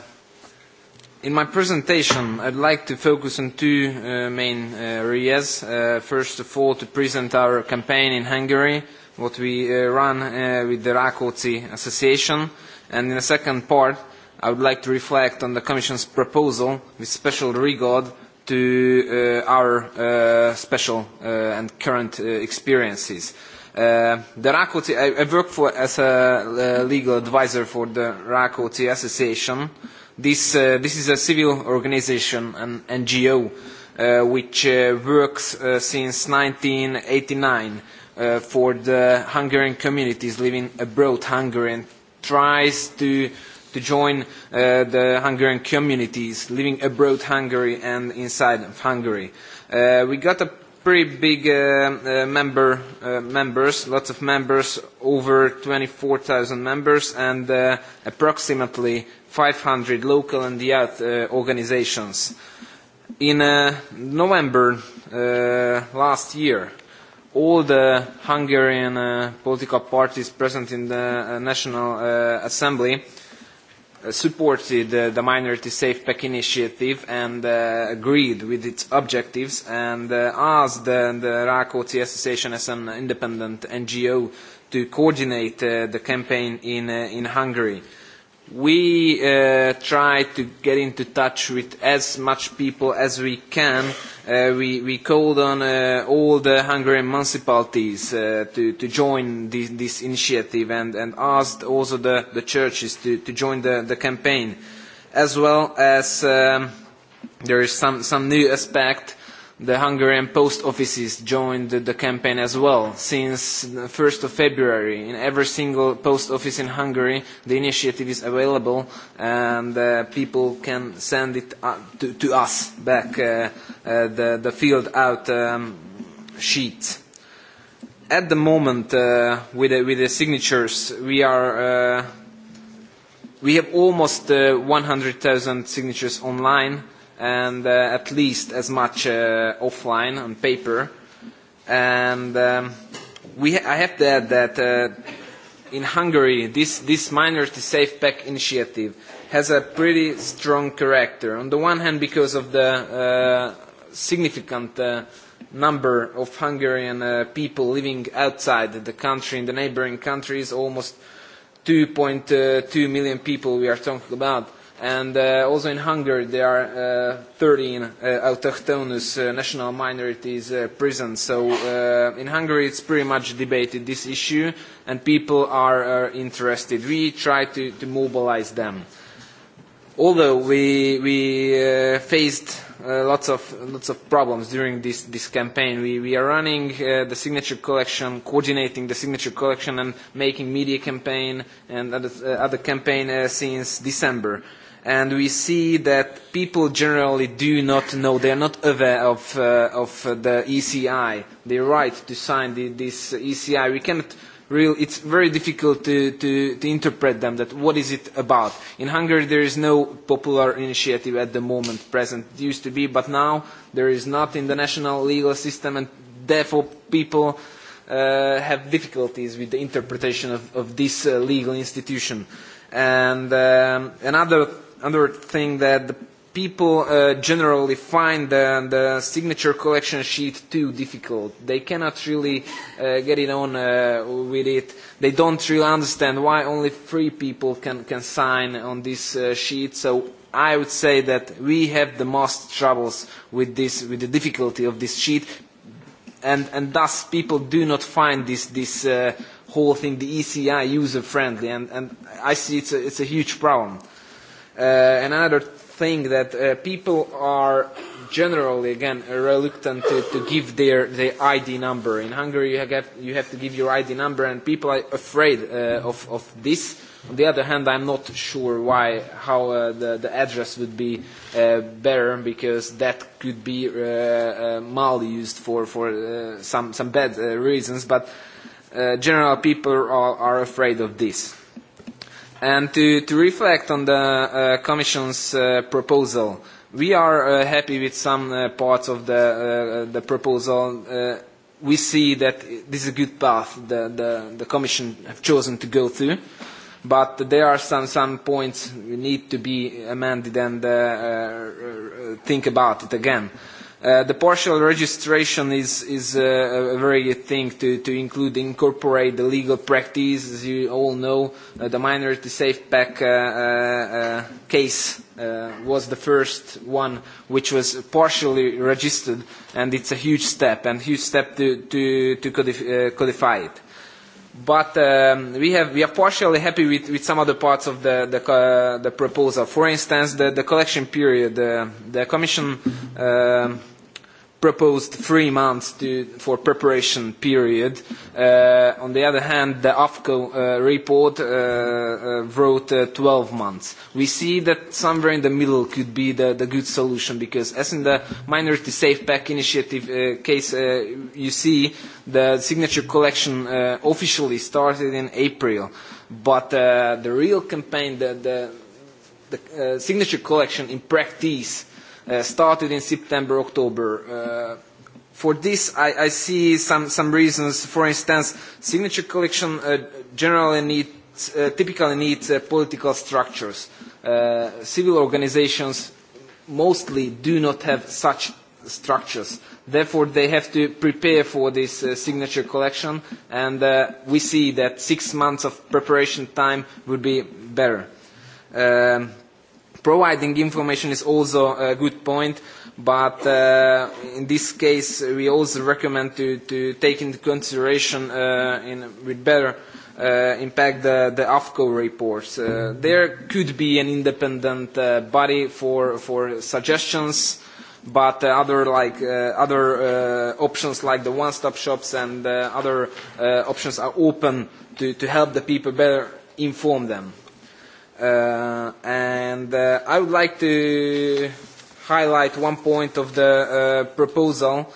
In my presentation, I'd like to focus on two uh, main uh, areas. Uh, first of all, to present our campaign in Hungary, what we run with the Rakoci Association. And in the second part, I would like to reflect on the Commission's proposal with special regard to our special and current experiences. the Rákóczi, I, I work for, as a legal advisor for the Rákóczi Association, This, uh, this is a civil organization, an NGO, uh, which uh, works uh, since 1989 uh, for the Hungarian communities living abroad Hungary and tries to to join uh, the Hungarian communities living abroad Hungary and inside of Hungary. Uh, we got a pretty big uh, uh, member uh, members, lots of members, over 24,000 members, and uh, approximately 500 local and youth uh, organizations. In uh, November uh, last year, all the Hungarian uh, political parties present in the uh, National uh, Assembly supported uh, the Minority Safe Pack initiative and uh, agreed with its objectives and uh, asked the, the Rakoti Association as an independent NGO to coordinate uh, the campaign in, uh, in Hungary. We uh, try to get into touch with as much people as we can Uh, we, we called on uh, all the Hungarian municipalities uh, to, to join this, initiative and, and asked also the, the churches to, to join the, the campaign, as well as um, there is some, some new aspect the Hungarian post offices joined the campaign as well. Since 1st of February, in every single post office in Hungary, the initiative is available and uh, people can send it uh, to, us back uh, the, the filled out sheets. Um, sheet. At the moment, with, the, with the signatures, we are uh, we have almost uh, 100,000 signatures online and uh, at least as much uh, offline on paper. And um, we, I have to add that uh, in Hungary, this, this Minority Safe Pack initiative has a pretty strong character. On the one hand, because of the significant number of Hungarian people living outside the country, in the neighboring countries, almost 2.2 million people we are talking about And uh, also in Hungary, there are uh, 13 uh, autochthonous uh, national minorities uh, prisons. So uh, in Hungary, it's pretty much debated this issue, and people are interested. We try to, to mobilize them. Although we, we uh, faced uh, lots, of, lots of problems during this, this campaign, we, we are running uh, the signature collection, coordinating the signature collection and making media campaign and other, uh, other campaign uh, since December and we see that people generally do not know, they are not aware of, uh, of the ECI, The right to sign the, this ECI. We cannot really, it's very difficult to, to, to interpret them, that what is it about. In Hungary there is no popular initiative at the moment present, it used to be, but now there is not in the national legal system and therefore people uh, have difficulties with the interpretation of, of this uh, legal institution. And um, another another thing that the people uh, generally find the, the signature collection sheet too difficult. They cannot really uh, get it on uh, with it. They don't really understand why only three people can, can sign on this uh, sheet. So I would say that we have the most troubles with, this, with the difficulty of this sheet. And, and thus people do not find this, this uh, whole thing, the ECI, uh, user-friendly. And, and I see it's a, it's a huge problem. Uh, another thing that uh, people are generally again reluctant to, to give their, their ID number. In Hungary, you have, you have to give your ID number, and people are afraid uh, of, of this. On the other hand, I'm not sure why how uh, the, the address would be uh, better because that could be uh, uh, mal used for for uh, some some bad uh, reasons. But uh, general people are, are afraid of this. And to, to reflect on the uh, Commission's uh, proposal, we are uh, happy with some parts of the, the proposal. we see that this is a good path the, the, the Commission has chosen to go through, but there are some, some points we need to be amended and think about it again. Uh, the partial registration is, is uh, a very good thing to, to include, incorporate the legal practice. As you all know, uh, the minority safe pack uh, uh, uh, case uh, was the first one which was partially registered, and it's a huge step, and huge step to, to, to codif uh, codify it. But um, we, have, we are partially happy with, with some other parts of the, the, the proposal. For instance, the, the collection period. Uh, the Commission uh, proposed three months to, for preparation period. Uh, on the other hand, the AFCO uh, report uh, wrote 12 months. We see that somewhere in the middle could be the, good solution because as in the Minority Safe Pack initiative case, you see the signature collection officially started in April. But the real campaign, the, the, the signature collection in practice Uh, started in September, October. Uh, for this, I, I see some, some reasons. For instance, signature collection uh, generally need, typically needs political structures. Civil organizations mostly do not have such structures. Therefore, they have to prepare for this signature collection, and we see that six months of preparation time would be better. Um, Providing information is also a good point, but uh, in this case we also recommend to, to take into consideration uh, in, with better uh, impact the, the AFCO reports. Uh, there could be an independent body for, for suggestions, but other like other options like the one-stop shops and other options are open to, to help the people better inform them. Uh, and uh, I would like to highlight one point of the uh, proposal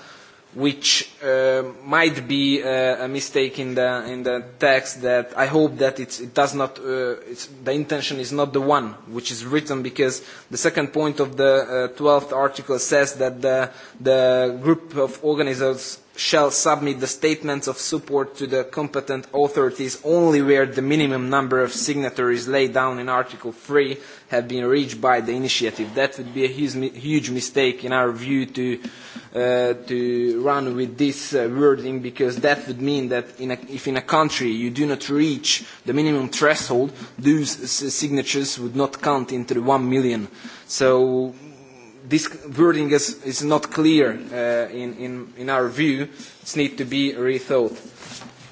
which uh, might be uh, a mistake in the in the text that I hope that it's, it does not uh, it's, the intention is not the one which is written because the second point of the uh, 12th article says that the the group of organizers shall submit the statements of support to the competent authorities only where the minimum number of signatories laid down in Article 3 have been reached by the initiative. That would be a huge mistake in our view to, uh, to run with this uh, wording because that would mean that in a, if in a country you do not reach the minimum threshold, those signatures would not count into the 1 million. So this wording is, is not clear uh, in, in, in our view. It needs to be rethought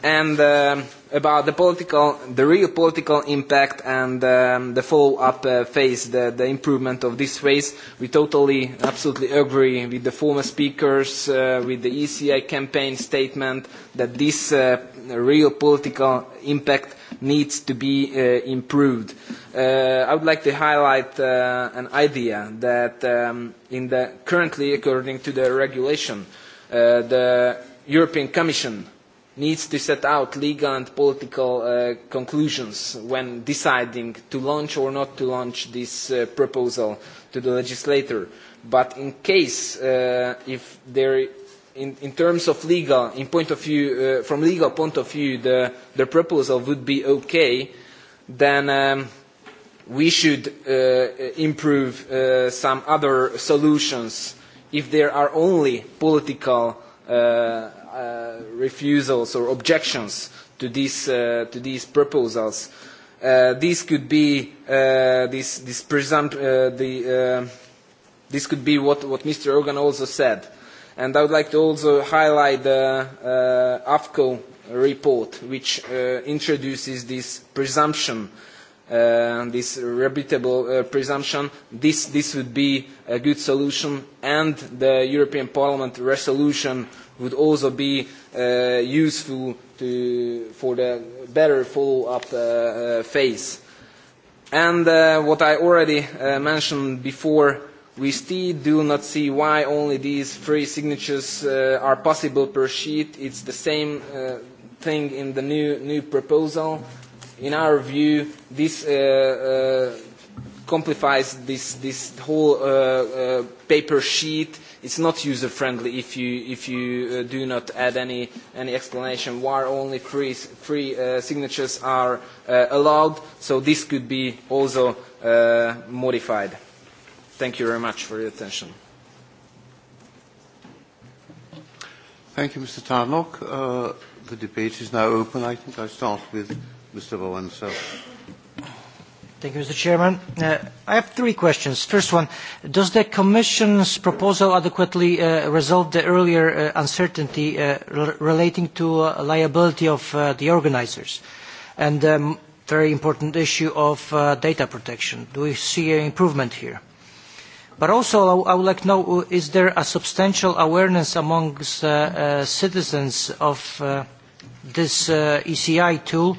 and um, about the political, the real political impact and um, the follow-up uh, phase, the, the improvement of this phase. We totally, absolutely agree with the former speakers, uh, with the ECI campaign statement that this uh, real political impact needs to be improved. I would like to highlight an idea that um, in the, currently, according to the regulation, the European Commission needs to set out legal and political uh, conclusions when deciding to launch or not to launch this uh, proposal to the legislator. But in case, uh, if there, in, in terms of legal, in point of view, from legal point of view, the, the proposal would be okay, then um, we should improve some other solutions if there are only political Uh, refusals or objections to these, uh, to these proposals. Uh, could be this, this the, this could be what, what Mr. Organ also said. And I would like to also highlight the uh, AFCO report, which uh, introduces this presumption, uh, this reputable uh, presumption. This, this would be a good solution, and the European Parliament resolution would also be uh, useful to, for the better follow-up uh, uh, phase. And what I already mentioned before, we still do not see why only these three signatures are possible per sheet. It's the same thing in the new, new proposal. In our view, this uh, complifies this, this whole paper sheet it's not user friendly if you if you uh, do not add any any explanation why only free uh, signatures are uh, allowed so this could be also modified thank you very much for your attention thank you mr tarnock the debate is now open i think i start with mr Valensa. Thank you, Mr. Chairman. Uh, I have three questions. First one, does the Commission's proposal adequately uh, resolve the earlier uh, uncertainty uh, relating to uh, liability of uh, the organisers and the um, very important issue of data protection? Do we see an improvement here? But also, I would like to know, is there a substantial awareness amongst citizens of this ECI tool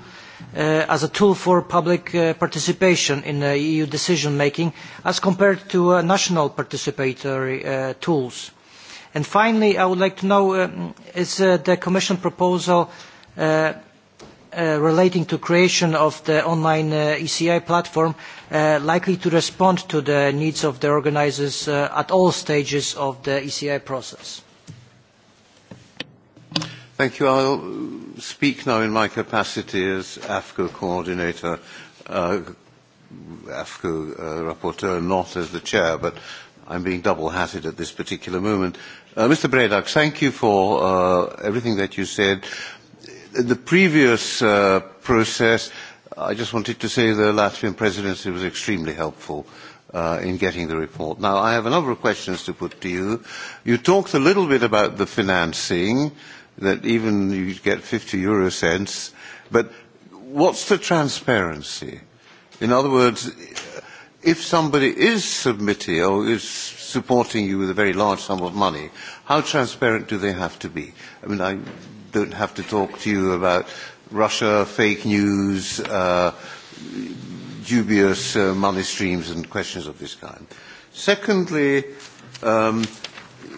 Uh, as a tool for public uh, participation in uh, EU decision making as compared to national participatory tools. And finally, I would like to know um, is the Commission proposal relating to creation of the online ECI platform likely to respond to the needs of the organisers at all stages of the ECI process. Thank you. I'll speak now in my capacity as AFCO coordinator, uh, AFCO uh, rapporteur, not as the chair, but I'm being double-hatted at this particular moment. Uh, Mr. Bredak, thank you for uh, everything that you said. In the previous uh, process, I just wanted to say the Latvian presidency was extremely helpful. Uh, in getting the report. Now, I have a number of questions to put to you. You talked a little bit about the financing that even you get 50 euro cents. But what's the transparency? In other words, if somebody is submitting or is supporting you with a very large sum of money, how transparent do they have to be? I mean, I don't have to talk to you about Russia, fake news, uh, dubious uh, money streams and questions of this kind. Secondly, um,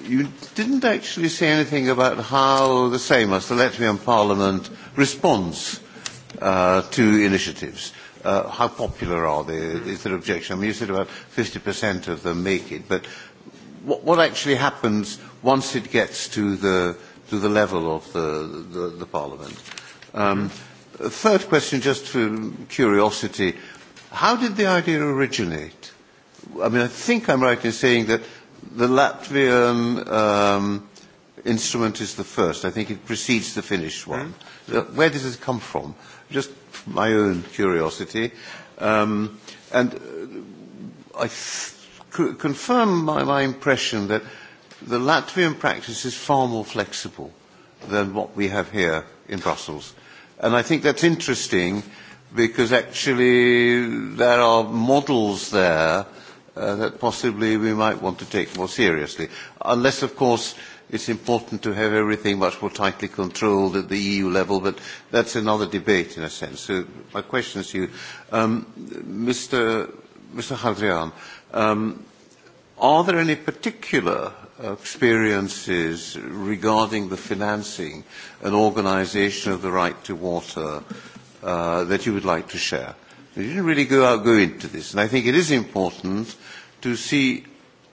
you didn't actually say anything about how the same as the Latvian Parliament responds uh, to initiatives. Uh, how popular are they? Is there objection? I mean, you said about 50% of them make it, but what, what actually happens once it gets to the, to the level of the, the, the Parliament? Um, third question, just for curiosity, how did the idea originate? I mean, I think I'm right in saying that the Latvian um, instrument is the first. I think it precedes the Finnish one. Mm. Where does it come from? Just my own curiosity. Um, and uh, I c confirm my, my impression that the Latvian practice is far more flexible than what we have here in Brussels. And I think that's interesting because actually there are models there Uh, that possibly we might want to take more seriously. Unless, of course, it's important to have everything much more tightly controlled at the EU level, but that's another debate in a sense. So my question is to you, Mr. Um, Hadrian, um, are there any particular experiences regarding the financing and organisation of the right to water uh, that you would like to share? They didn't really go out, go into this. And I think it is important to see,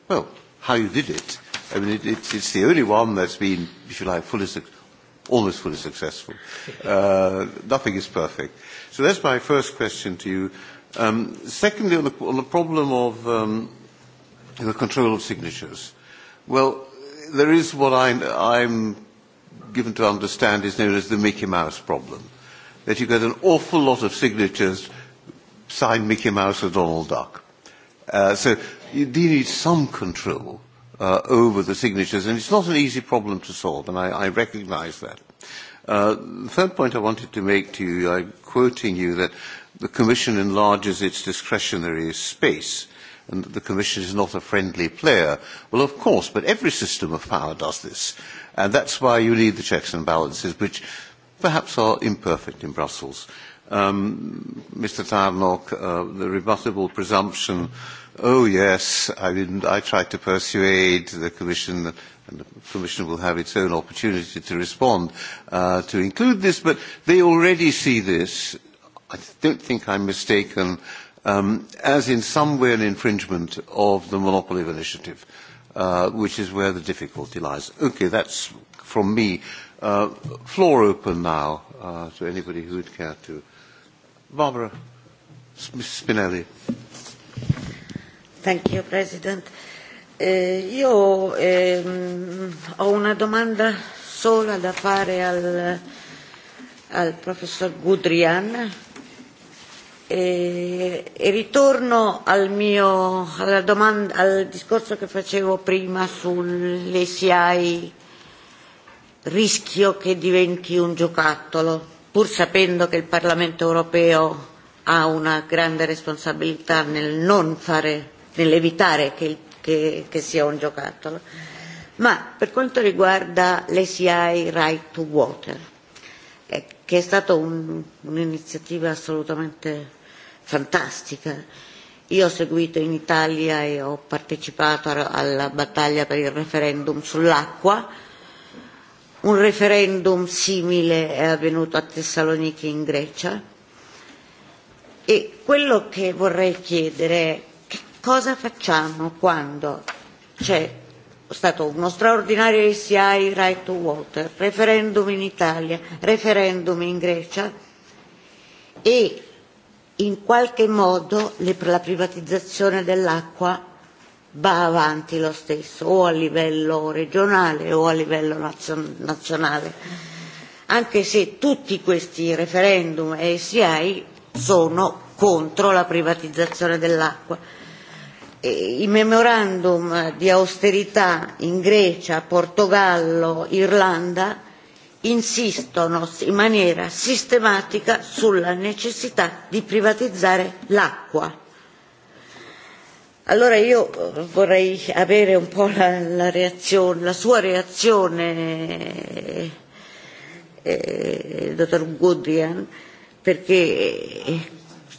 well, how you did it. I mean, it, it it's the only one that's been, if you like, fully, almost fully successful. Uh, nothing is perfect. So that's my first question to you. Um, secondly, on the, on the problem of um, the control of signatures. Well, there is what I, I'm given to understand is known as the Mickey Mouse problem, that you get an awful lot of signatures sign Mickey Mouse or Donald Duck. Uh, so you do need some control uh, over the signatures, and it's not an easy problem to solve, and I, I recognize that. Uh, the third point I wanted to make to you, I'm quoting you, that the Commission enlarges its discretionary space and that the Commission is not a friendly player. Well, of course, but every system of power does this. And that's why you need the checks and balances, which perhaps are imperfect in Brussels um, Mr. Tarnock, uh, the rebuttable presumption, oh yes, I, didn't, I tried to persuade the Commission, and the Commission will have its own opportunity to respond uh, to include this, but they already see this, I don't think I'm mistaken, um, as in some way an infringement of the monopoly of initiative, uh, which is where the difficulty lies. Okay, that's from me. Uh, floor open now uh, to anybody who would care to Barbara Spinelli. Thank you, President. Eh, io ehm, ho una domanda sola da fare al, al professor Gudrian e, e ritorno al mio, alla domanda, al discorso che facevo prima sull'ECI rischio che diventi un giocattolo pur sapendo che il Parlamento europeo ha una grande responsabilità nel non fare nell'evitare che, che, che sia un giocattolo ma per quanto riguarda l'ACI Right to Water eh, che è stata un, un'iniziativa assolutamente fantastica io ho seguito in Italia e ho partecipato alla battaglia per il referendum sull'acqua un referendum simile è avvenuto a Thessaloniki in Grecia e quello che vorrei chiedere è che cosa facciamo quando c'è stato uno straordinario SCI right to water, referendum in Italia, referendum in Grecia e in qualche modo la privatizzazione dell'acqua va avanti lo stesso o a livello regionale o a livello nazionale anche se tutti questi referendum e SIAI sono contro la privatizzazione dell'acqua e i memorandum di austerità in Grecia, Portogallo, Irlanda insistono in maniera sistematica sulla necessità di privatizzare l'acqua allora io vorrei avere un po' la, la, reazione, la sua reazione eh, dottor Goodrian perché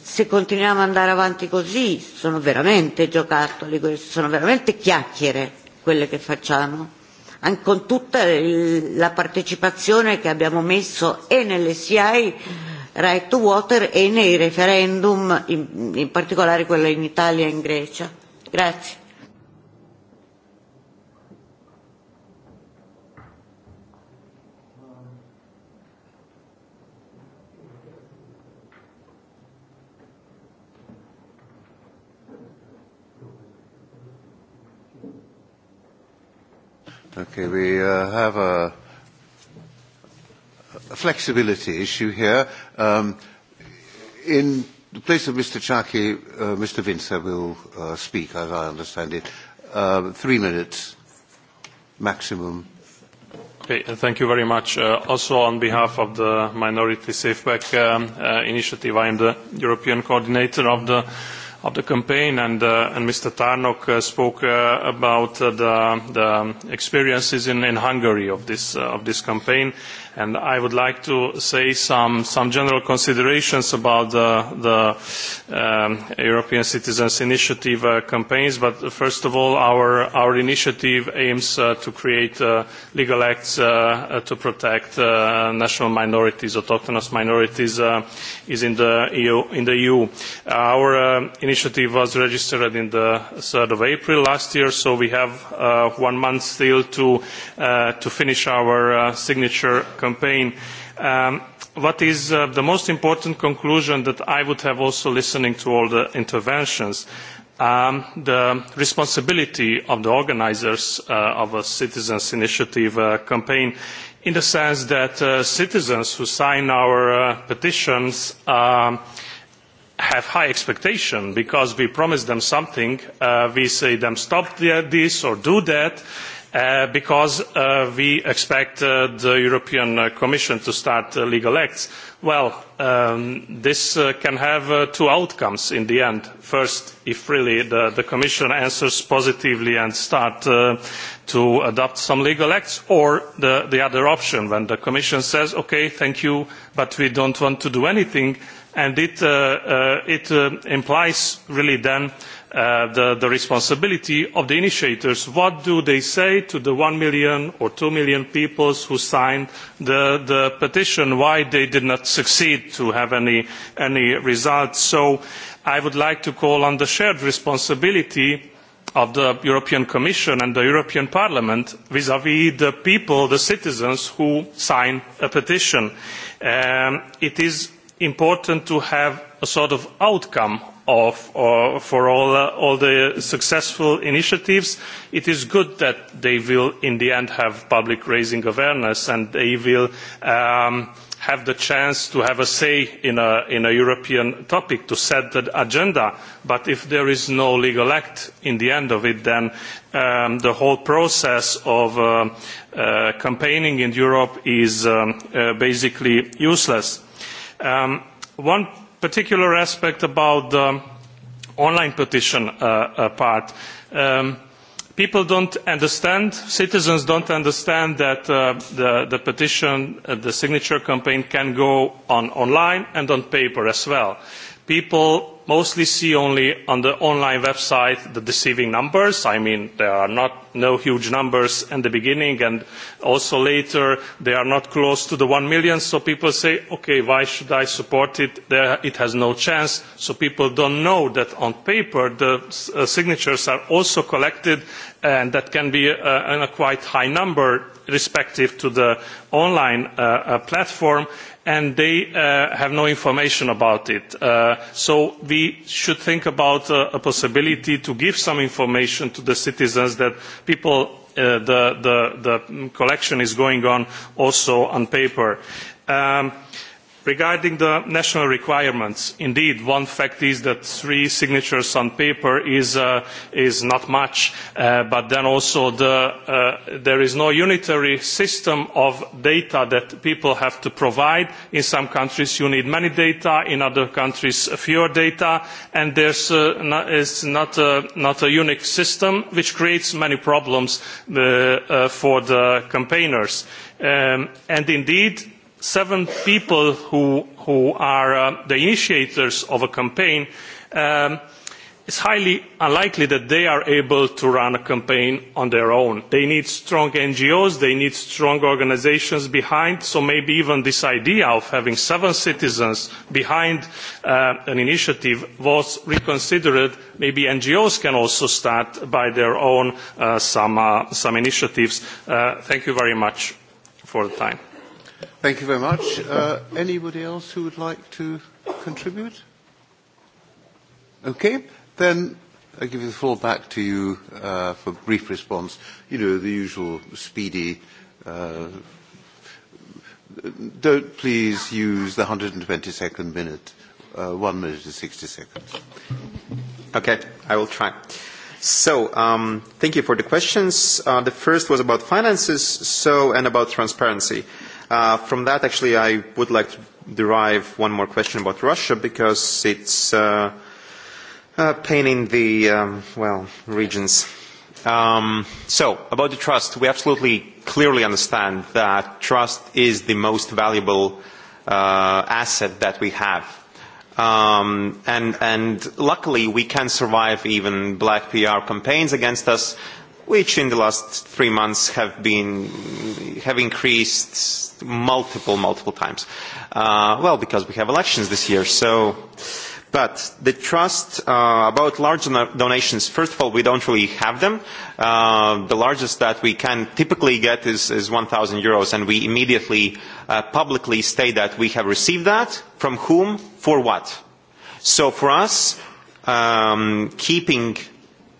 se continuiamo ad andare avanti così sono veramente giocattoli sono veramente chiacchiere quelle che facciamo anche con tutta il, la partecipazione che abbiamo messo e nelle SIAI right to water e nei referendum, in, in particolare quello in Italia e in Grecia. Grazie. Okay, we uh, have a, a flexibility issue here. Um, in the place of Mr. Chaki, uh, Mr. Vince will uh, speak, as I understand it. Uh, three minutes maximum. Okay, thank you very much. Uh, also on behalf of the Minority Safeback um, uh, Initiative, I am the European coordinator of the of the campaign and, uh, and Mr. Tarnok uh, spoke uh, about the, the experiences in, in Hungary of this, of this campaign and I would like to say some, some general considerations about the, the um, European Citizens Initiative uh, campaigns, but first of all, our, our initiative aims uh, to create uh, legal acts to protect national minorities, autochthonous minorities is in the EU. In the EU. Our initiative was registered on the 3rd of April last year, so we have one month still to, to finish our signature campaign campaign. Um, what is uh, the most important conclusion that I would have also listening to all the interventions? Um, the responsibility of the organisers uh, of a citizens' initiative uh, campaign in the sense that citizens who sign our petitions um, have high expectations because we promise them something we say them stop this or do that' Uh, because uh, we expect uh, the European Commission to start legal acts. Well, um, this can have two outcomes in the end. First, if really the, Commission answers positively and starts to adopt some legal acts, or the, the other option, when the Commission says, "Okay, thank you, but we don't want to do anything," and it, it implies really then Uh, the, the responsibility of the initiators what do they say to the one million or two million people who signed the, the petition why they did not succeed to have any, any results? so i would like to call on the shared responsibility of the european commission and the european parliament vis vis the people the citizens who sign a petition. Um, it is important to have a sort of outcome Uh, for uh, all, the successful initiatives. It is good that they will in the end have public raising awareness and they will um, have the chance to have a say in a, European topic, to set the agenda. But if there is no legal act in the end of it, then um, the whole process of uh, campaigning in Europe is um, basically useless. One particular aspect about the online petition uh, uh, part. Um, people don't understand citizens don't understand that uh, the, petition the signature campaign can go on online and on paper as well. people mostly see only on the online website the deceiving numbers. I mean, there are no huge numbers in the beginning and also later they are not close to the one million. So people say, okay, why should I support it? it has no chance. So people don't know that on paper the uh, signatures are also collected and that can be uh, a quite high number respective to the online uh, platform and they have no information about it. so we we should think about uh, a possibility to give some information to the citizens that people uh, the, the the collection is going on also on paper um, regarding the national requirements indeed one fact is that three signatures on paper is, uh, not much uh, but then also uh, there is no unitary system of data that people have to provide in some countries you need many data in other countries fewer data and there's is not a, not a unique system which creates many problems for the campaigners um, and indeed seven people who, who are uh, the initiators of a campaign it um, it's highly unlikely that they are able to run a campaign on their own. They need strong NGOs, they need strong organisations behind, so maybe even this idea of having seven citizens behind uh, an initiative was reconsidered. Maybe NGOs can also start by their own uh, some, some initiatives. Thank you very much for the time. Thank you very much. Uh, anybody else who would like to contribute? Okay, then I give the floor back to you uh, for brief response. You know, the usual speedy. Uh, don't please use the 120 second minute. Uh, one minute and 60 seconds. Okay, I will try. So, um, thank you for the questions. Uh, the first was about finances, so, and about transparency. Uh, from that, actually, I would like to derive one more question about Russia because it's uh, a uh, pain in the, um, well, regions. Um, so, about the trust, we absolutely clearly understand that trust is the most valuable uh, asset that we have. Um, and, and luckily, we can survive even black PR campaigns against us, which in the last three months have been have increased multiple, multiple times. Uh, well, because we have elections this year, so... But the trust uh, about large donations, first of all, we don't really have them. Uh, the largest that we can typically get is, is 1,000 euros, and we immediately publicly state that we have received that, from whom, for what. So for us, um, keeping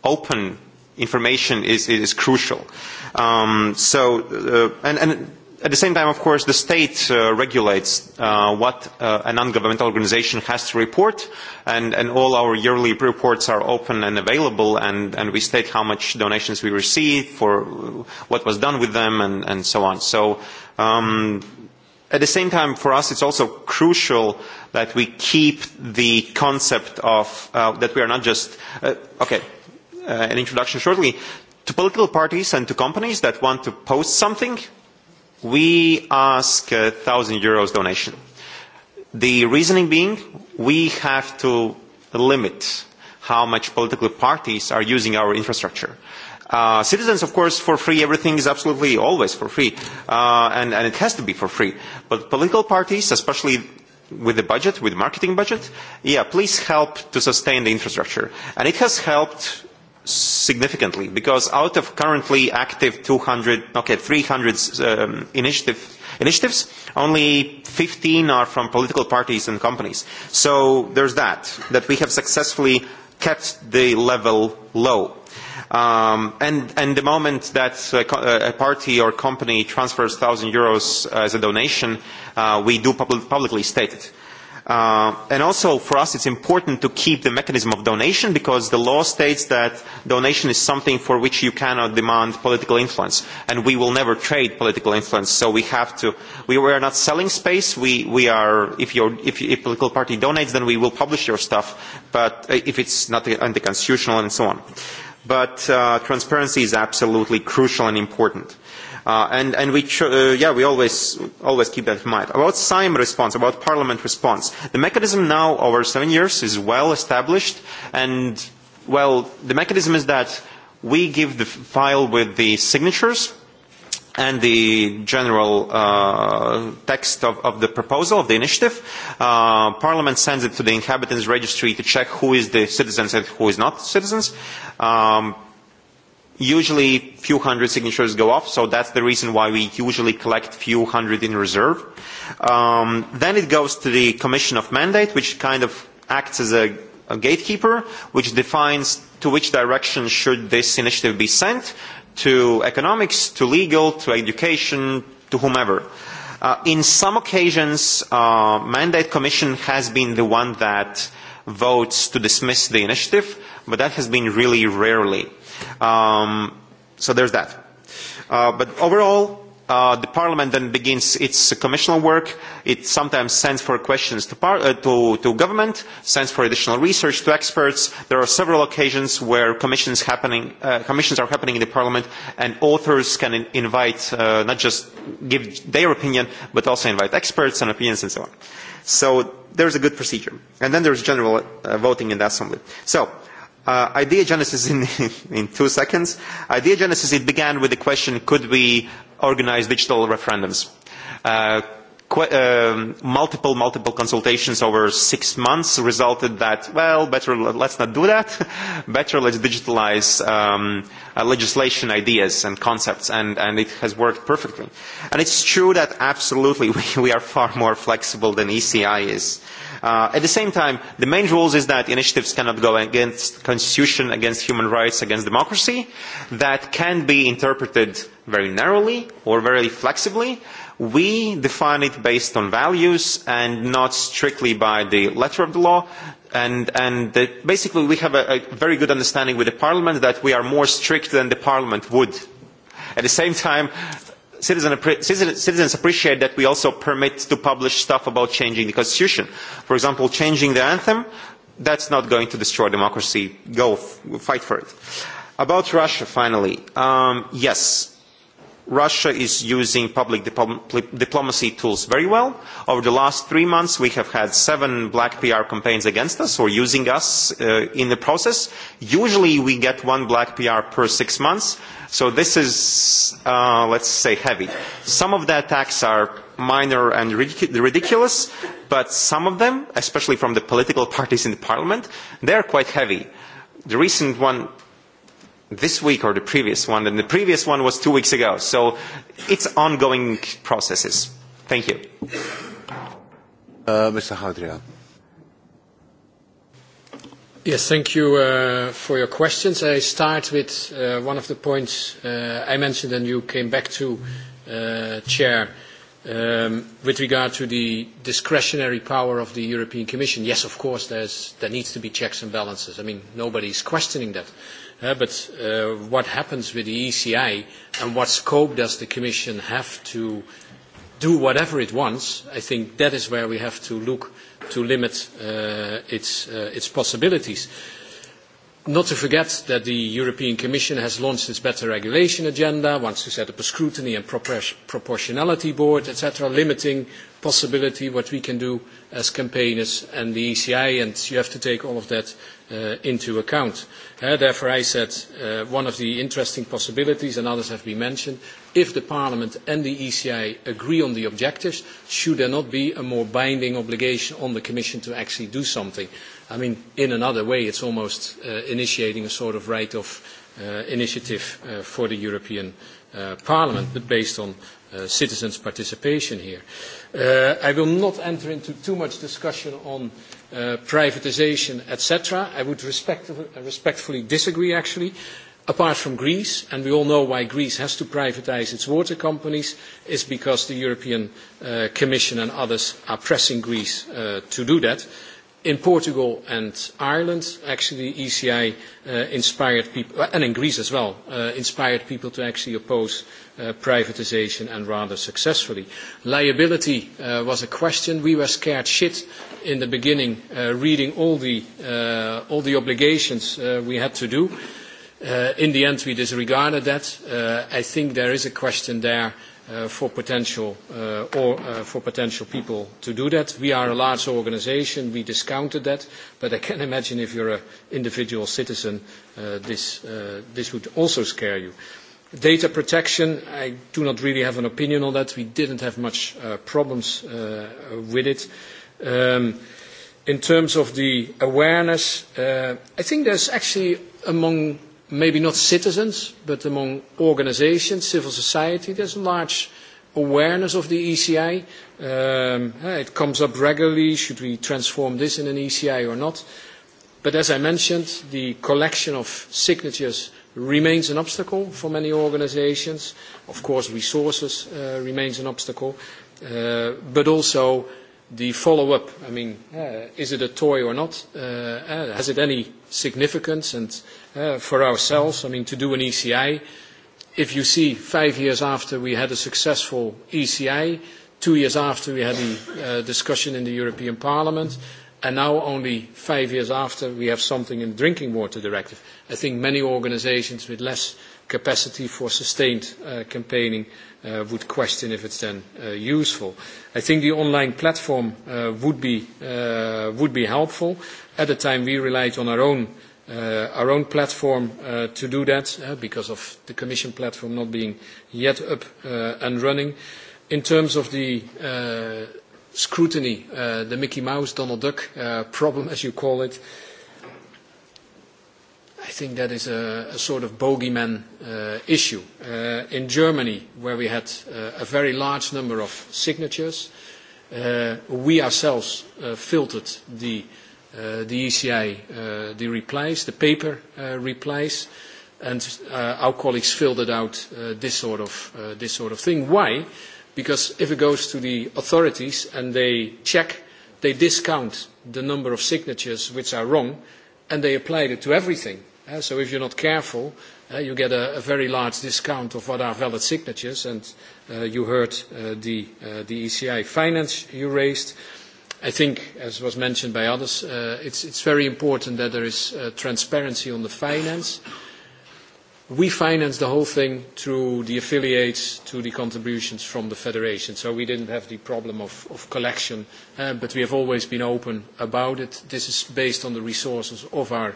open information is, is crucial. Um, so, uh, and, and at the same time, of course, the state uh, regulates uh, what uh, a non-governmental organization has to report, and, and all our yearly reports are open and available, and, and we state how much donations we receive, for what was done with them, and, and so on. So um, at the same time, for us, it's also crucial that we keep the concept of uh, that we are not just, uh, okay, uh, an introduction shortly, to political parties and to companies that want to post something – we ask a thousand euros donation. The reasoning being we have to limit how much political parties are using our infrastructure. Uh, citizens, of course, for free, everything is absolutely always for free, uh, and, and it has to be for free. But political parties, especially with the budget, with the marketing budget, yeah, please help to sustain the infrastructure. And it has helped significantly because out of currently active 200, okay, 300 um, initiative, initiatives, only 15 are from political parties and companies. So there's that, that we have successfully kept the level low. Um, and, and the moment that a, a party or company transfers 1,000 euros as a donation, uh, we do publicly state it Uh, and also for us it's important to keep the mechanism of donation because the law states that donation is something for which you cannot demand political influence and we will never trade political influence so we have to we are not selling space we, we are if your if a political party donates then we will publish your stuff but uh, if it's not anti-constitutional and so on but uh, transparency is absolutely crucial and important Uh, and and we uh, yeah we always always keep that in mind about SIM response about Parliament response. The mechanism now over seven years is well established, and well the mechanism is that we give the file with the signatures and the general uh, text of, of the proposal of the initiative. Uh, Parliament sends it to the inhabitants registry to check who is the citizens and who is not citizens. Um, usually few hundred signatures go off, so that's the reason why we usually collect few hundred in reserve. Um, then it goes to the Commission of Mandate, which kind of acts as a, a gatekeeper, which defines to which direction should this initiative be sent, to economics, to legal, to education, to whomever. Uh, in some occasions, uh, Mandate Commission has been the one that votes to dismiss the initiative, but that has been really rarely. Um, so there's that. Uh, but overall, uh, the parliament then begins its commissional work. It sometimes sends for questions to, par uh, to, government, sends for additional research to experts. There are several occasions where commissions, happening, uh, commissions are happening in the parliament and authors can invite, not just give their opinion, but also invite experts and opinions and so on. So there's a good procedure. And then there's general voting in the assembly. So Uh, idea genesis in, in two seconds. Idea genesis, it began with the question, could we organize digital referendums? Uh, um, multiple, multiple consultations over six months resulted that, well, better let's not do that. better let's digitalize um, uh, legislation ideas and concepts, and, it has worked perfectly. And it's true that absolutely we, we are far more flexible than ECI is. Uh, at the same time, the main rule is that initiatives cannot go against constitution, against human rights, against democracy, that can be interpreted very narrowly or very flexibly. We define it based on values and not strictly by the letter of the law. And, and basically we have a, a very good understanding with the parliament that we are more strict than the parliament would at the same time citizens appreciate that we also permit to publish stuff about changing the constitution. For example, changing the anthem, that's not going to destroy democracy. Go, fight for it. About Russia, finally. Um, yes, Russia is using public diplomacy tools very well. Over the last three months, we have had seven black PR campaigns against us or using us uh, in the process. Usually, we get one black PR per six months, so this is, uh, let's say, heavy. Some of the attacks are minor and ridiculous, but some of them, especially from the political parties in the parliament, they are quite heavy. The recent one this week or the previous one, and the previous one was two weeks ago. So it's ongoing processes. Thank you. Uh, Mr. Hadria. Yes, thank you uh, for your questions. I start with uh, one of the points uh, I mentioned and you came back to, uh, Chair, um, with regard to the discretionary power of the European Commission. Yes, of course, there's, there needs to be checks and balances. I mean, nobody's questioning that. Uh, but uh, what happens with the ECI and what scope does the Commission have to do whatever it wants, I think that is where we have to look to limit uh, its, its possibilities not to forget that the European Commission has launched its better regulation agenda, wants to set up a scrutiny and proportionality board, etc., limiting possibility what we can do as campaigners and the ECI, and you have to take all of that uh, into account. Uh, therefore, I said uh, one of the interesting possibilities, and others have been mentioned, if the Parliament and the ECI agree on the objectives, should there not be a more binding obligation on the Commission to actually do something? I mean, in another way, it's almost uh, initiating a sort of right of uh, initiative uh, for the European Parliament, but based on citizens' participation here. I will not enter into too much discussion on privatization, etc. I would respectfully disagree, actually. Apart from Greece, and we all know why Greece has to privatize its water companies, is because the European Commission and others are pressing Greece to do that in Portugal and Ireland, actually ECI e uh, inspired people, and in Greece as well, uh, inspired people to actually oppose privatisation uh, privatization and rather successfully. Liability was a question. We were scared shit in the beginning, reading all the, obligations we had to do. in the end, we disregarded that. I think there is a question there Uh, for potential uh, or uh, for potential people to do that. We are a large organisation, we discounted that, but I can imagine if you're an individual citizen, this, this would also scare you. Data protection, I do not really have an opinion on that. We didn't have much problems with it. Um, in terms of the awareness, I think there's actually among maybe not citizens, but among organisations, civil society, there's a large awareness of the ECI. Um, it comes up regularly, should we transform this in an ECI or not? But as I mentioned, the collection of signatures remains an obstacle for many organisations. Of course, resources uh, remains an obstacle, uh, but also the follow-up. I mean, uh, is it a toy or not? Uh, has it any significance? And Eh, for ourselves. I mean, to do an ECI if you see five years after we had a successful ECI two years after we had the discussion in the European Parliament, and now only five years after we have something in the Drinking Water Directive. I think many organizations with less capacity for sustained uh, campaigning uh, would question if it's then uh, useful. I think the online platform would be, would be helpful. At the time, we relied on our own Uh, our own platform uh, to do that uh, because of the Commission platform not being yet up and running. In terms of the scrutiny, the Mickey Mouse, Donald Duck problem, as you call it, I think that is a sort of bogeyman issue. In Germany, where we had a very large number of signatures, we ourselves filtered the the ECA, uh, the replies, the paper uh, replies, and uh, our colleagues filtered out this sort of this sort of thing. Why? Because if it goes to the authorities and they check, they discount the number of signatures which are wrong, and they apply it to everything. So if you're not careful, you get a, very large discount of what are valid signatures, and you heard the, the ECI finance you raised. I think, as was mentioned by others, uh, it it's, very important that there is uh, transparency on the finance. We finance the whole thing through the affiliates to the contributions from the federation, so we didn't have the problem of, collection, uh, but we have always been open about it. This is based on the resources of our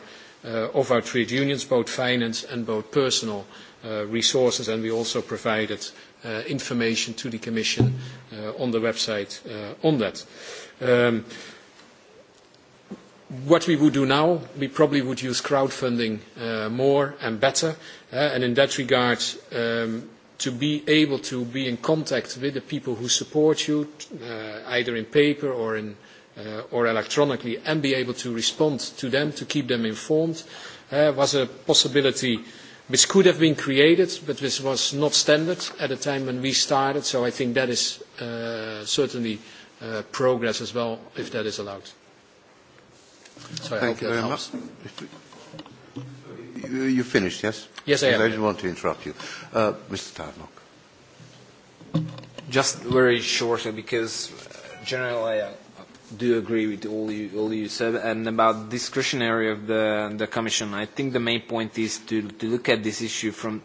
trade unions, both finance and both personal resources, and we also provided information to the Commission on the website on that. Um, what we would do now, we probably would use crowdfunding uh, more and better. Uh, and in that regard, um, to be able to be in contact with the people who support you, uh, either in paper or, in, uh, or electronically, and be able to respond to them, to keep them informed, uh, was a possibility which could have been created, but this was not standard at the time when we started. So I think that is certainly Uh, progress as well, if that is allowed. So I Thank hope you that helps. You, you finished, yes? Yes, I am. I didn't want to interrupt you. Uh, Mr. Tarnock. Just very shortly, because uh, generally I do agree with all you, all you said, and about discretionary of the, the Commission, I think the main point is to, to look at this issue from,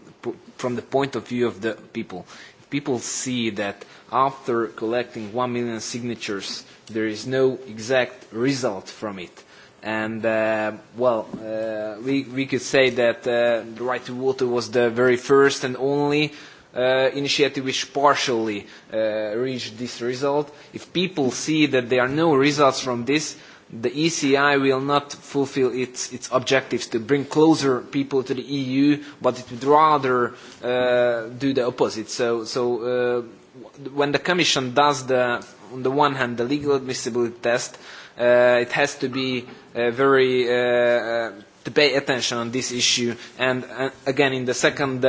from the point of view of the people people see that after collecting one million signatures, there is no exact result from it. And, uh, well, uh, we, we could say that uh, the right to water was the very first and only uh, initiative which partially uh, reached this result. If people see that there are no results from this, the ECI will not fulfill its, its objectives to bring closer people to the EU, but it would rather uh, do the opposite. So, so uh, when the Commission does, the, on the one hand, the legal admissibility test, uh, it has to be very to pay attention on this issue. And again, in the second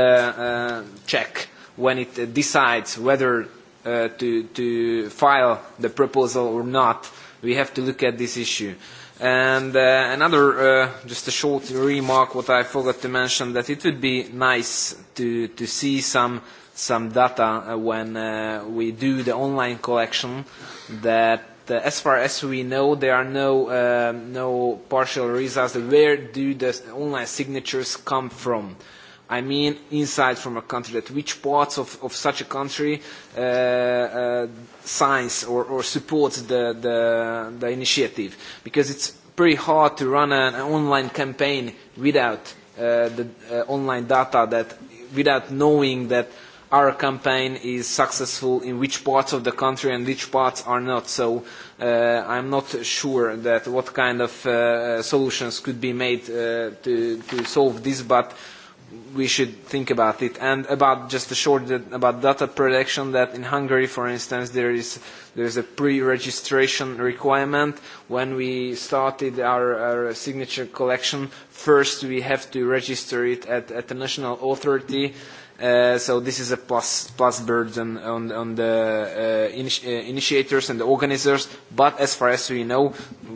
check, when it decides whether to, to file the proposal or not, we have to look at this issue. And uh, another, uh, just a short remark, what I forgot to mention, that it would be nice to, to see some, some data uh, when uh, we do the online collection that uh, as far as we know, there are no, uh, no partial results. Where do the online signatures come from? I mean insight from a country, that which parts of, of such a country uh, uh, signs or, or supports the, the, the initiative. Because it's pretty hard to run an, an online campaign without uh, the uh, online data, that without knowing that our campaign is successful in which parts of the country and which parts are not. So uh, I'm not sure that what kind of uh, solutions could be made uh, to, to solve this, but we should think about it. And about just a short about data protection that in Hungary, for instance, there is there is a pre-registration requirement. When we started our, our signature collection, first we have to register it at, at the national authority. Uh, so this is a plus plus burden on on the uh, in, uh, initiators and the organizers. But as far as we know,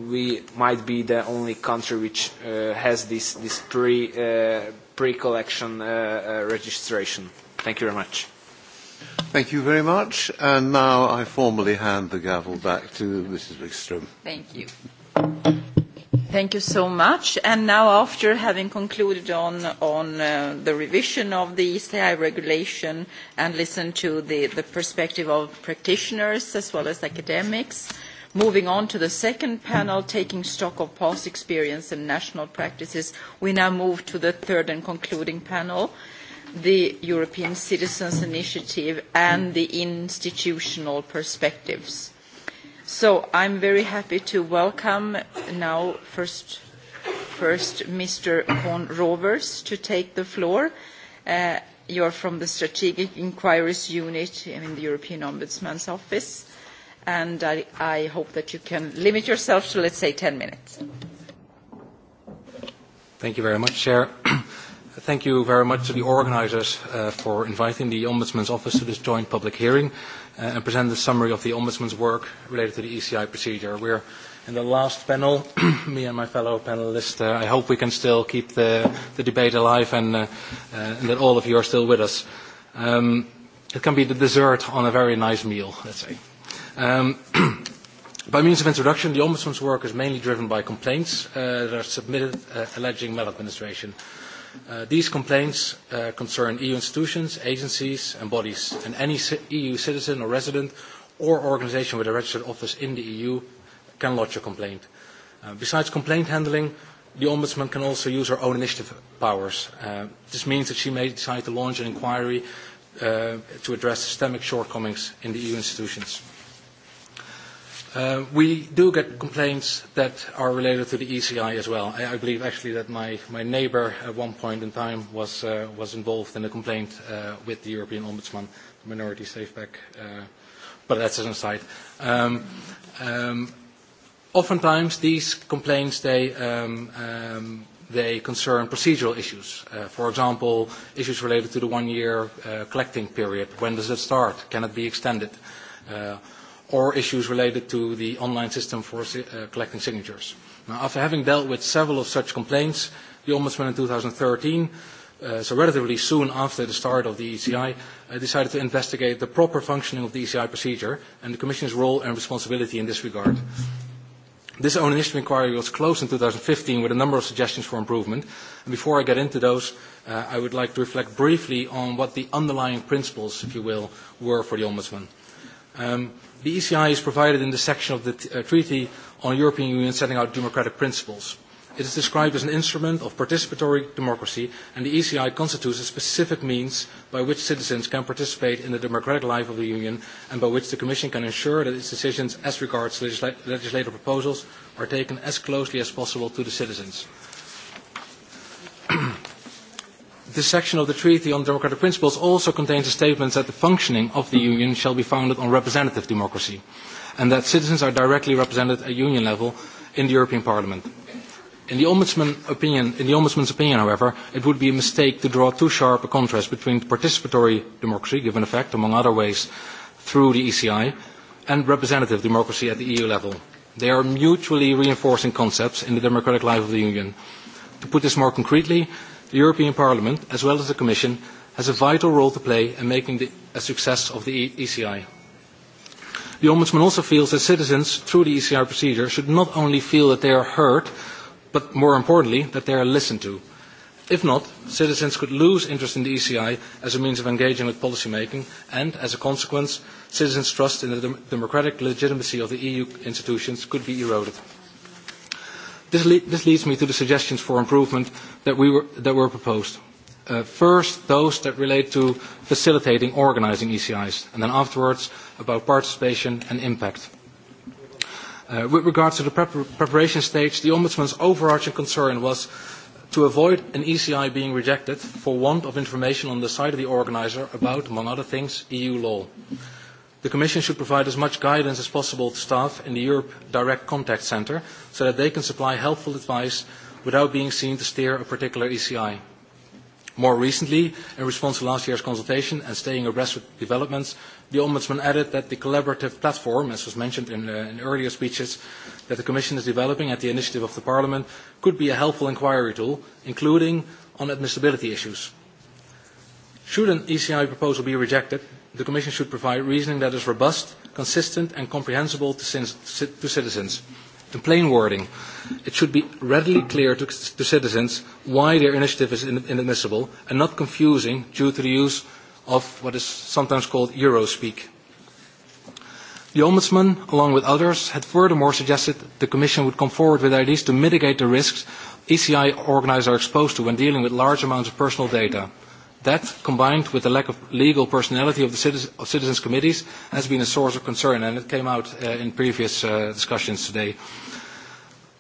we might be the only country which uh, has this this pre uh, pre-collection uh, uh, registration. Thank you very much. Thank you very much. And now I formally hand the gavel back to Mrs. Wickstrom. Thank you. Thank you so much. And now after having concluded on, on uh, the revision of the ECI regulation and listened to the, the perspective of practitioners as well as academics, Moving on to the second panel, taking stock of past experience and national practices, we now move to the third and concluding panel, the European Citizens Initiative and the institutional perspectives. So I'm very happy to welcome now first, Mr. Von Rovers to take the floor. You uh, you're from the Strategic Inquiries Unit in the European Ombudsman's Office and I, I hope that you can limit yourself to, let's say, 10 minutes. Thank you very much, Chair. Thank you very much to the organisers uh, for inviting the Ombudsman's Office to this joint public hearing uh, and present the summary of the Ombudsman's work related to the ECI procedure. We're in the last panel, me and my fellow panelists, uh, I hope we can still keep the, the debate alive and, and that all of you are still with us. Um, it can be the dessert on a very nice meal, let's say. Um, by means of introduction, the Ombudsman's work is mainly driven by complaints uh, that are submitted uh, alleging maladministration. Uh, these complaints concern EU institutions, agencies and bodies, and any EU citizen or resident or organisation with a registered office in the EU can lodge a complaint. besides complaint handling, the Ombudsman can also use her own initiative powers. This means that she may decide to launch an inquiry to address systemic shortcomings in the EU institutions. Uh, we do get complaints that are related to the ECI as well. I, I believe actually that my, my neighbour at one point in time was, uh, was involved in a complaint uh, with the European Ombudsman, Minority Safeback, uh, but that's an aside. Um, um, oftentimes these complaints, they, um, um, they concern procedural issues. Uh, for example, issues related to the one-year uh, collecting period. When does it start? Can it be extended? Uh, or issues related to the online system for uh, collecting signatures. Now, after having dealt with several of such complaints, the Ombudsman in 2013, uh, so relatively soon after the start of the ECI, uh, decided to investigate the proper functioning of the ECI procedure and the Commission's role and responsibility in this regard. This own initiative inquiry was closed in 2015 with a number of suggestions for improvement. And before I get into those, I would like to reflect briefly on what the underlying principles, if you will, were for the Ombudsman. Um, The ECI is provided in the section of the uh, Treaty on European Union setting out democratic principles. It is described as an instrument of participatory democracy, and the ECI constitutes a specific means by which citizens can participate in the democratic life of the Union and by which the Commission can ensure that its decisions as regards legislative proposals are taken as closely as possible to the citizens. this section of the Treaty on Democratic Principles also contains a statement that the functioning of the Union shall be founded on representative democracy, and that citizens are directly represented at Union level in the European Parliament. In the, Ombudsman opinion, in the Ombudsman's opinion, however, it would be a mistake to draw too sharp a contrast between participatory democracy, given effect, among other ways, through the ECI, and representative democracy at the EU level. They are mutually reinforcing concepts in the democratic life of the Union. To put this more concretely, the European Parliament, as well as the Commission, has a vital role to play in making the, a success of the ECI. E the Ombudsman also feels that citizens, through the ECI procedure, should not only feel that they are heard, but more importantly, that they are listened to. If not, citizens could lose interest in the ECI as a means of engaging with policymaking and, as a consequence, citizens' trust in the democratic legitimacy of the EU institutions could be eroded. This, leads me to the suggestions for improvement that, were, proposed. Uh, first, those that relate to facilitating organizing ECIs, and then afterwards about participation and impact. Uh, with regards to the preparation stage, the Ombudsman's overarching concern was to avoid an ECI being rejected for want of information on the side of the organizer about, among other things, EU law. The Commission should provide as much guidance as possible to staff in the Europe Direct Contact Centre so that they can supply helpful advice without being seen to steer a particular ECI. More recently, in response to last year's consultation and staying abreast with developments, the Ombudsman added that the collaborative platform, as was mentioned in, uh, in earlier speeches, that the Commission is developing at the initiative of the Parliament could be a helpful inquiry tool, including on admissibility issues. Should an ECI proposal be rejected, the Commission should provide reasoning that is robust, consistent and comprehensible to, citizens. In plain wording, it should be readily clear to, to citizens why their initiative is inadmissible and not confusing due to the use of what is sometimes called Eurospeak. The Ombudsman, along with others, had furthermore suggested the Commission would come forward with ideas to mitigate the risks ECI organisers are exposed to when dealing with large amounts of personal data. That, combined with the lack of legal personality of the citizens, of citizens committees, has been a source of concern, and it came out uh, in previous uh, discussions today.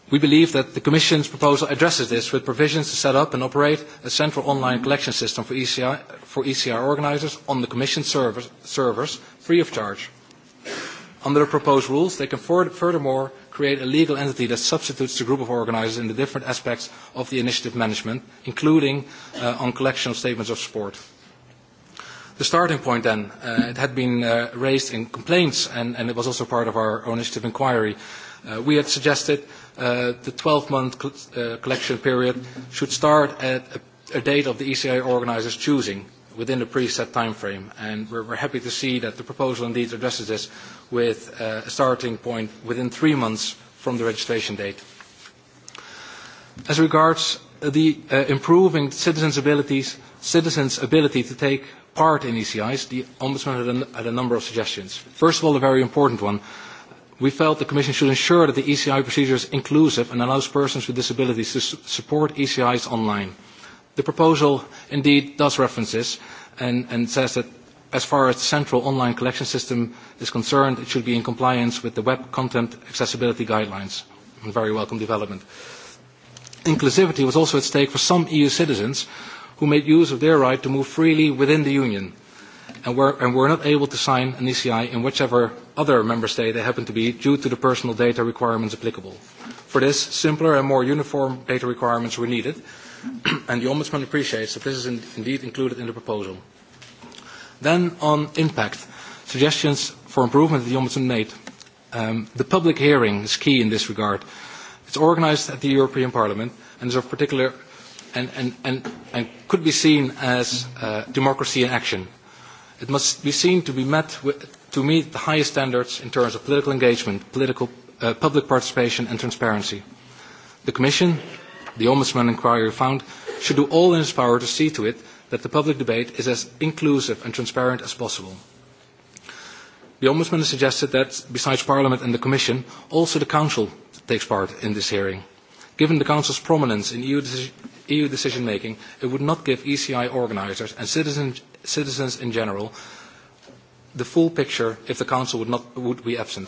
We believe that the Commission's proposal addresses this with provisions to set up and operate a central online collection system for ECR, for ECR organisers on the Commission servers, servers free of charge. Under the proposed rules, they can furthermore create a legal entity that substitutes the group of organisers in the different aspects of the initiative management, including uh, on collection of statements of support. The starting point then, uh, it had been uh, raised in complaints and, and it was also part of our own initiative inquiry. Uh, we had suggested uh, the 12-month uh, collection period should start at a, a date of the ECI organizer's choosing, within the preset time frame. And we're, we're happy to see that the proposal indeed addresses this with uh, a starting point within three months from the registration date. As regards the uh, improving citizens' abilities, citizens' ability to take part in ECIs, the Ombudsman had a, had a number of suggestions. First of all, a very important one. We felt the Commission should ensure that the ECI procedure is inclusive and allows persons with disabilities to su support ECIs online. The proposal indeed does reference this and, and says that as far as the central online collection system is concerned, it should be in compliance with the web content accessibility guidelines. A very welcome development. Inclusivity was also at stake for some EU citizens who made use of their right to move freely within the Union and were, and were not able to sign an ECI in whichever other member state they happened to be due to the personal data requirements applicable. For this, simpler and more uniform data requirements were needed and the Ombudsman appreciates that this is indeed included in the proposal. Then on impact, suggestions for improvement that the Ombudsman made. Um, the public hearing is key in this regard. It's organized at the European Parliament and is of particular and, and, and, could be seen as uh, democracy in action. It must be seen to be met with, to meet the highest standards in terms of political engagement, political, uh, public participation and transparency. The Commission the Ombudsman inquiry found, should do all in its power to see to it that the public debate is as inclusive and transparent as possible. The Ombudsman suggested that, besides Parliament and the Commission, also the Council takes part in this hearing. Given the Council's prominence in EU, EU e decision making, it would not give ECI organisers and citizens in general the full picture if the Council would, not, would be absent.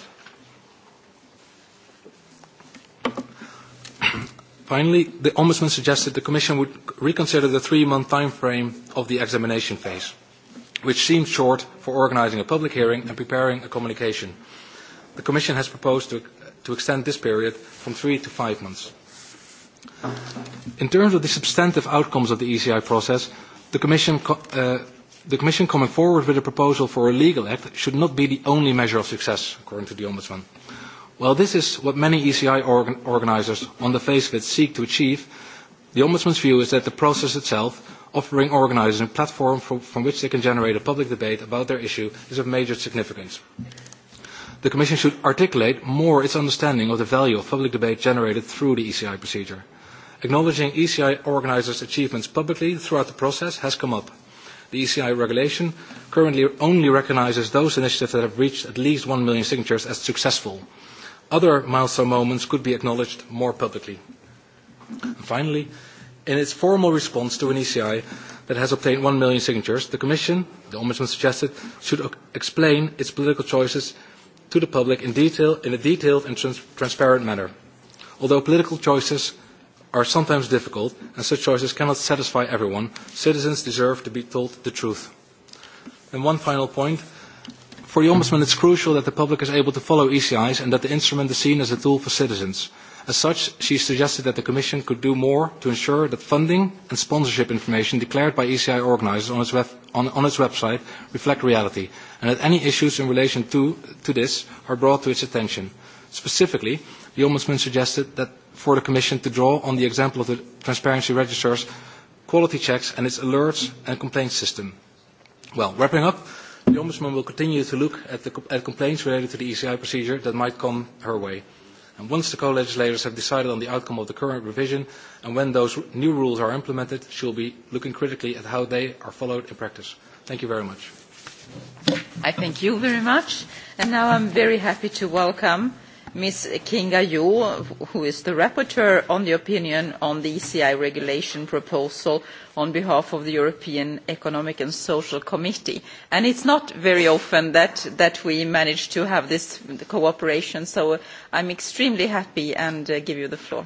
Finally, the Ombudsman suggested the Commission would reconsider the three-month time frame of the examination phase, which seems short for organising a public hearing and preparing a communication. The Commission has proposed to, to extend this period from three to five months. In terms of the substantive outcomes of the ECI process, the Commission uh, the Commission coming forward with a proposal for a legal act should not be the only measure of success, according to the Ombudsman. While this is what many ECI organ organisers on the face of it seek to achieve. The Ombudsman's view is that the process itself offering organisers a platform from, which they can generate a public debate about their issue is of major significance. The Commission should articulate more its understanding of the value of public debate generated through the ECI procedure. Acknowledging ECI organisers' achievements publicly throughout the process has come up. The ECI regulation currently only recognises those initiatives that have reached at least 1 million signatures as successful. Other milestone moments could be acknowledged more publicly. And finally, in its formal response to an ECI that has obtained 1 million signatures, the Commission, the Ombudsman suggested, should explain its political choices to the public in, detail, in a detailed and trans transparent manner. Although political choices are sometimes difficult and such choices cannot satisfy everyone, citizens deserve to be told the truth. And one final point, For the Ombudsman, it's crucial that the public is able to follow ECIs and that the instrument is seen as a tool for citizens. As such, she suggested that the Commission could do more to ensure that funding and sponsorship information declared by ECI organisers on, its on, its website reflect reality, and that any issues in relation to, to this are brought to its attention. Specifically, the Ombudsman suggested that for the Commission to draw on the example of the transparency registers, quality checks and its alerts and complaints system. Well, wrapping up, The Ombudsman will continue to look at, the, at complaints related to the ECI procedure that might come her way. And once the co-legislators have decided on the outcome of the current revision and when those new rules are implemented, she will be looking critically at how they are followed in practice. Thank you very much. I thank you very much. And now I'm very happy to welcome Ms. Kinga Yu, who is the rapporteur on the opinion on the ECI regulation proposal on behalf of the European Economic and Social Committee. And it's not very often that, that we manage to have this cooperation, so I'm extremely happy and uh, give you the floor.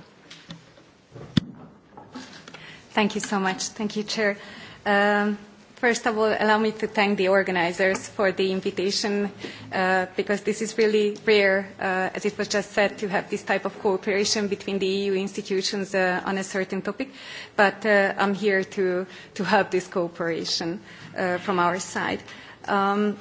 Thank you so much. Thank you, Chair. Um, First of all, allow me to thank the organizers for the invitation, uh, because this is really rare, uh, as it was just said, to have this type of cooperation between the EU institutions uh, on a certain topic. But uh, I'm here to, to help this cooperation uh, from our side. Um,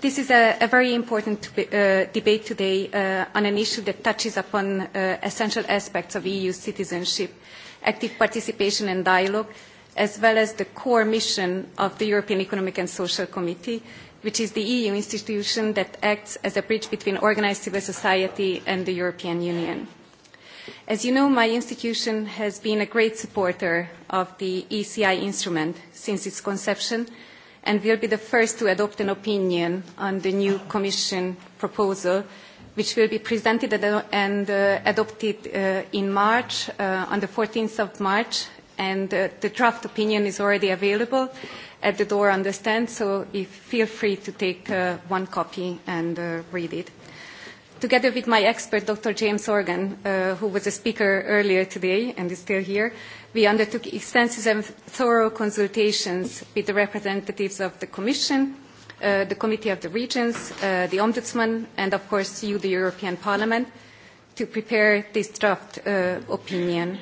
this is a, a very important uh, debate today uh, on an issue that touches upon uh, essential aspects of EU citizenship, active participation and dialogue, as well as the core mission of the European Economic and Social Committee, which is the EU institution that acts as a bridge between organised civil society and the European Union. As you know, my institution has been a great supporter of the ECI instrument since its conception and will be the first to adopt an opinion on the new Commission proposal, which will be presented and uh, adopted uh, in March, uh, on the 14th of March and uh, the draft opinion is already available at the door on the stand, so if, feel free to take uh, one copy and uh, read it. Together with my expert, Dr. James Organ, uh, who was a speaker earlier today and is still here, we undertook extensive and thorough consultations with the representatives of the Commission, uh, the Committee of the Regions, uh, the Ombudsman, and of course you, the European Parliament, to prepare this draft uh, opinion.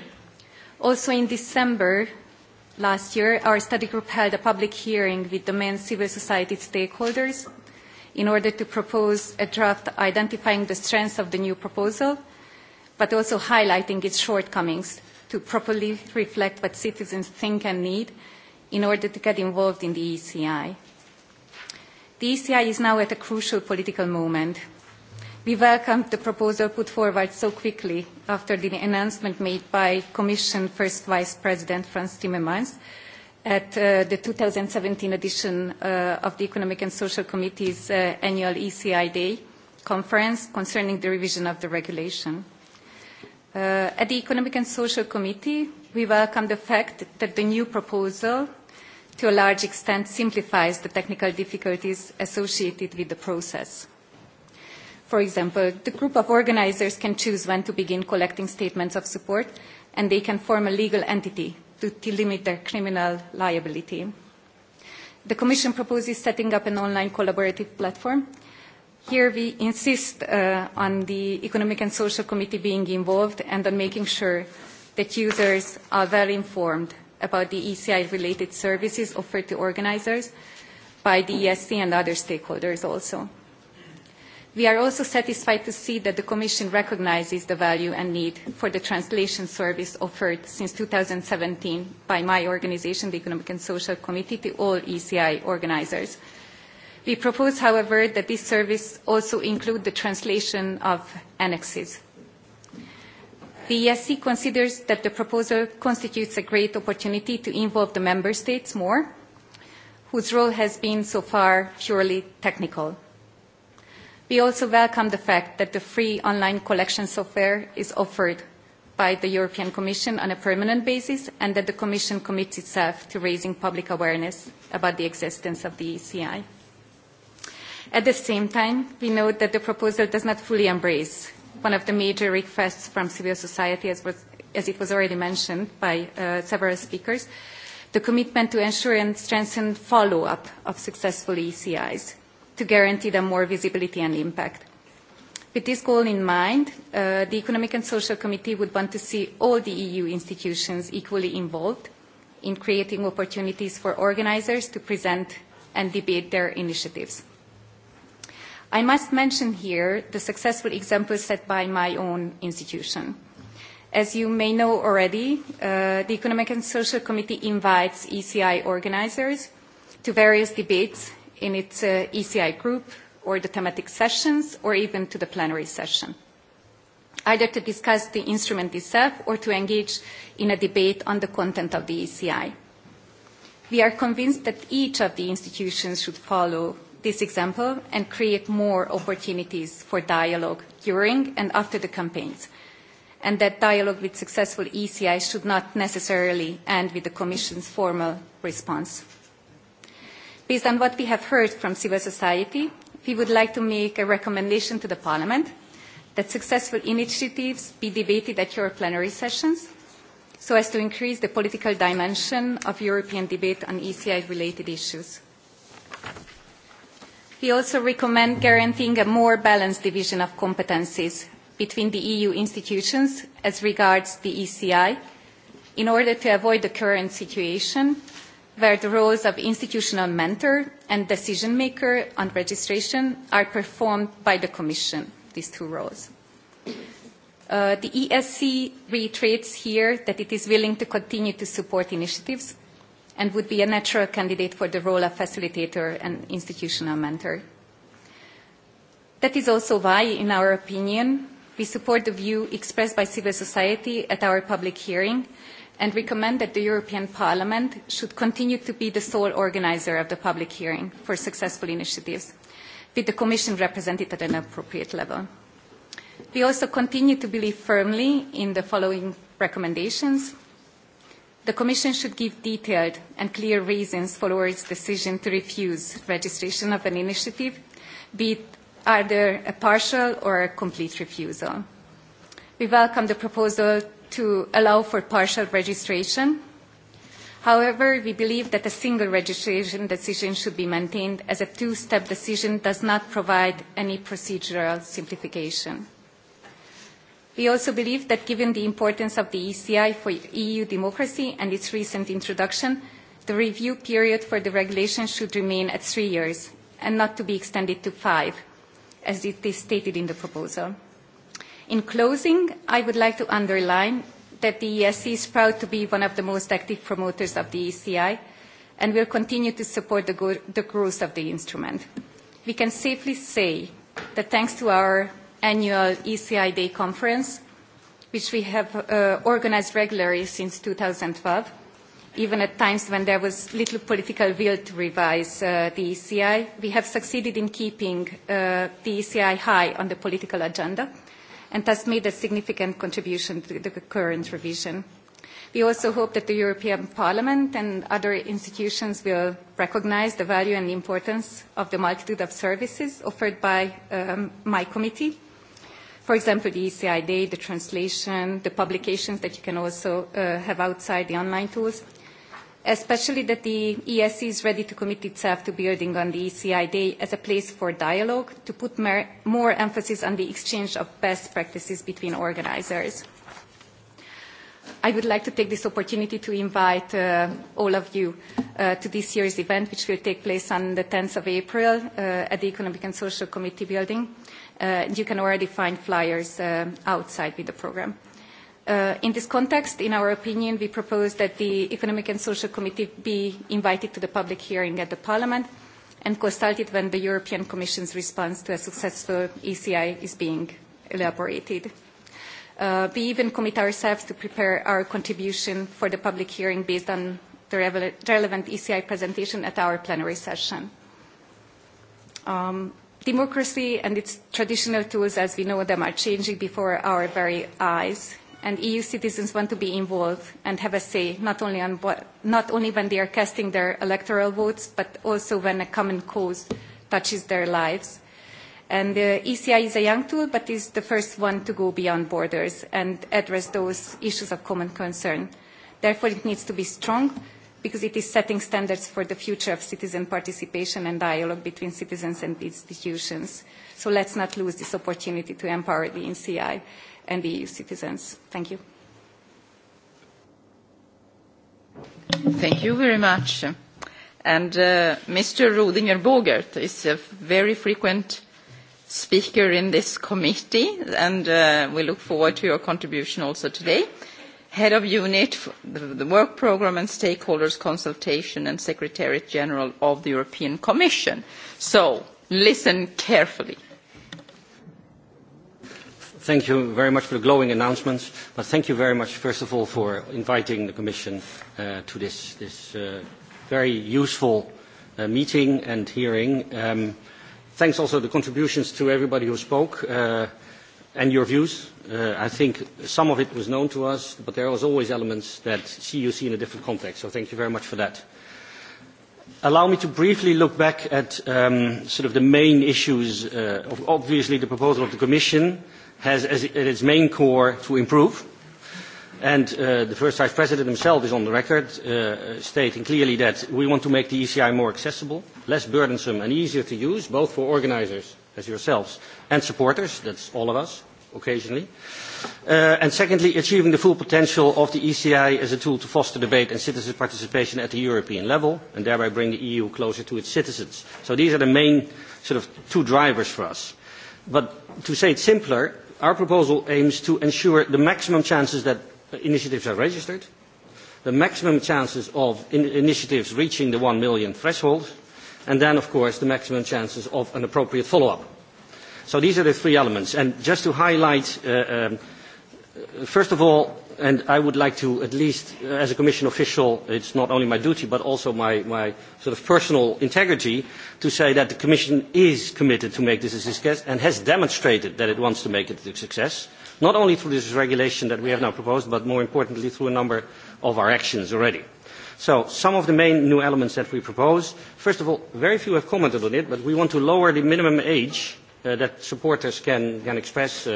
Also in December last year, our study group held a public hearing with the main civil society stakeholders in order to propose a draft identifying the strengths of the new proposal, but also highlighting its shortcomings to properly reflect what citizens think and need in order to get involved in the ECI. The ECI is now at a crucial political moment we welcome the proposal put forward so quickly after the announcement made by commission first vice president frans timmermans at uh, the 2017 edition uh, of the economic and social committee's uh, annual eci day conference concerning the revision of the regulation uh, at the economic and social committee we welcome the fact that the new proposal to a large extent simplifies the technical difficulties associated with the process For example, the group of organizers can choose when to begin collecting statements of support, and they can form a legal entity to delimit their criminal liability. The Commission proposes setting up an online collaborative platform. Here we insist uh, on the Economic and Social Committee being involved and on making sure that users are well informed about the ECI-related services offered to organizers by the ESC and other stakeholders also we are also satisfied to see that the commission recognises the value and need for the translation service offered since 2017 by my organisation the economic and social committee to all eci organisers. we propose however that this service also include the translation of annexes. the esc considers that the proposal constitutes a great opportunity to involve the member states more whose role has been so far purely technical We also welcome the fact that the free online collection software is offered by the European Commission on a permanent basis and that the Commission commits itself to raising public awareness about the existence of the ECI. At the same time, we note that the proposal does not fully embrace one of the major requests from civil society, as, was, as it was already mentioned by uh, several speakers, the commitment to ensure and strengthen follow-up of successful ECIs to guarantee them more visibility and impact. With this goal in mind, uh, the Economic and Social Committee would want to see all the EU institutions equally involved in creating opportunities for organizers to present and debate their initiatives. I must mention here the successful example set by my own institution. As you may know already, uh, the Economic and Social Committee invites ECI organizers to various debates in its uh, ECI group or the thematic sessions or even to the plenary session, either to discuss the instrument itself or to engage in a debate on the content of the ECI. We are convinced that each of the institutions should follow this example and create more opportunities for dialogue during and after the campaigns, and that dialogue with successful ECI should not necessarily end with the Commission's formal response. Based on what we have heard from civil society, we would like to make a recommendation to the Parliament that successful initiatives be debated at your plenary sessions so as to increase the political dimension of European debate on ECI-related issues. We also recommend guaranteeing a more balanced division of competencies between the EU institutions as regards the ECI in order to avoid the current situation where the roles of institutional mentor and decision maker on registration are performed by the Commission, these two roles. Uh, the ESC reiterates here that it is willing to continue to support initiatives and would be a natural candidate for the role of facilitator and institutional mentor. That is also why, in our opinion, we support the view expressed by civil society at our public hearing and recommend that the European Parliament should continue to be the sole organiser of the public hearing for successful initiatives, with the Commission represented at an appropriate level. We also continue to believe firmly in the following recommendations. The Commission should give detailed and clear reasons for its decision to refuse registration of an initiative, be it either a partial or a complete refusal. We welcome the proposal to allow for partial registration. However, we believe that a single registration decision should be maintained as a two-step decision does not provide any procedural simplification. We also believe that given the importance of the ECI for EU democracy and its recent introduction, the review period for the regulation should remain at three years and not to be extended to five, as it is stated in the proposal. In closing, I would like to underline that the ESC is proud to be one of the most active promoters of the ECI and will continue to support the, growth of the instrument. We can safely say that thanks to our annual ECI Day conference, which we have organised uh, organized regularly since 2012, even at times when there was little political will to revise uh, the ECI, we have succeeded in keeping uh, the ECI high on the political agenda and thus made a significant contribution to the current revision. We also hope that the European Parliament and other institutions will recognise the value and importance of the multitude of services offered by um, my committee. For example, the ECI Day, the translation, the publications that you can also uh, have outside the online tools, especially that the ESC is ready to commit itself to building on the ECI Day as a place for dialogue, to put more emphasis on the exchange of best practices between organisers. I would like to take this opportunity to invite uh, all of you uh, to this year's event, which will take place on the 10th of April uh, at the Economic and Social Committee building. you can already find flyers outside with the programme. Uh, in this context, in our opinion, we propose that the Economic and Social Committee be invited to the public hearing at the Parliament and consulted when the European Commission's response to a successful ECI is being elaborated. Uh, we even commit ourselves to prepare our contribution for the public hearing based on the relevant ECI presentation at our plenary session. Um, democracy and its traditional tools as we know them are changing before our very eyes and EU citizens want to be involved and have a say, not only, on, not only when they are casting their electoral votes, but also when a common cause touches their lives. And the ECI is a young tool, but is the first one to go beyond borders and address those issues of common concern. Therefore, it needs to be strong because it is setting standards for the future of citizen participation and dialogue between citizens and institutions. So let's not lose this opportunity to empower the ECI and the EU citizens. Thank you. Thank you very much. And uh, Mr. Rodinger Bogert is a very frequent speaker in this committee, and uh, we look forward to your contribution also today. Head of Unit, the, the Work Programme and Stakeholders Consultation and Secretariat General of the European Commission. So listen carefully. Thank you very much for the glowing announcements, but thank you very much, first of all, for inviting the Commission uh, to this, this uh, very useful uh, meeting and hearing. Um, thanks also the contributions to everybody who spoke uh, and your views. Uh, I think some of it was known to us, but there was always elements that see you see in a different context, so thank you very much for that. Allow me to briefly look back at um, sort of the main issues, uh, of obviously the proposal of the Commission, has as at its main core to improve. And uh, the first vice president himself is on the record uh, stating clearly that we want to make the ECI more accessible, less burdensome and easier to use, both for organizers as yourselves and supporters, that's all of us occasionally. Uh, and secondly, achieving the full potential of the ECI as a tool to foster debate and citizen participation at the European level and thereby bring the EU closer to its citizens. So these are the main sort of two drivers for us. But to say it simpler, our proposal aims to ensure the maximum chances that initiatives are registered, the maximum chances of initiatives reaching the 1 million threshold, and then, of course, the maximum chances of an appropriate follow-up. So these are the three elements. And just to highlight, uh, um, uh, first of all, and I would like to at least, uh, as a Commission official, it's not only my duty but also my, my sort of personal integrity to say that the Commission is committed to make this a success and has demonstrated that it wants to make it a success, not only through this regulation that we have now proposed, but more importantly through a number of our actions already. So some of the main new elements that we propose, first of all, very few have commented on it, but we want to lower the minimum age Uh, that supporters can, can express uh,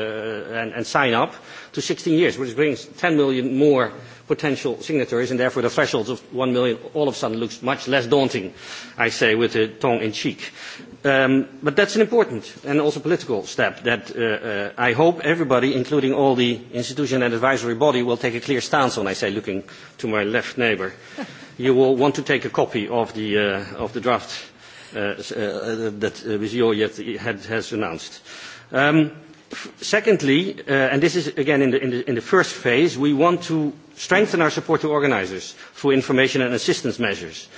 and, and sign up to 16 years, which brings 10 million more potential signatories, and therefore the threshold of 1 million all of a sudden looks much less daunting, I say, with a tongue in cheek. Um, but that's an important and also political step that uh, I hope everybody, including all the institution and advisory body, will take a clear stance on, I say, looking to my left neighbour. You will want to take a copy of the, of the draft Uh, that Ms. Uh, has announced. Um, secondly, uh, and this is again in the, first phase, we want to strengthen our support to organisers through information and assistance measures.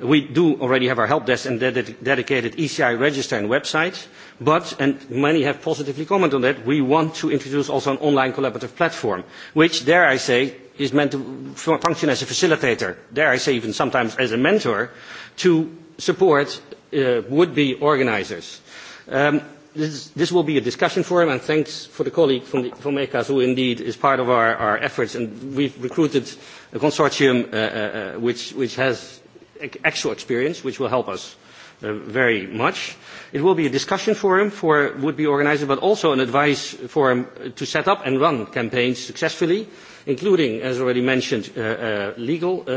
We do already have our help desk and dedicated ECI register and website, but, and many have positively commented on that, we want to introduce also an online collaborative platform, which, dare I say, is meant to function as a facilitator, dare I say even sometimes as a mentor, to support Uh, would be organisers. Um, this, this will be a discussion forum and thanks for the colleague from, the, from ECAS who indeed is part of our, our efforts and we've recruited a consortium uh, uh, which, which has actual experience which will help us uh, very much. It will be a discussion forum for would-be organisers but also an advice forum to set up and run campaigns successfully including, as already mentioned, uh, uh, legal uh,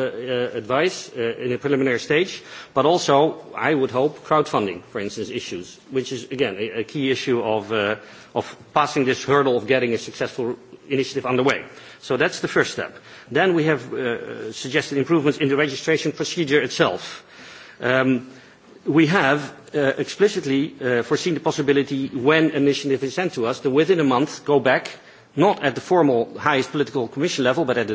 advice in a preliminary stage, but also, I would hope, crowdfunding, for instance, issues, which is, again, a key issue of, of passing this hurdle of getting a successful initiative underway. So that's the first step. Then we have suggested improvements in the registration procedure itself. Um, we have explicitly foreseen the possibility when an initiative is sent to us to within a month go back not at the formal highest political commission level but at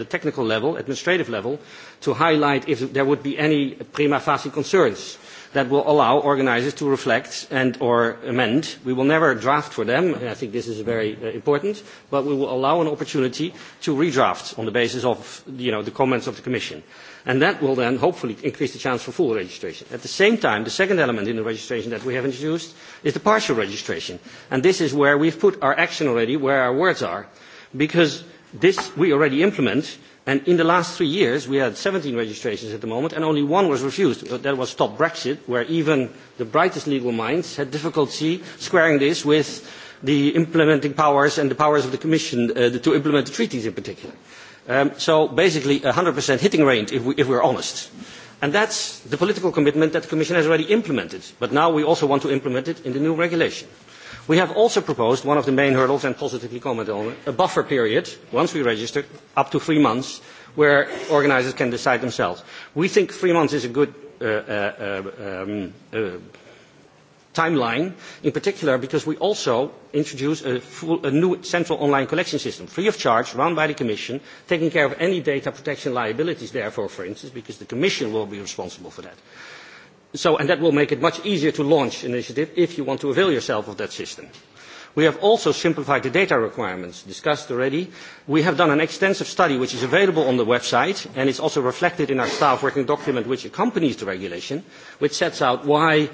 a technical level administrative level to highlight if there would be any prima facie concerns that will allow organisers to reflect and or amend. we will never draft for them and i think this is very uh, important but we will allow an opportunity to redraft on the basis of you know, the comments of the commission and that will then hopefully increase the chance for full registration. At the same time, the second element in the registration that we have introduced is the partial registration, and this is where we've put our action already, where our words are, because this we already implement, and in the last three years we had 17 registrations at the moment, and only one was refused. That was Stop Brexit, where even the brightest legal minds had difficulty squaring this with the implementing powers and the powers of the Commission uh, to implement the treaties in particular. Um, so basically 100% hitting rate if, we, if we're honest. And that's the political commitment that the Commission has already implemented. But now we also want to implement it in the new regulation. We have also proposed one of the main hurdles and positively commented on it, a buffer period, once we register, up to three months, where organisers can decide themselves. We think three months is a good uh, uh, uh, um, timeline, in particular because we also introduce a, full, a new central online collection system, free of charge, run by the Commission, taking care of any data protection liabilities, therefore, for instance, because the Commission will be responsible for that. So, and that will make it much easier to launch an initiative if you want to avail yourself of that system. We have also simplified the data requirements discussed already. We have done an extensive study which is available on the website and it's also reflected in our staff working document which accompanies the regulation, which sets out why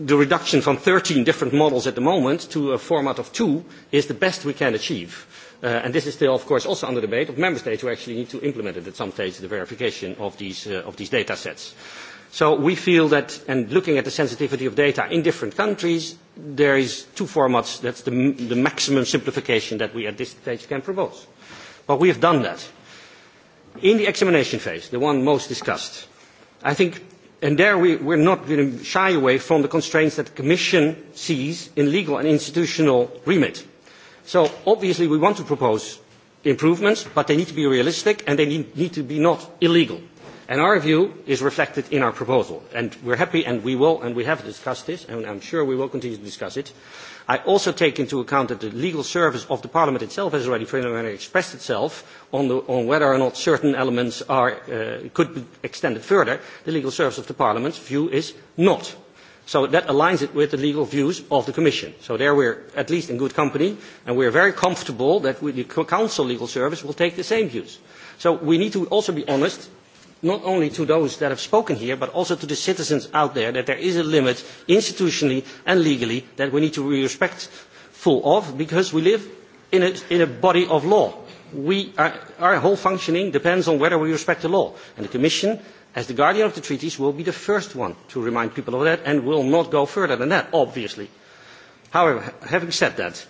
the reduction from 13 different models at the moment to a format of two is the best we can achieve. Uh, and this is still, of course, also under debate of member states who actually need to implement it at some stage, the verification of these, uh, of these data sets. So we feel that, and looking at the sensitivity of data in different countries, there is two formats. That's the, the maximum simplification that we at this stage can propose. But we have done that. In the examination phase, the one most discussed, I think and there we are not going to shy away from the constraints that the commission sees in legal and institutional remit. so obviously we want to propose improvements but they need to be realistic and they need, need to be not illegal and our view is reflected in our proposal and we are happy and we will and we have discussed this and i am sure we will continue to discuss it i also take into account that the legal service of the Parliament itself has already expressed itself on, whether or not certain elements uh, could be extended further. The legal service of the Parliament's view is not. So that aligns it with the legal views of the Commission. So there we are at least in good company, and we are very comfortable that the Council legal service will take the same views. So we need to also be honest not only to those that have spoken here but also to the citizens out there that there is a limit institutionally and legally that we need to be respectful of because we live in a, body of law. We our whole functioning depends on whether we respect the law and the commission as the guardian of the treaties will be the first one to remind people of that and will not go further than that obviously. however having said that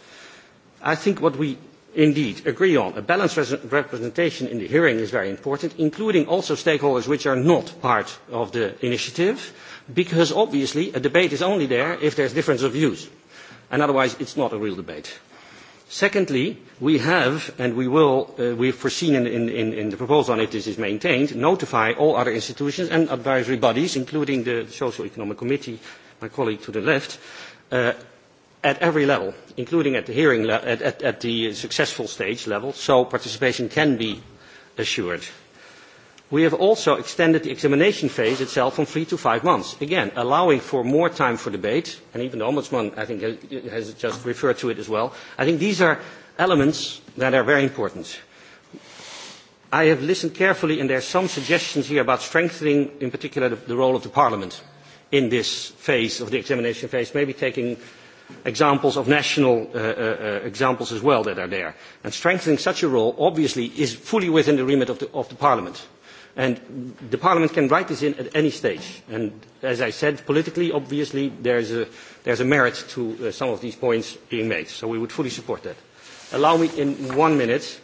i think what we indeed agree on. A balanced representation in the hearing is very important, including also stakeholders which are not part of the initiative, because obviously a debate is only there if there is difference of views, and otherwise it's not a real debate. Secondly, we have and we will uh, we have foreseen in, in, in the proposal and if this is maintained, notify all other institutions and advisory bodies, including the Social Economic Committee, my colleague to the left, uh, at every level, including at the hearing le at, at, at the successful stage level, so participation can be assured. We have also extended the examination phase itself from three to five months, again, allowing for more time for debate, and even the Ombudsman, I think, has just referred to it as well. I think these are elements that are very important. I have listened carefully, and there are some suggestions here about strengthening, in particular, the, the role of the Parliament in this phase of the examination phase, maybe taking examples of national uh, uh, uh, examples as well that are there. And strengthening such a role obviously is fully within the remit of the, of the Parliament. And the Parliament can write this in at any stage. And as I said, politically, obviously, there is a merit to some of these points being made. So we would fully support that. Allow me in one minute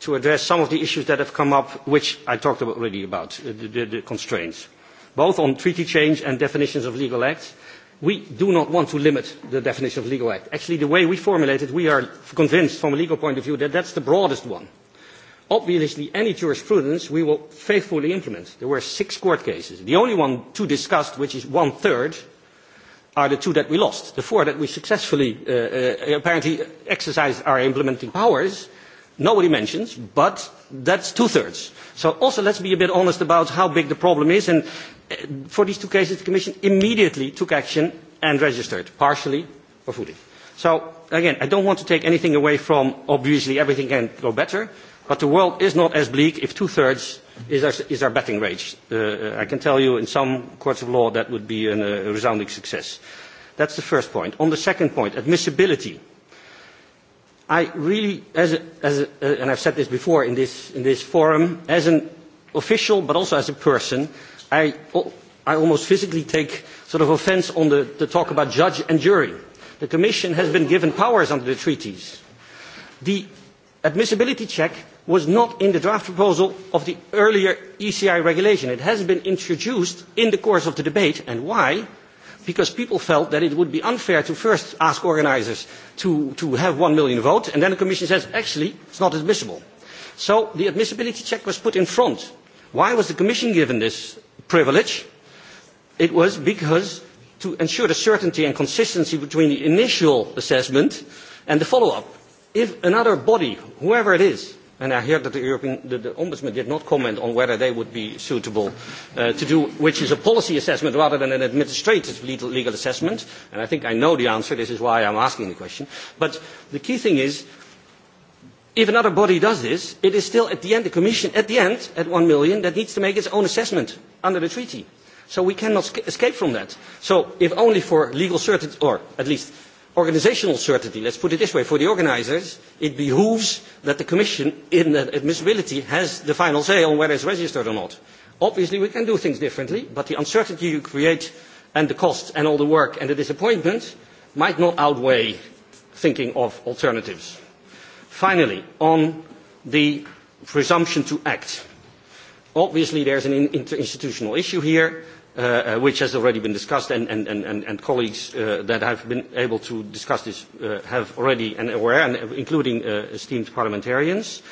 to address some of the issues that have come up, which I talked about already about, the constraints, both on treaty change and definitions of legal acts we do not want to limit the definition of legal act. Actually, the way we formulate it, we are convinced from a legal point of view that that's the broadest one. Obviously, any jurisprudence we will faithfully implement. There were six court cases. The only one to discussed, which is one-third, are the two that we lost. The four that we successfully uh, uh apparently exercised our implementing powers, nobody mentions, but that's two-thirds. So also let's be a bit honest about how big the problem is. And Eh, for these two cases, the Commission immediately took action and registered, partially or fully. So, again, I don't want to take anything away from, obviously, everything can go better, but the world is not as bleak if two-thirds is our, is our betting range. Uh, I can tell you in some courts of law that would be uh, a resounding success. That's the first point. On the second point, admissibility. I really, as a, as a, uh, and I've said this before in this, in this forum, as an official but also as a person, Oh, I, almost physically take sort of offence on the, talk about judge and jury. The Commission has been given powers under the treaties. The admissibility check was not in the draft proposal of the earlier ECI regulation. It has been introduced in the course of the debate. And why? Because people felt that it would be unfair to first ask organisers to, to have one million votes, and then the Commission says, actually, it's not admissible. So the admissibility check was put in front. Why was the Commission given this privilege. It was because to ensure the certainty and consistency between the initial assessment and the follow-up. If another body, whoever it is, and I heard that the European the, Ombudsman did not comment on whether they would be suitable uh, to do, which is a policy assessment rather than an administrative legal, assessment, and I think I know the answer, this is why I am asking the question. But the key thing is if another body does this it is still at the end the commission at the end at one million that needs to make its own assessment under the treaty so we cannot escape from that so if only for legal certainty or at least organisational certainty let's put it this way for the organisers it behooves that the commission in the admissibility has the final say on whether it's registered or not obviously we can do things differently but the uncertainty you create and the cost and all the work and the disappointment might not outweigh thinking of alternatives Finally, on the presumption to act. Obviously there is an interinstitutional issue here uh, uh, which has already been discussed and, and, and, colleagues uh, that have been able to discuss this have already and aware, and including esteemed parliamentarians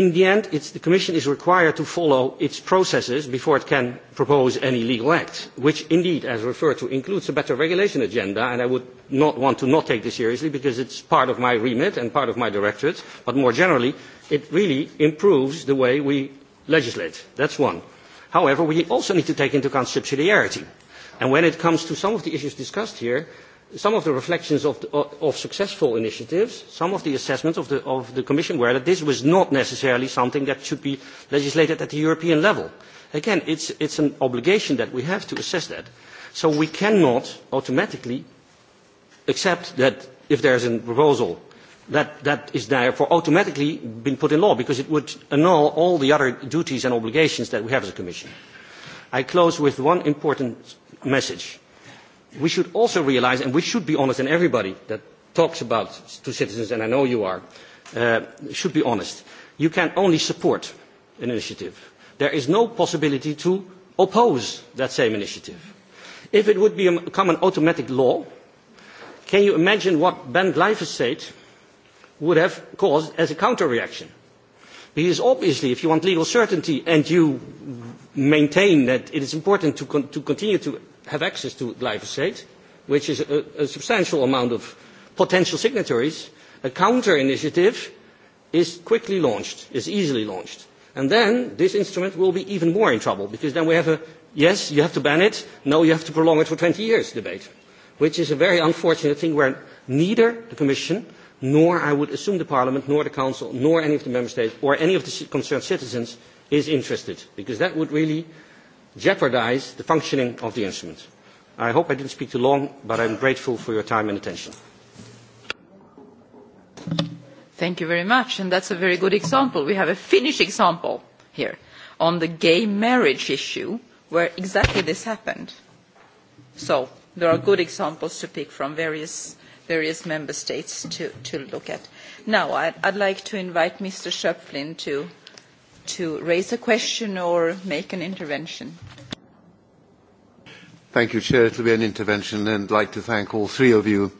in the end the commission is required to follow its processes before it can propose any legal act which indeed as referred to includes a better regulation agenda and i would not want to not take this seriously because it is part of my remit and part of my directorate but more generally it really improves the way we legislate. that is one. however we also need to take into account subsidiarity and when it comes to some of the issues discussed here some of the reflections of, successful initiatives, some of the assessments of the, Commission were that this was not necessarily something that should be legislated at the European level. Again, it is an obligation that we have to assess that. So we cannot automatically accept that if there is a proposal that, that is therefore automatically been put in law because it would annul all the other duties and obligations that we have as a Commission. I close with one important message we should also realize, and we should be honest, and everybody that talks about to citizens, and I know you are, uh, should be honest. You can only support an initiative. There is no possibility to oppose that same initiative. If it would become an automatic law, can you imagine what Ben glyphosate would have caused as a counter-reaction? Because obviously, if you want legal certainty and you maintain that it is important to continue to have access to glyphosate, which is a, a substantial amount of potential signatories, a counter initiative is quickly launched, is easily launched. And then this instrument will be even more in trouble because then we have a yes, you have to ban it, no, you have to prolong it for 20 years debate, which is a very unfortunate thing where neither the Commission nor I would assume the Parliament, nor the Council, nor any of the Member States, or any of the concerned citizens is interested, because that would really jeopardize the functioning of the instrument. I hope I didn't speak too long, but I'm grateful for your time and attention. Thank you very much, and that's a very good example. We have a Finnish example here on the gay marriage issue where exactly this happened. So there are good examples to pick from various, various member states to, to look at. Now I I'd like to invite Mr. Schöpflin to to raise a question or make an intervention. Thank you, Chair. It will be an intervention and I'd like to thank all three of you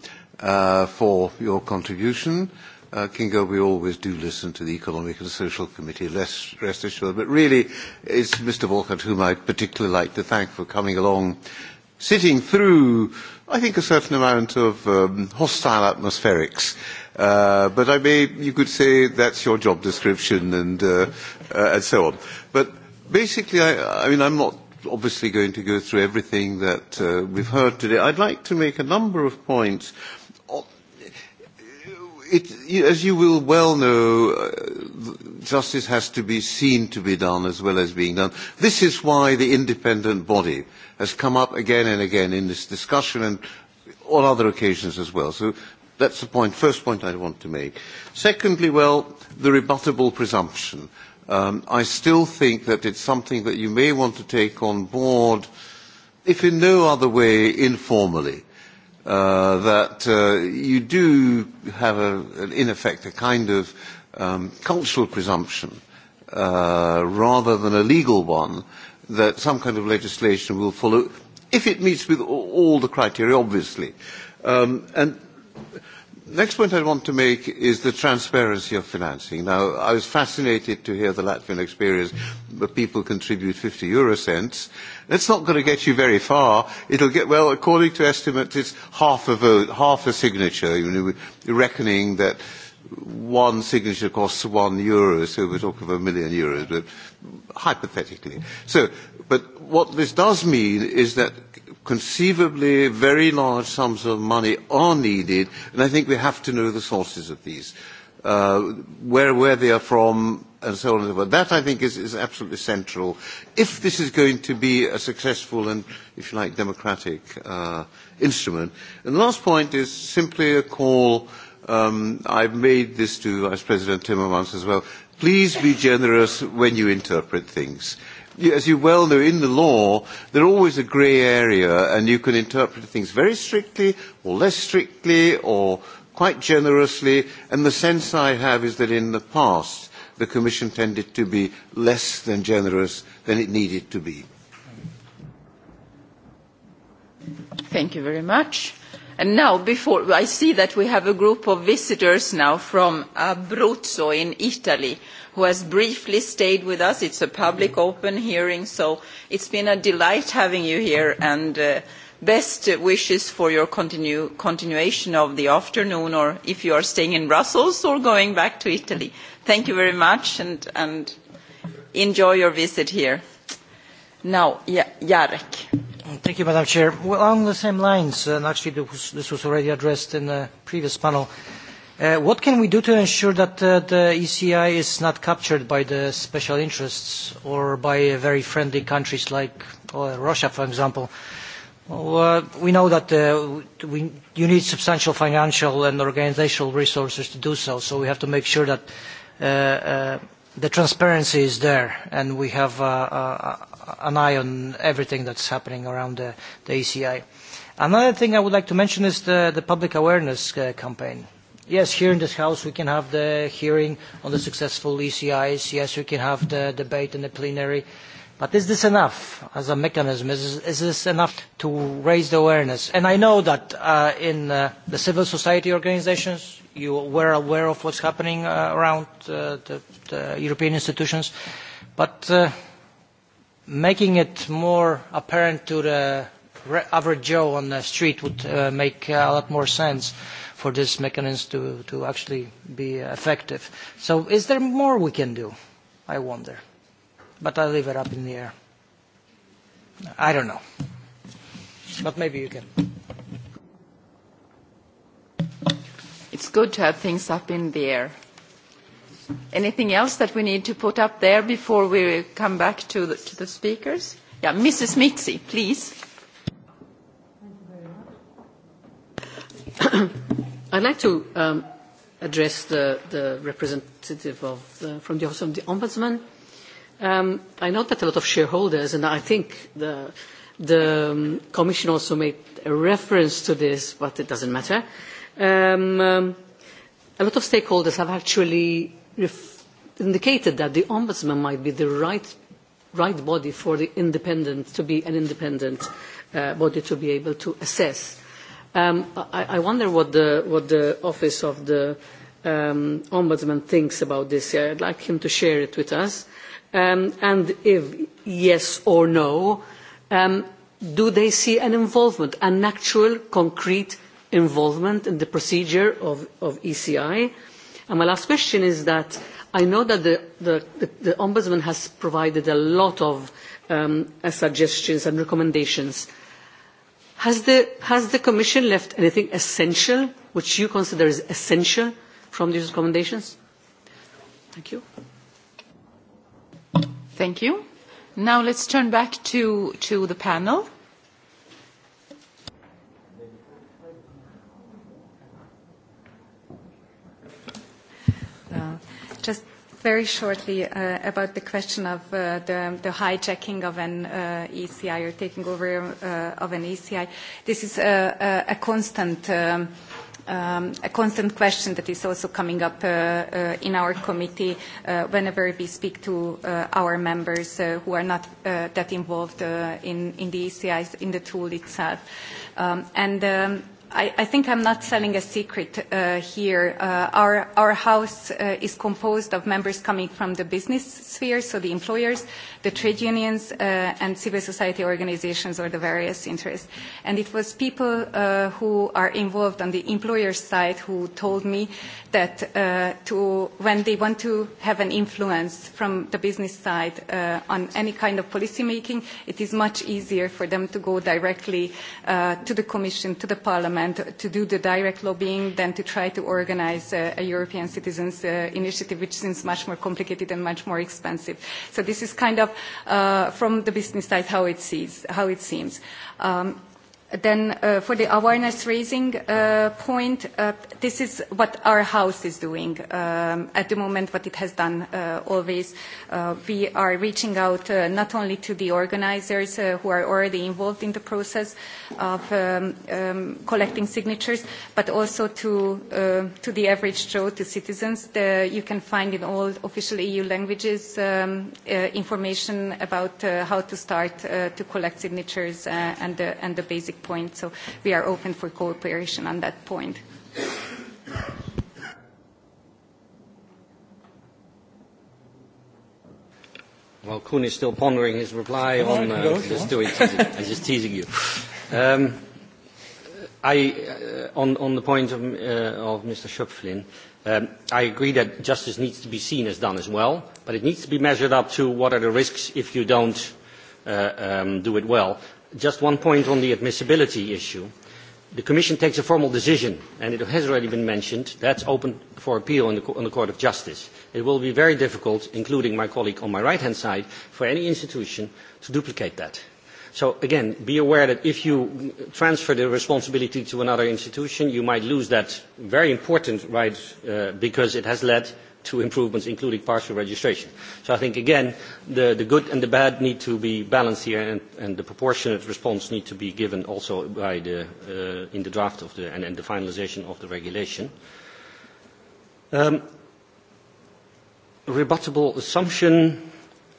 uh, for your contribution. Uh, Kingo, we always do listen to the Economic and Social Committee, less rest assured. But really, it's Mr. Volkert whom I'd particularly like to thank for coming along, sitting through, I think, a certain amount of um, hostile atmospherics Uh, but I may, you could say that's your job description and, uh, uh, and so on. But basically, I, I mean, I'm not obviously going to go through everything that uh, we've heard today. I'd like to make a number of points. Oh, it, as you will well know, uh, justice has to be seen to be done as well as being done. This is why the independent body has come up again and again in this discussion and on other occasions as well. So That's the point, first point I want to make. Secondly, well, the rebuttable presumption. Um, I still think that it's something that you may want to take on board, if in no other way, informally. Uh, that uh, you do have, a, in effect, a kind of um, cultural presumption uh, rather than a legal one that some kind of legislation will follow if it meets with all the criteria, obviously. Um, and Next point I want to make is the transparency of financing. Now, I was fascinated to hear the Latvian experience that people contribute 50 euro cents. That's not going to get you very far. It'll get, well, according to estimates, it's half a vote, half a signature, you know, reckoning that one signature costs one euro, so we're talking of a million euros, but hypothetically. So, but what this does mean is that conceivably very large sums of money are needed, and I think we have to know the sources of these, uh, where, where they are from, and so on and so forth. That, I think, is, is absolutely central. If this is going to be a successful and, if you like, democratic uh, instrument. And the last point is simply a call. Um, I've made this to Vice President Timmermans as well. Please be generous when you interpret things as you well know, in the law, there are always a grey area, and you can interpret things very strictly or less strictly or quite generously. And the sense I have is that in the past, the Commission tended to be less than generous than it needed to be. Thank you very much. And now, before I see that we have a group of visitors now from Abruzzo in Italy who has briefly stayed with us. It's a public mm-hmm. open hearing, so it's been a delight having you here and uh, best wishes for your continuation of the afternoon or if you are staying in Brussels or going back to Italy. Thank you very much and, and enjoy your visit here. Now, Jarek. Oh, thank you, Madam Chair. along the same lines, uh, and actually this was already addressed in the previous panel, Uh, what can we do to ensure that uh, the ECI is not captured by the special interests or by very friendly countries like uh, Russia, for example? we know that we, you need substantial financial and organizational resources to do so, so we have to make sure that the transparency is there and we have an eye on everything that's happening around the, ECI. E Another thing I would like to mention is the public awareness campaign Yes, here in this House we can have the hearing on the successful ECIs. Yes, we can have the debate in the plenary. But is this enough as a mechanism? Is, is this enough to raise the awareness? And I know that uh, in uh, the civil society organizations, you were aware of what's happening uh, around the, the European institutions. But making it more apparent to the average Joe on the street would make a lot more sense for this mechanism to, to actually be effective. So is there more we can do? I wonder. But I leave it up in the air. I don't know. But maybe you can. It's good to have things up in the air. Anything else that we need to put up there before we come back to the, to the speakers? Yeah, Mrs. Mitzi, please. I'd like to um, address the, the representative of the, from the Office of the Ombudsman. Um, I know that a lot of shareholders, and I think the, the um, Commission also made a reference to this, but it doesn't matter. Um, um a lot of stakeholders have actually indicated that the Ombudsman might be the right, right body for the independent, to be an independent uh, body to be able to assess Um, I, I wonder what the, what the office of the um, ombudsman thinks about this. I'd like him to share it with us. Um, and if yes or no, um, do they see an involvement, an actual concrete involvement in the procedure of, ECI? And my last question is that I know that the, the, the, the ombudsman has provided a lot of suggestions and recommendations Has the, has the Commission left anything essential, which you consider is essential, from these recommendations? Thank you. Thank you. Now let's turn back to, to the panel. very shortly uh, about the question of uh, the, the hijacking of an uh, ECI or taking over of an ECI. This is a, constant um, um, a constant question that is also coming up in our committee whenever we speak to our members who are not that involved in, in the ECI, in the tool itself. Um, and i, I think I'm not selling a secret uh, here. Uh, our, our house uh, is composed of members coming from the business sphere, so the employers, the trade unions uh, and civil society organizations or the various interests. And it was people uh, who are involved on the employer side who told me that uh, to, when they want to have an influence from the business side on any kind of policy making, it is much easier for them to go directly to the Commission, to the Parliament, to do the direct lobbying than to try to organize a European Citizens Initiative, which seems much more complicated and much more expensive. So this is kind of uh, from the business side how it, sees, how it seems. Um, then uh, for the awareness raising uh, point, uh, this is what our house is doing um, at the moment, what it has done always. We are reaching out not only to the organizers who are already involved in the process of um, um, collecting signatures, but also to, to the average Joe, to citizens. you can find in all official EU languages information about how to start to collect signatures and the, and the basic specific point, so we are open for cooperation on that point. Well Kuhn is still pondering his reply on, uh, just doing, I'm just teasing you. Um, I, uh, on, on the point of, uh, of Mr. Schöpflin, um, I agree that justice needs to be seen as done as well, but it needs to be measured up to what are the risks if you don't uh, um, do it well just one point on the admissibility issue. The Commission takes a formal decision, and it has already been mentioned, that's open for appeal in the, Court of Justice. It will be very difficult, including my colleague on my right-hand side, for any institution to duplicate that. So again, be aware that if you transfer the responsibility to another institution, you might lose that very important right uh, because it has led to improvements, including partial registration. So I think, again, the, the good and the bad need to be balanced here, and, the proportionate response need to be given also by the, uh, in the draft of the, and, the finalization of the regulation. Um, rebuttable assumption,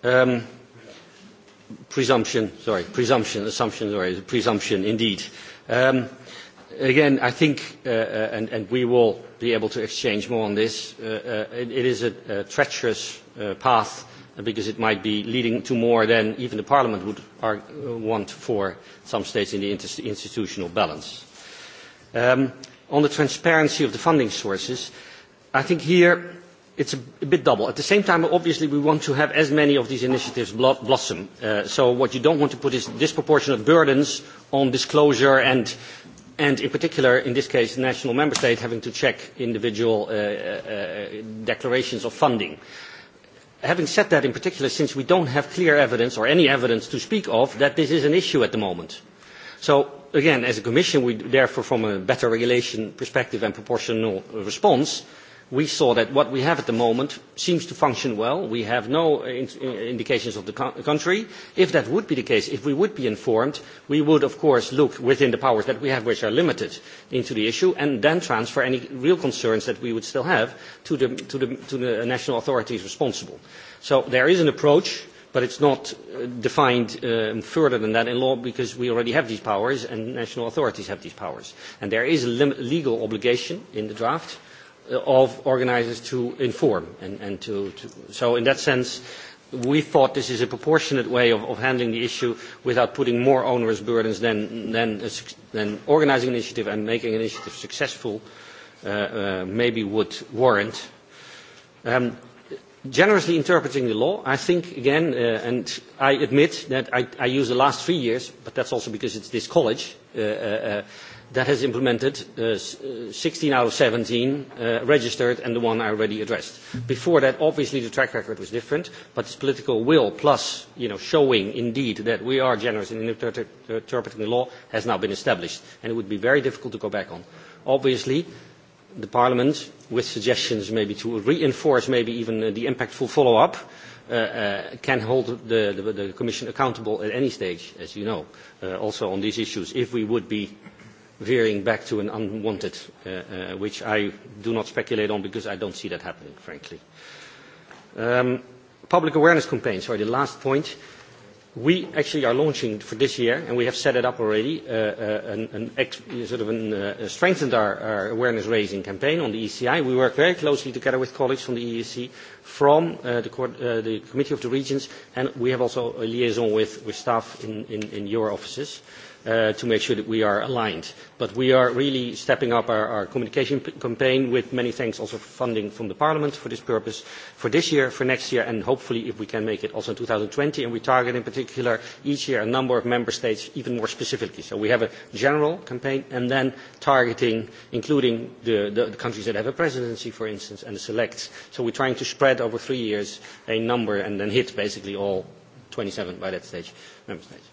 um, presumption, sorry, presumption, assumption, sorry, presumption, indeed. Um, again, I think, uh, uh, and, we will be able to exchange more on this, uh, it, is a, treacherous path because it might be leading to more than even the Parliament would want for some states in the institutional balance. Um, on the transparency of the funding sources, I think here it's a, a bit double. At the same time, obviously, we want to have as many of these initiatives blossom. so what you don't want to put is disproportionate burdens on disclosure and and in particular in this case national member state having to check individual uh, uh, uh, declarations of funding. having said that in particular since we don't have clear evidence or any evidence to speak of that this is an issue at the moment so again as a commission we therefore from a better regulation perspective and proportional response we saw that what we have at the moment seems to function well. We have no uh, uh, indications of the country. If that would be the case, if we would be informed, we would of course look within the powers that we have, which are limited, into the issue, and then transfer any real concerns that we would still have to the, to the, national authorities responsible. So there is an approach but it's not uh, defined um, further than that in law because we already have these powers and national authorities have these powers. And there is a legal obligation in the draft of organisers to inform and, and to, to so in that sense we thought this is a proportionate way of, of handling the issue without putting more onerous burdens than, than, than organizing an initiative and making an initiative successful uh, uh, maybe would warrant. Um, generously interpreting the law, I think again, uh, and I admit that I, I use the last three years, but that's also because it's this college, uh, uh, uh, that has implemented 16 uh, uh, out of 17 uh, registered and the one I already addressed. Before that, obviously, the track record was different, but it's political will plus showing indeed that we are generous in interpreting the law has now been established, and it would be very difficult to go back on. Obviously, the Parliament, with suggestions maybe to reinforce maybe even the impactful follow-up, can hold the, Commission accountable at any stage, as you know, also on these issues, if we would be veering back to an unwanted, uh, uh, which I do not speculate on because I don't see that happening, frankly. Um, public awareness campaigns, sorry, the last point. We actually are launching for this year, and we have set it up already, uh, uh an, ex, sort of an, strengthened our, our awareness-raising campaign on the ECI. We work very closely together with colleagues from the EEC, from the, Committee of the Regions, and we have also a liaison with, with staff in, in, in your offices. Uh, to make sure that we are aligned. But we are really stepping up our, our communication campaign with many thanks also for funding from the Parliament for this purpose for this year, for next year, and hopefully if we can make it also in 2020. And we target in particular each year a number of member states even more specifically. So we have a general campaign and then targeting, including the, the, the countries that have a presidency, for instance, and the selects. So we're trying to spread over three years a number and then hit basically all 27 by that stage, member states.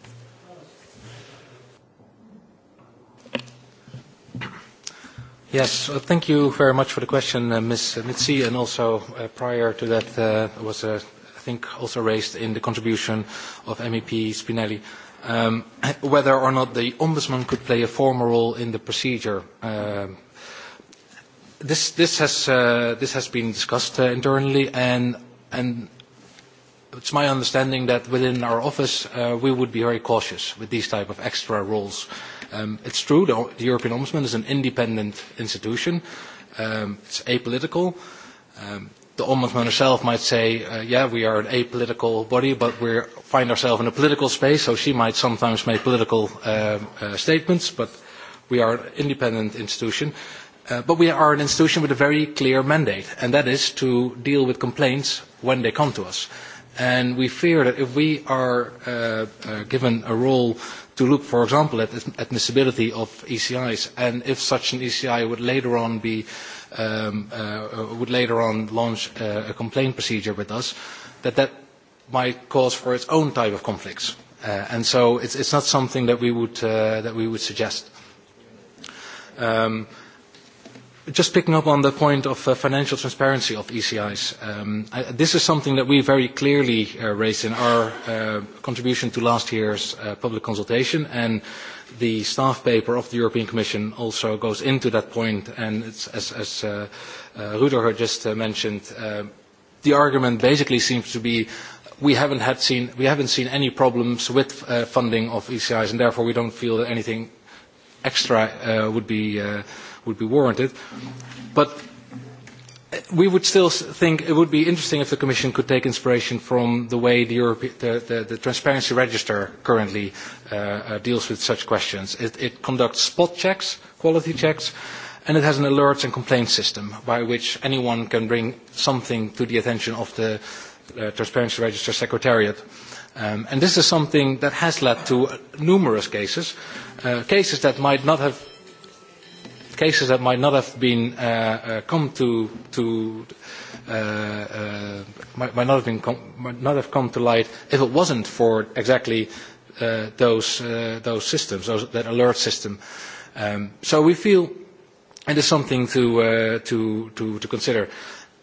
Yes, thank you very much for the question, uh, Ms. Mitzi, and also uh, prior to that uh, was, I think, also raised in the contribution of MEP Spinelli, um, whether or not the Ombudsman could play a formal role in the procedure. Um, this, this, has, this has been discussed internally, and, and it's my understanding that within our office we would be very cautious with these type of extra roles. Um, it's true, the, the European Ombudsman is an independent institution. Um, it's apolitical. Um, the Ombudsman herself might say, uh, yeah, we are an apolitical body, but we find ourselves in a political space, so she might sometimes make political um, uh, statements, but we are an independent institution. Uh, but we are an institution with a very clear mandate, and that is to deal with complaints when they come to us. And we fear that if we are given a role to look, for example, at admissibility of ECIs, and if such an ECI would later on be um, uh, uh, would later on launch a, complaint procedure with us, that that might cause for its own type of conflicts. Uh, and so it's, it's not something that we would, uh, that we would suggest. Um, Just picking up on the point of uh, financial transparency of ECIs, um, this is something that we very clearly uh, raised in our uh, contribution to last year's public consultation, and the staff paper of the European Commission also goes into that point, and it's, as, as just mentioned, the argument basically seems to be we haven't, had seen, we haven't seen any problems with funding of ECIs, and therefore we don't feel that anything extra would be would be warranted. But we would still think it would be interesting if the Commission could take inspiration from the way the, Transparency Register currently uh, uh, deals with such questions. It, conducts spot checks, quality checks, and it has an alerts and complaints system by which anyone can bring something to the attention of the uh, Transparency Register Secretariat. Um, and this is something that has led to numerous cases, uh, cases that might not have cases that might not have been uh, uh come to to uh, uh, might, might not have been com might not have come to light if it wasn't for exactly those uh those systems, those, that alert system. Um, so we feel it is something to uh to, to to consider.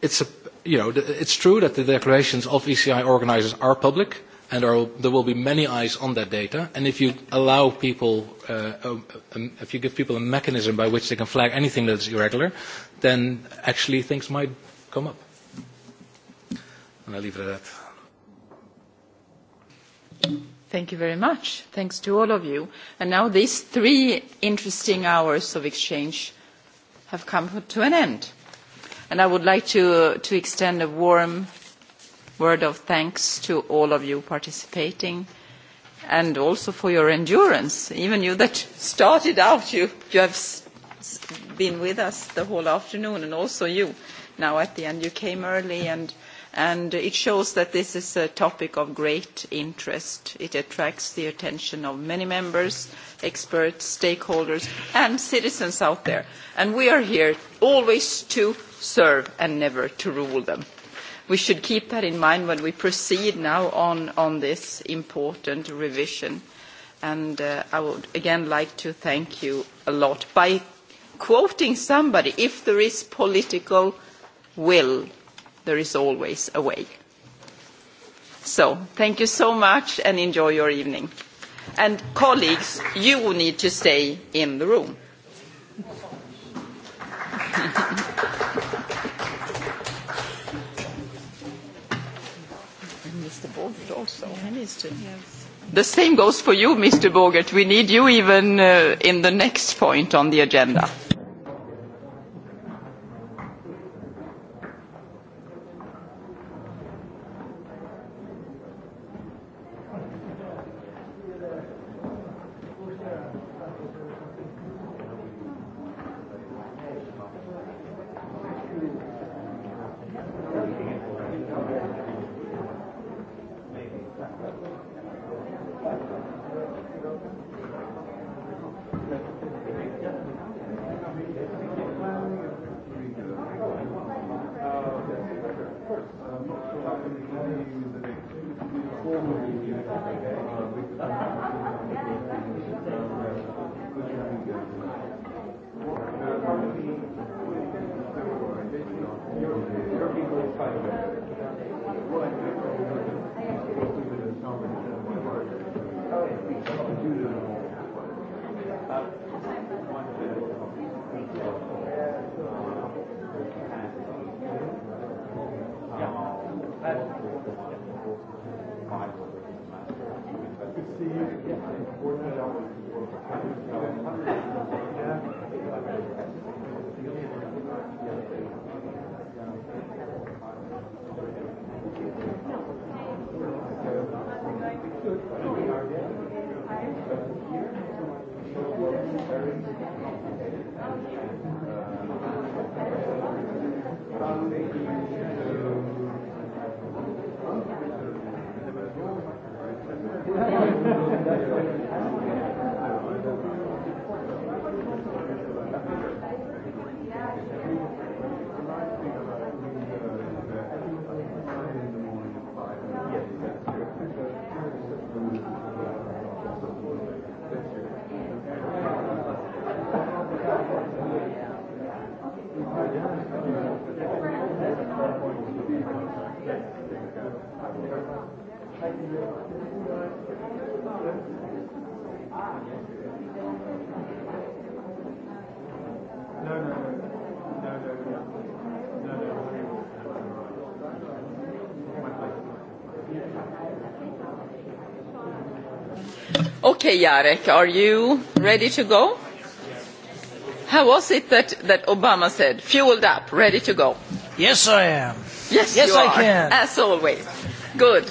It's a you know it's true that the declarations of ECI organisers are public and there will, be many eyes on that data. And if you allow people, uh, um, um, if you give people a mechanism by which they can flag anything that is irregular, then actually things might come up. And I'll leave it at that. Thank you very much. Thanks to all of you. And now these three interesting hours of exchange have come to an end. And I would like to, to extend a warm word of thanks to all of you participating and also for your endurance. Even you that started out, you, have been with us the whole afternoon and also you now at the end. You came early and it shows that this is a topic of great interest. It attracts the attention of many members, experts, stakeholders and citizens out there. And we are here always to serve and never to rule them we should keep that in mind when we proceed now on, on this important revision. And uh, I would again like to thank you a lot. By quoting somebody, if there is political will, there is always a way. So thank you so much and enjoy your evening. And colleagues, you will need to stay in the room. Mr. Borgert also. The same goes for you, Mr. Borgert. We need you even uh, in the next point on the agenda. Okay, Jarek, are you ready to go? How was it that, that Obama said, fueled up, ready to go? Yes, I am. Yes, yes I can. As always. Good.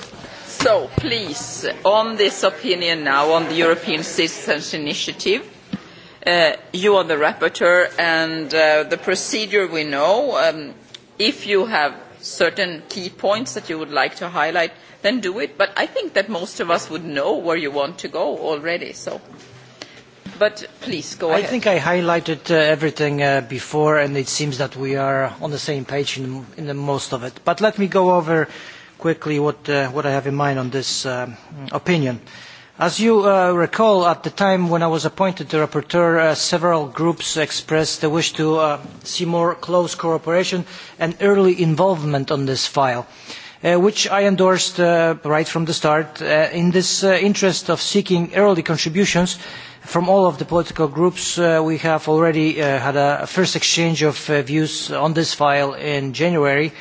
So, please, on this opinion now, on the European Citizens Initiative, uh, you are the rapporteur, and uh, the procedure we know, um, if you have certain key points that you would like to highlight, then do it. But I think that most of us would know where you want to go already. So, but please go ahead. I think I highlighted uh, everything uh, before, and it seems that we are on the same page in, in the most of it. But let me go over quickly what, uh, what I have in mind on this um, opinion. As you uh, recall, at the time when I was appointed the rapporteur, uh, several groups expressed the wish to uh, see more close cooperation and early involvement on this file, uh, which I endorsed uh, right from the start uh, in this interest of seeking early contributions from all of the political groups. We have already had a first exchange of views on this file in January,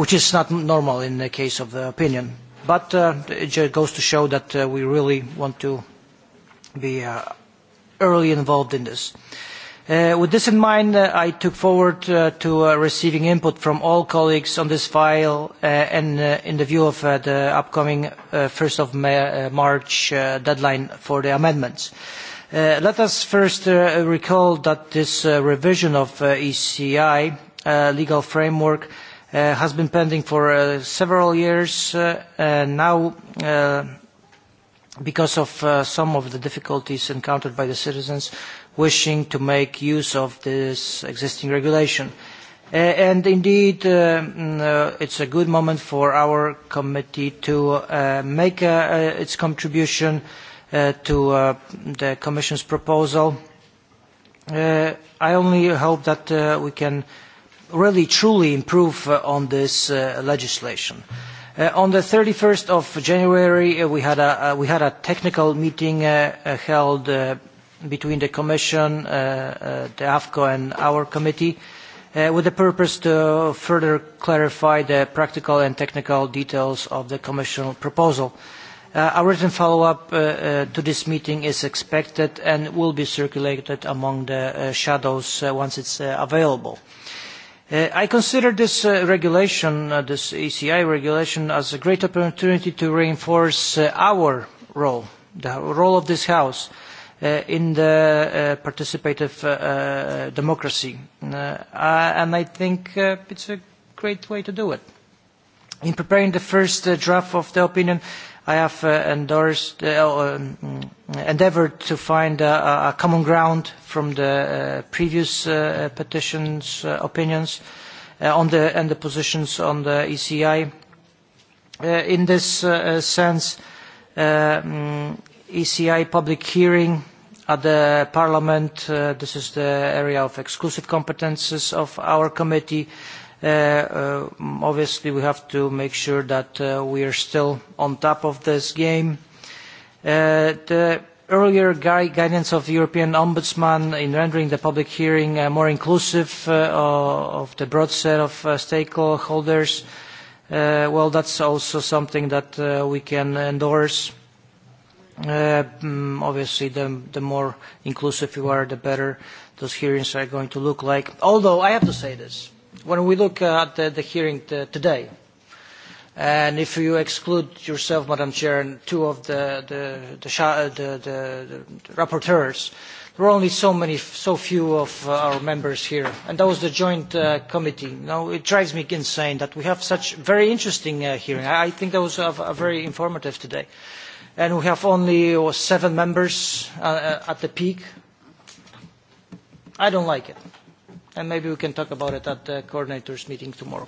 which is not normal in the case of the opinion. But uh, it goes to show that uh, we really want to be uh, early involved in this. with this in mind, I took forward to receiving input from all colleagues on this file and in the view of the upcoming 1st of March deadline for the amendments. Let us first recall that this revision of ECI legal framework Uh, has been pending for uh, several years uh, and now because of some of the difficulties encountered by the citizens wishing to make use of this existing regulation. And indeed, mm, it's a good moment for our committee to make its contribution to the Commission's proposal. I only hope that we can really truly improve uh, on this uh, legislation. Uh, on the 31st of January, we had a, we had a technical meeting held between the Commission, the AFCO and our committee with the purpose to further clarify the practical and technical details of the Commission proposal. Uh, a written follow-up uh, uh, to this meeting is expected and will be circulated among the shadows once it's available. Uh, I consider this uh, regulation, uh, this ECI regulation, as a great opportunity to reinforce uh, our role, the role of this House in the participative democracy. and I think it's a great way to do it. In preparing the first draft of the opinion, i have uh, endorsed, the uh, uh, mm, endeavored to find a common ground from the previous petitions, opinions on the, and the positions on the ECI. In this sense, mm, ECI public hearing at the Parliament, this is the area of exclusive competences of our committee, Uh, um, obviously, we have to make sure that uh, we are still on top of this game. Uh, the earlier guidance of the European Ombudsman in rendering the public hearing more inclusive of the broad set of stakeholders, well, that's also something that we can endorse. Mm, obviously, the, more inclusive you are, the better those hearings are going to look like. Although, I have to say this, when we look at uh, the, hearing today, and if you exclude yourself, Madam Chair, and two of the, the, the, uh, rapporteurs, there are only so many, so few of uh, our members here, and that was the joint committee. Now, it drives me insane that we have such very interesting hearing. I think that was a, very informative today. And we have only seven members at the peak. I don't like it and maybe we can talk about it at the coordinators meeting tomorrow.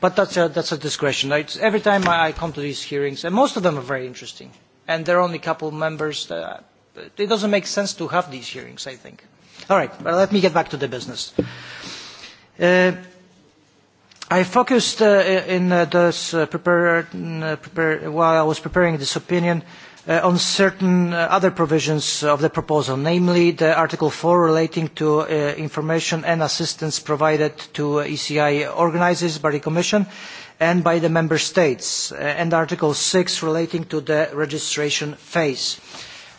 But that's a, that's a discretion. It's, every time I, come to these hearings, and most of them are very interesting, and there are only a couple of members. That, uh, it doesn't make sense to have these hearings, I think. All right, well, let me get back to the business. Uh, i focused uh, in uh, this uh, while I was preparing this opinion Uh, on certain uh, other provisions of the proposal, namely the Article 4 relating to uh, information and assistance provided to ECI organizers by the Commission and by the Member States, and Article 6 relating to the registration phase.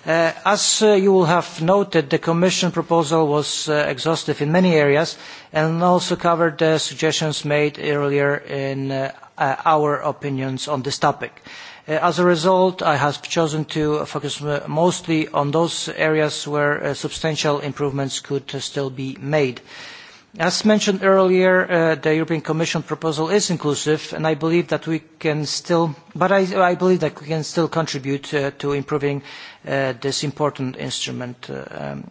As you will have noted, the Commission proposal was exhaustive in many areas and also covered the suggestions made earlier in our opinions on this topic. Uh, as a result, I have chosen to focus mostly on those areas where uh, substantial improvements could still be made. As mentioned earlier, uh, the European Commission proposal is inclusive, and I believe that we can still, but I, believe that we can still contribute to improving this important instrument. Um,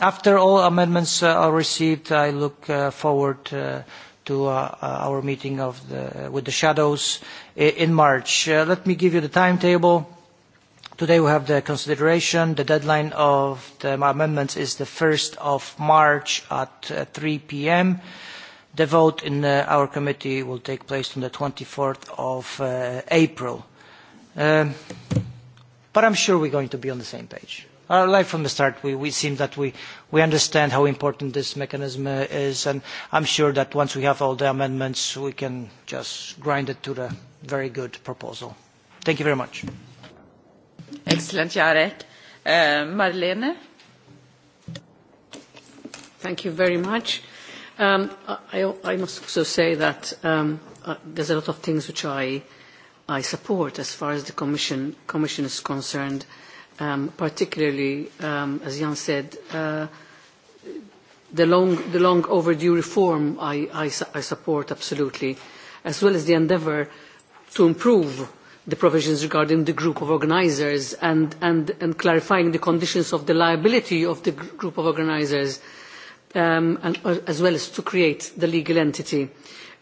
after all amendments are received, I look forward to uh, uh, our meeting of the, with the shadows in March. Uh, let me give you the timetable. Today we have the consideration. The deadline of the amendments is the 1st of March at 3 p.m. The vote in our committee will take place on the 24th of April. Um, but I'm sure we're going to be on the same page right uh, from the start we, we seem that we, understand how important this mechanism uh, is and I'm sure that once we have all the amendments we can just grind it to a very good proposal. Thank you very much. Excellent, Jarek. Uh, Marlene? Thank you very much. Um, I, must also say that there um, are there's a lot of things which I, support as far as the commission is concerned um, particularly, um, as Jan said, uh, the, long, overdue reform I, support absolutely, as well as the endeavour to improve the provisions regarding the group of organisers and, clarifying the conditions of the liability of the group of organisers, um, uh, as well as to create the legal entity.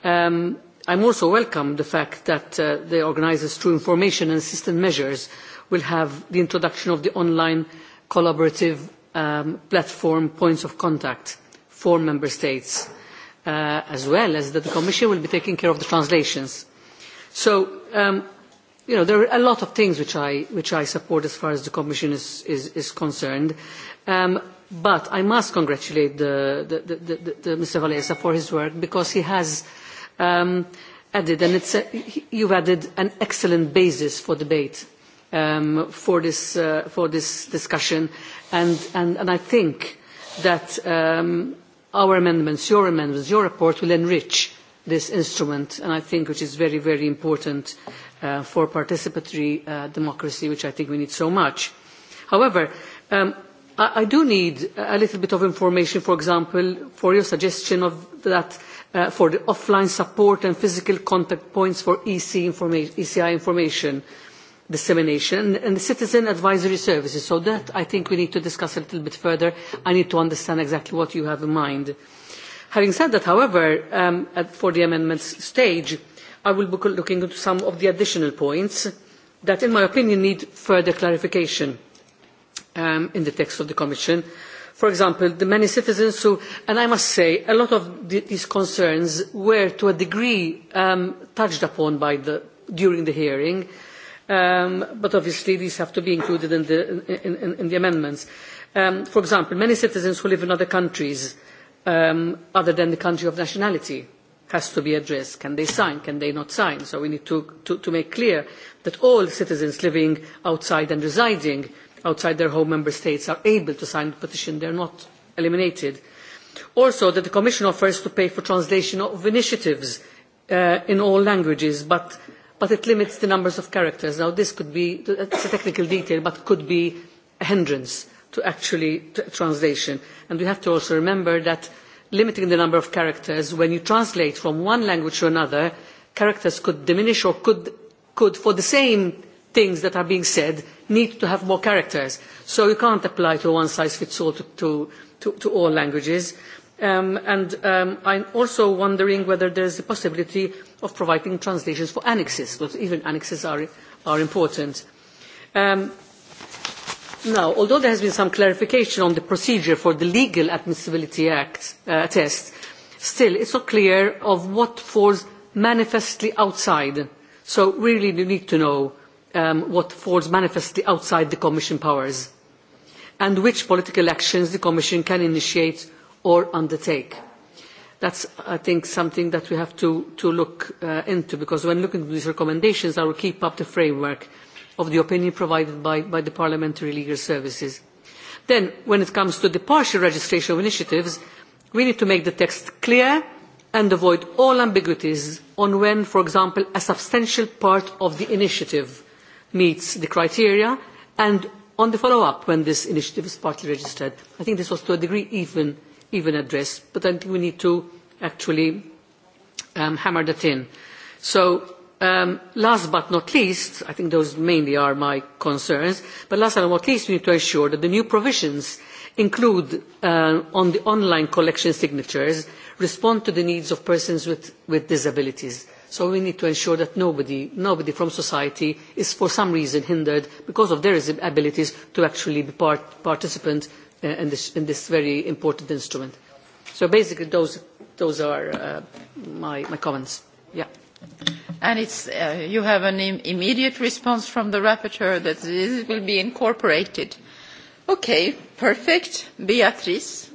Um, I also welcome the fact that uh, the organisers, through information and system measures, will have the introduction of the online collaborative um, platform points of contact for member states uh, as well as that the commission will be taking care of the translations so um, you know there are a lot of things which i which i support as far as the commission is is, concerned um, but i must congratulate the, the, the, mr Valesa for his work because he has added and it's a, you've added an excellent basis for debate um, for, this, uh, for this discussion and, and, I think that um, our amendments, your amendments, your report will enrich this instrument and I think which is very, very important uh, for participatory uh, democracy, which I think we need so much. However, um, I, do need a little bit of information, for example, for your suggestion of that for the offline support and physical contact points for ECI e information dissemination and the citizen advisory services. So that I think we need to discuss a little bit further. I need to understand exactly what you have in mind. Having said that, however, um, at, for the amendments stage, I will be looking into some of the additional points that, in my opinion, need further clarification um, in the text of the Commission. For example, the many citizens who, and I must say, a lot of the, these concerns were to a degree um, touched upon by the, during the hearing, Um, but obviously these have to be included in the, in, in, the amendments. Um, for example, many citizens who live in other countries um, other than the country of nationality has to be addressed. Can they sign? Can they not sign? So we need to, to, make clear that all citizens living outside and residing outside their home member states are able to sign the petition. They are not eliminated. Also, that the Commission offers to pay for translation of initiatives uh, in all languages, but but it limits the numbers of characters. Now, this could be, it's a technical detail, but could be a hindrance to actually translation. And we have to also remember that limiting the number of characters, when you translate from one language to another, characters could diminish or could, could for the same things that are being said, need to have more characters. So you can't apply to one size fits all to, to all languages Um, and I um, I'm also wondering whether there is a possibility of providing translations for annexes, because even annexes are, important. Um, now, although there has been some clarification on the procedure for the Legal Admissibility Act uh, test, still it's not clear of what falls manifestly outside. So really you need to know what falls manifestly outside the Commission powers and which political actions the Commission can initiate or undertake. That's, I think, something that we have to, to look uh, into because when looking at these recommendations, I will keep up the framework of the opinion provided by, by the Parliamentary Legal Services. Then, when it comes to the partial registration of initiatives, we need to make the text clear and avoid all ambiguities on when, for example, a substantial part of the initiative meets the criteria and on the follow-up when this initiative is partly registered. I think this was to a degree even even address. but i think we need to actually um, hammer that in. so um, last but not least i think those mainly are my concerns but last but not least we need to ensure that the new provisions include uh, on the online collection signatures respond to the needs of persons with, disabilities so we need to ensure that nobody, nobody from society is for some reason hindered because of their abilities to actually be part, participant in uh, this, in this very important instrument. So basically those, those are uh, my, my comments. Yeah. And it's, uh, you have an im immediate response from the rapporteur that this will be incorporated. Okay, perfect. Beatriz.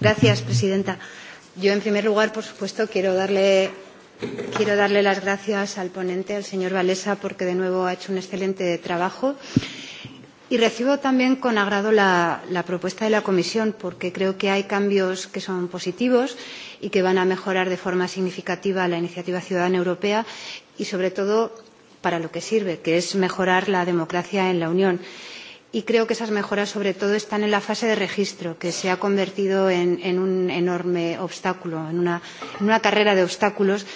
Gracias, Presidenta. Yo, en primer lugar, por supuesto, quiero darle Quiero darle las gracias al ponente, al señor Valesa, porque de nuevo ha hecho un excelente trabajo. Y recibo también con agrado la, la propuesta de la Comisión, porque creo que hay cambios que son positivos y que van a mejorar de forma significativa la iniciativa ciudadana europea y, sobre todo, para lo que sirve, que es mejorar la democracia en la Unión. Y creo que esas mejoras, sobre todo, están en la fase de registro, que se ha convertido en, un enorme obstáculo, en una, en una carrera de obstáculos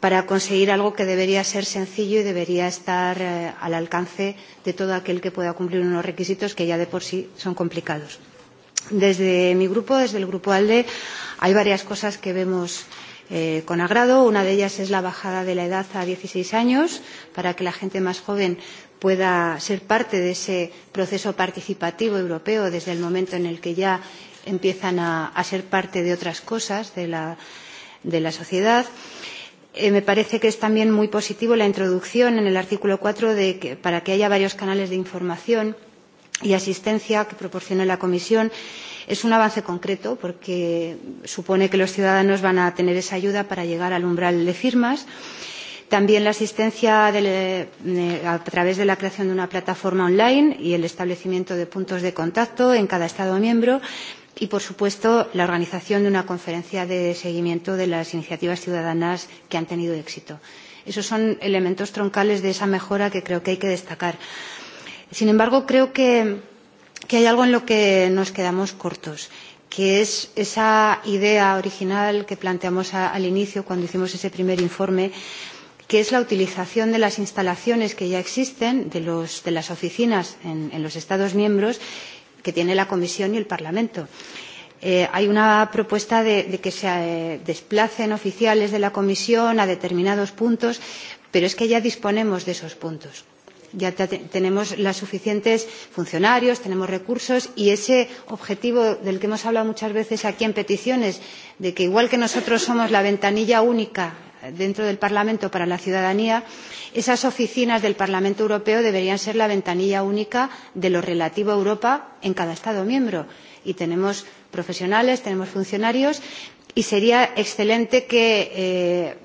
para conseguir algo que debería ser sencillo y debería estar eh, al alcance de todo aquel que pueda cumplir unos requisitos que ya de por sí son complicados. Desde mi grupo, desde el Grupo ALDE, hay varias cosas que vemos eh, con agrado. Una de ellas es la bajada de la edad a 16 años para que la gente más joven pueda ser parte de ese proceso participativo europeo desde el momento en el que ya empiezan a, a ser parte de otras cosas de la, de la sociedad. Eh, me parece que es también muy positivo la introducción en el artículo 4 de que, para que haya varios canales de información y asistencia que proporcione la Comisión. Es un avance concreto porque supone que los ciudadanos van a tener esa ayuda para llegar al umbral de firmas. También la asistencia eh, a través de la creación de una plataforma online y el establecimiento de puntos de contacto en cada Estado miembro y por supuesto la organización de una conferencia de seguimiento de las iniciativas ciudadanas que han tenido éxito esos son elementos troncales de esa mejora que creo que hay que destacar sin embargo creo que que hay algo en lo que nos quedamos cortos que es esa idea original que planteamos al inicio cuando hicimos ese primer informe que es la utilización de las instalaciones que ya existen de, los, de las oficinas en los estados miembros que tiene la Comisión y el Parlamento. Eh, hay una propuesta de, que se eh, desplacen oficiales de la Comisión a determinados puntos, pero es que ya disponemos de esos puntos. Ya tenemos los suficientes funcionarios, tenemos recursos y ese objetivo del que hemos hablado muchas veces aquí en peticiones, de que igual que nosotros somos la ventanilla única dentro del Parlamento para la ciudadanía, esas oficinas del Parlamento Europeo deberían ser la ventanilla única de lo relativo a Europa en cada Estado miembro. Y tenemos profesionales, tenemos funcionarios y sería excelente que eh,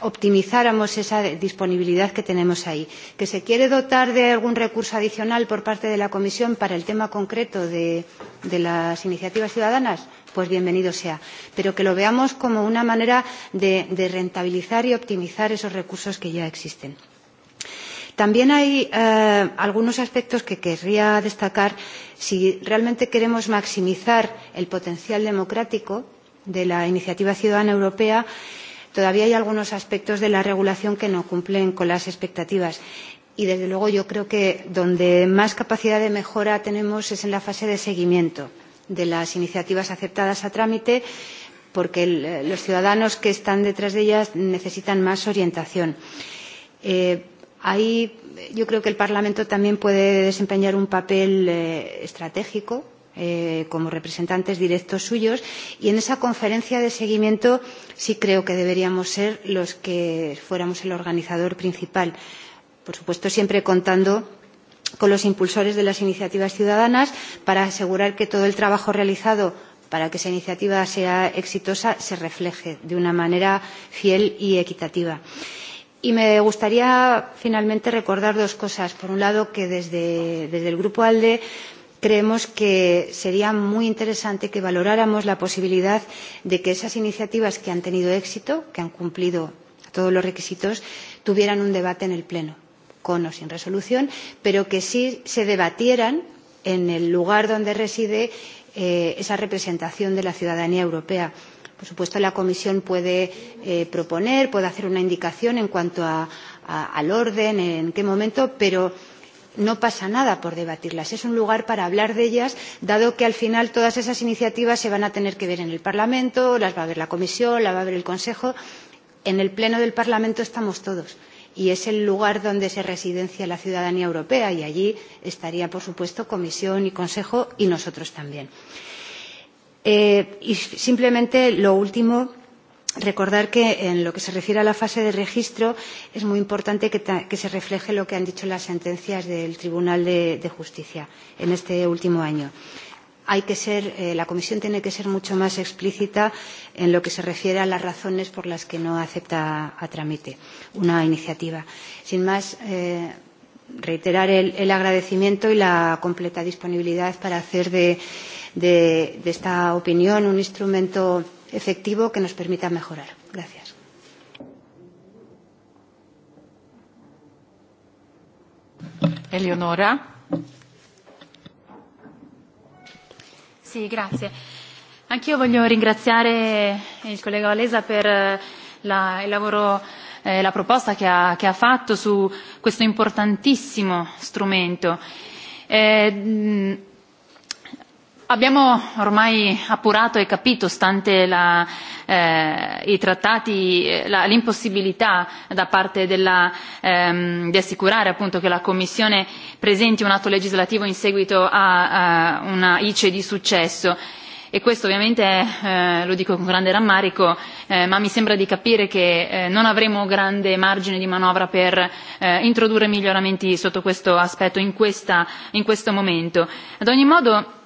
optimizáramos esa disponibilidad que tenemos ahí. ¿Que se quiere dotar de algún recurso adicional por parte de la Comisión para el tema concreto de, de las iniciativas ciudadanas? Pues bienvenido sea. Pero que lo veamos como una manera de, de rentabilizar y optimizar esos recursos que ya existen. También hay eh, algunos aspectos que querría destacar. Si realmente queremos maximizar el potencial democrático de la iniciativa ciudadana europea, todavía hay algunos aspectos de la regulación que no cumplen con las expectativas y desde luego yo creo que donde más capacidad de mejora tenemos es en la fase de seguimiento de las iniciativas aceptadas a trámite porque los ciudadanos que están detrás de ellas necesitan más orientación. Eh, ahí yo creo que el Parlamento también puede desempeñar un papel eh, estratégico eh, como representantes directos suyos y en esa conferencia de seguimiento sí creo que deberíamos ser los que fuéramos el organizador principal por supuesto siempre contando con los impulsores de las iniciativas ciudadanas para asegurar que todo el trabajo realizado para que esa iniciativa sea exitosa se refleje de una manera fiel y equitativa. Y me gustaría finalmente recordar dos cosas. Por un lado, que desde, desde el Grupo ALDE creemos que sería muy interesante que valoráramos la posibilidad de que esas iniciativas que han tenido éxito, que han cumplido todos los requisitos, tuvieran un debate en el Pleno, con o sin resolución, pero que sí se debatieran en el lugar donde reside eh, esa representación de la ciudadanía europea. Por supuesto, la Comisión puede eh, proponer, puede hacer una indicación en cuanto al orden, en qué momento, pero no pasa nada por debatirlas es un lugar para hablar de ellas dado que al final todas esas iniciativas se van a tener que ver en el parlamento las va a ver la comisión las va a ver el consejo en el pleno del parlamento estamos todos y es el lugar donde se residencia la ciudadanía europea y allí estaría por supuesto comisión y consejo y nosotros también. Eh, y simplemente lo último recordar que en lo que se refiere a la fase de registro es muy importante que, que se refleje lo que han dicho las sentencias del tribunal de, de justicia en este último año hay que ser eh, la comisión tiene que ser mucho más explícita en lo que se refiere a las razones por las que no acepta a trámite una iniciativa sin más eh, reiterar el, el agradecimiento y la completa disponibilidad para hacer de, de, de esta opinión un instrumento efectivo que nos permita mejorar. Gracias. Eleonora. Sì, grazie. Anch'io voglio ringraziare il collega Valesa per eh, la, il lavoro eh, la proposta che ha, che ha fatto su questo importantissimo strumento. Eh, abbiamo ormai appurato e capito stante la, eh, i trattati l'impossibilità da parte della, ehm, di assicurare appunto che la commissione presenti un atto legislativo in seguito a, a una ice di successo e questo ovviamente eh, lo dico con grande rammarico eh, ma mi sembra di capire che eh, non avremo grande margine di manovra per eh, introdurre miglioramenti sotto questo aspetto in, questa, in questo momento. ad ogni modo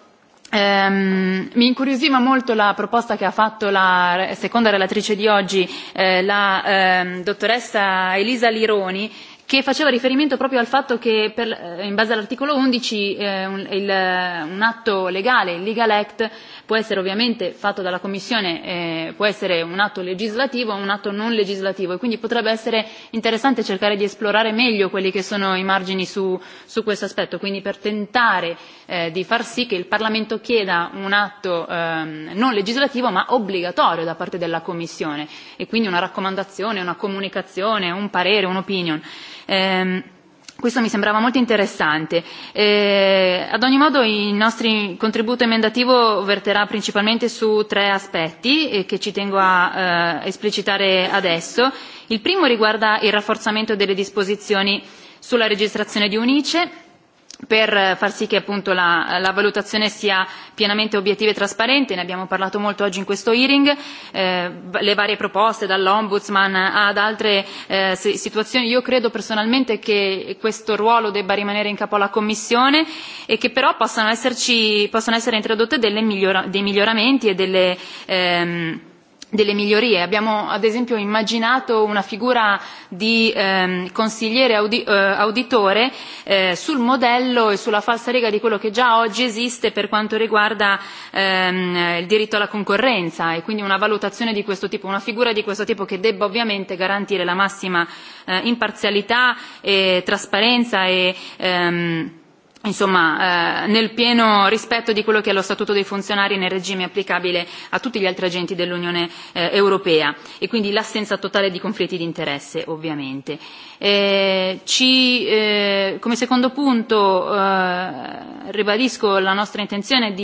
Ehm, mi incuriosiva molto la proposta che ha fatto la seconda relatrice di oggi eh, la ehm, dottoressa Elisa Lironi che faceva riferimento proprio al fatto che per, eh, in base all'articolo 11 eh, un, il, eh, un atto legale, il Legal Act, può essere ovviamente fatto dalla Commissione, eh, può essere un atto legislativo o un atto non legislativo e quindi potrebbe essere interessante cercare di esplorare meglio quelli che sono i margini su, su questo aspetto, quindi per tentare eh, di far sì che il Parlamento chieda un atto ehm, non legislativo ma obbligatorio da parte della Commissione e quindi una raccomandazione, una comunicazione, un parere, un'opinion ehm, questo mi sembrava molto interessante. E, ad ogni modo il nostro contributo emendativo verterà principalmente su tre aspetti eh, che ci tengo a eh, esplicitare adesso. Il primo riguarda il rafforzamento delle disposizioni sulla registrazione di Unice per far sì che appunto la, la valutazione sia pienamente obiettiva e trasparente, ne abbiamo parlato molto oggi in questo hearing, eh, le varie proposte dall'Ombudsman ad altre eh, situazioni. Io credo personalmente che questo ruolo debba rimanere in capo alla Commissione e che però possano, esserci, essere introdotte delle dei miglioramenti e delle... Ehm, delle migliorie abbiamo ad esempio immaginato una figura di ehm, consigliere eh, auditore eh, sul modello e sulla falsa riga di quello che già oggi esiste per quanto riguarda ehm, il diritto alla concorrenza e quindi una valutazione di questo tipo una figura di questo tipo che debba ovviamente garantire la massima eh, imparzialità e trasparenza e ehm, insomma eh, nel pieno rispetto di quello che è lo statuto dei funzionari nel regime applicabile a tutti gli altri agenti dell'Unione eh, europea e quindi l'assenza totale di conflitti di interesse ovviamente. Eh, ci, come secondo punto ribadisco la nostra intenzione mm,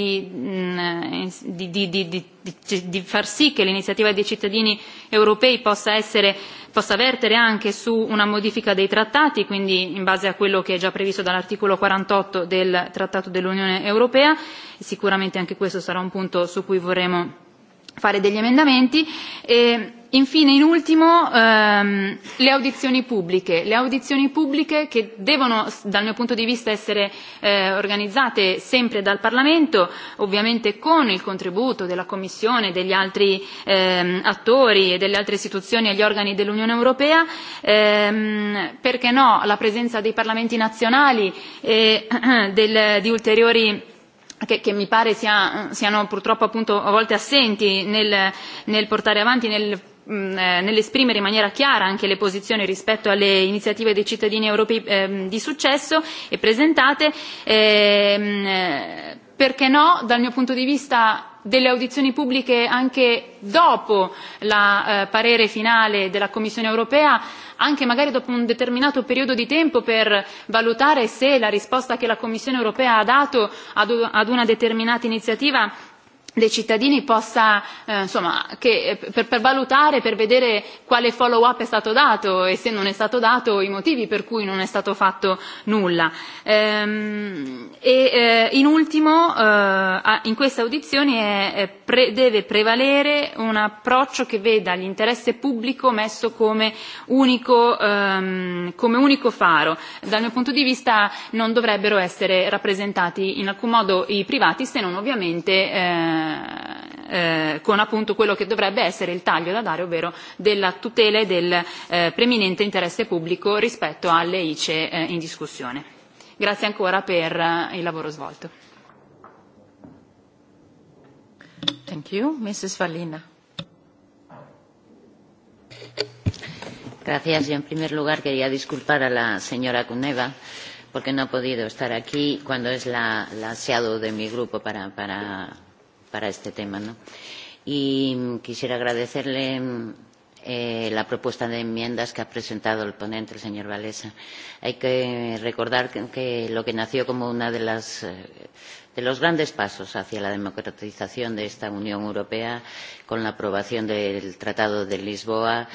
di, di, di, di, far sì che l'iniziativa dei cittadini europei possa essere possa vertere anche su una modifica dei trattati quindi in base a quello che è già previsto dall'articolo 48 rapporto del Trattato dell'Unione Europea e sicuramente anche questo sarà un punto su cui vorremo fare degli emendamenti e infine in ultimo ehm, le audizioni pubbliche le audizioni pubbliche che devono dal mio punto di vista essere eh, organizzate sempre dal parlamento ovviamente con il contributo della commissione degli altri ehm, attori e delle altre istituzioni e gli organi dell'unione europea ehm, perché no la presenza dei parlamenti nazionali e del, di ulteriori Che, che mi pare siano purtroppo appunto a volte assenti nel, nel portare avanti nel Mm, eh, nell'esprimere in maniera chiara anche le posizioni rispetto alle iniziative dei cittadini europei ehm, di successo e presentate ehm, eh, perché no dal mio punto di vista delle audizioni pubbliche anche dopo il eh, parere finale della commissione europea anche magari dopo un determinato periodo di tempo per valutare se la risposta che la commissione europea ha dato ad una determinata iniziativa dei cittadini possa eh, insomma che eh, per, valutare per vedere quale follow up è stato dato e se non è stato dato i motivi per cui non è stato fatto nulla ehm, e eh, in ultimo in questa audizione è, deve prevalere un approccio che veda l'interesse pubblico messo come unico ehm, come unico faro dal mio punto di vista non dovrebbero essere rappresentati in alcun modo i privati se non ovviamente Eh, con appunto quello che dovrebbe essere il taglio da dare, ovvero della tutela e del eh, preminente interesse pubblico rispetto alle ICE eh, in discussione. Grazie ancora per il lavoro svolto. Thank you. Mrs. Fallina. Gracias. Yo, en primer lugar, quería disculpar a la señora Cuneva porque no ha podido estar aquí cuando es la, la SEADO de mi grupo para, para para este tema. ¿no? Y quisiera agradecerle eh, la propuesta de enmiendas que ha presentado el ponente, el señor Valesa. Hay que recordar que, que lo que nació como una de las eh, de los grandes pasos hacia la democratización de esta Unión Europea con la aprobación del Tratado de Lisboa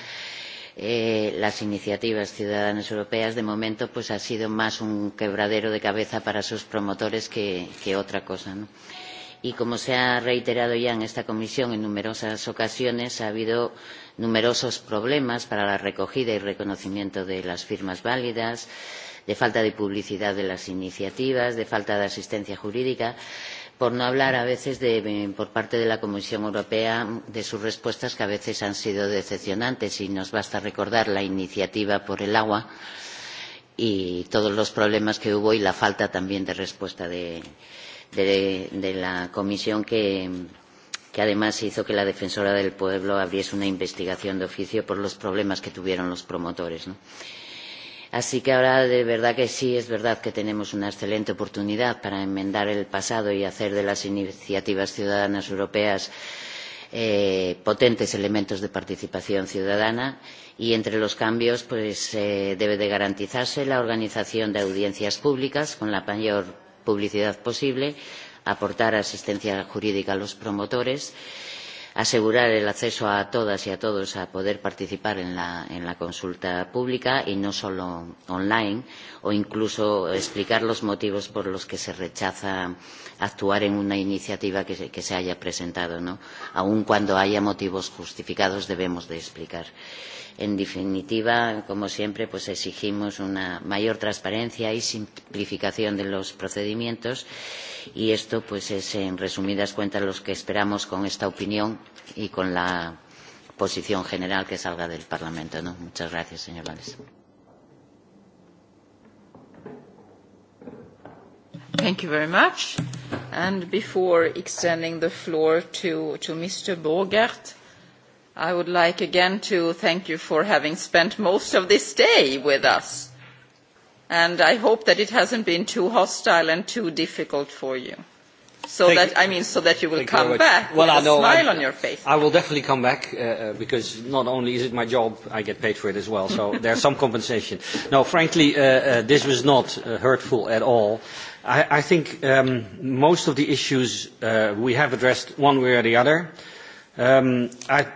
eh, las iniciativas ciudadanas europeas de momento pues ha sido más un quebradero de cabeza para sus promotores que, que otra cosa. ¿no? y como se ha reiterado ya en esta comisión en numerosas ocasiones ha habido numerosos problemas para la recogida y reconocimiento de las firmas válidas de falta de publicidad de las iniciativas de falta de asistencia jurídica por no hablar a veces de, por parte de la comisión europea de sus respuestas que a veces han sido decepcionantes y nos basta recordar la iniciativa por el agua y todos los problemas que hubo y la falta también de respuesta de de, de la comisión que, que además hizo que la defensora del pueblo abriese una investigación de oficio por los problemas que tuvieron los promotores. ¿no? Así que ahora de verdad que sí es verdad que tenemos una excelente oportunidad para enmendar el pasado y hacer de las iniciativas ciudadanas europeas eh, potentes elementos de participación ciudadana y entre los cambios pues eh, debe de garantizarse la organización de audiencias públicas con la mayor publicidad posible aportar asistencia jurídica a los promotores asegurar el acceso a todas y a todos a poder participar en la, consulta pública y no solo online o incluso explicar los motivos por los que se rechaza actuar en una iniciativa que se, haya presentado. ¿no? Aun cuando haya motivos justificados debemos de explicar en definitiva, como siempre, pues exigimos una mayor transparencia y simplificación de los procedimientos y esto pues es en resumidas cuentas lo que esperamos con esta opinión y con la posición general que salga del Parlamento. ¿no? Muchas gracias, señor Valles. Thank you very much. And before extending the floor to, to Mr. Bogart, i would like again to thank you for having spent most of this day with us. And I hope that it hasn't been too hostile and too difficult for you. So that, you. I mean, so that you will come back well, with a smile on your face. I will definitely come back uh, uh, because not only is it my job, I get paid for it as well. So there's some compensation. No, frankly, uh, this was not hurtful at all. I, I think um, most of the issues we have addressed one way or the other. Um, I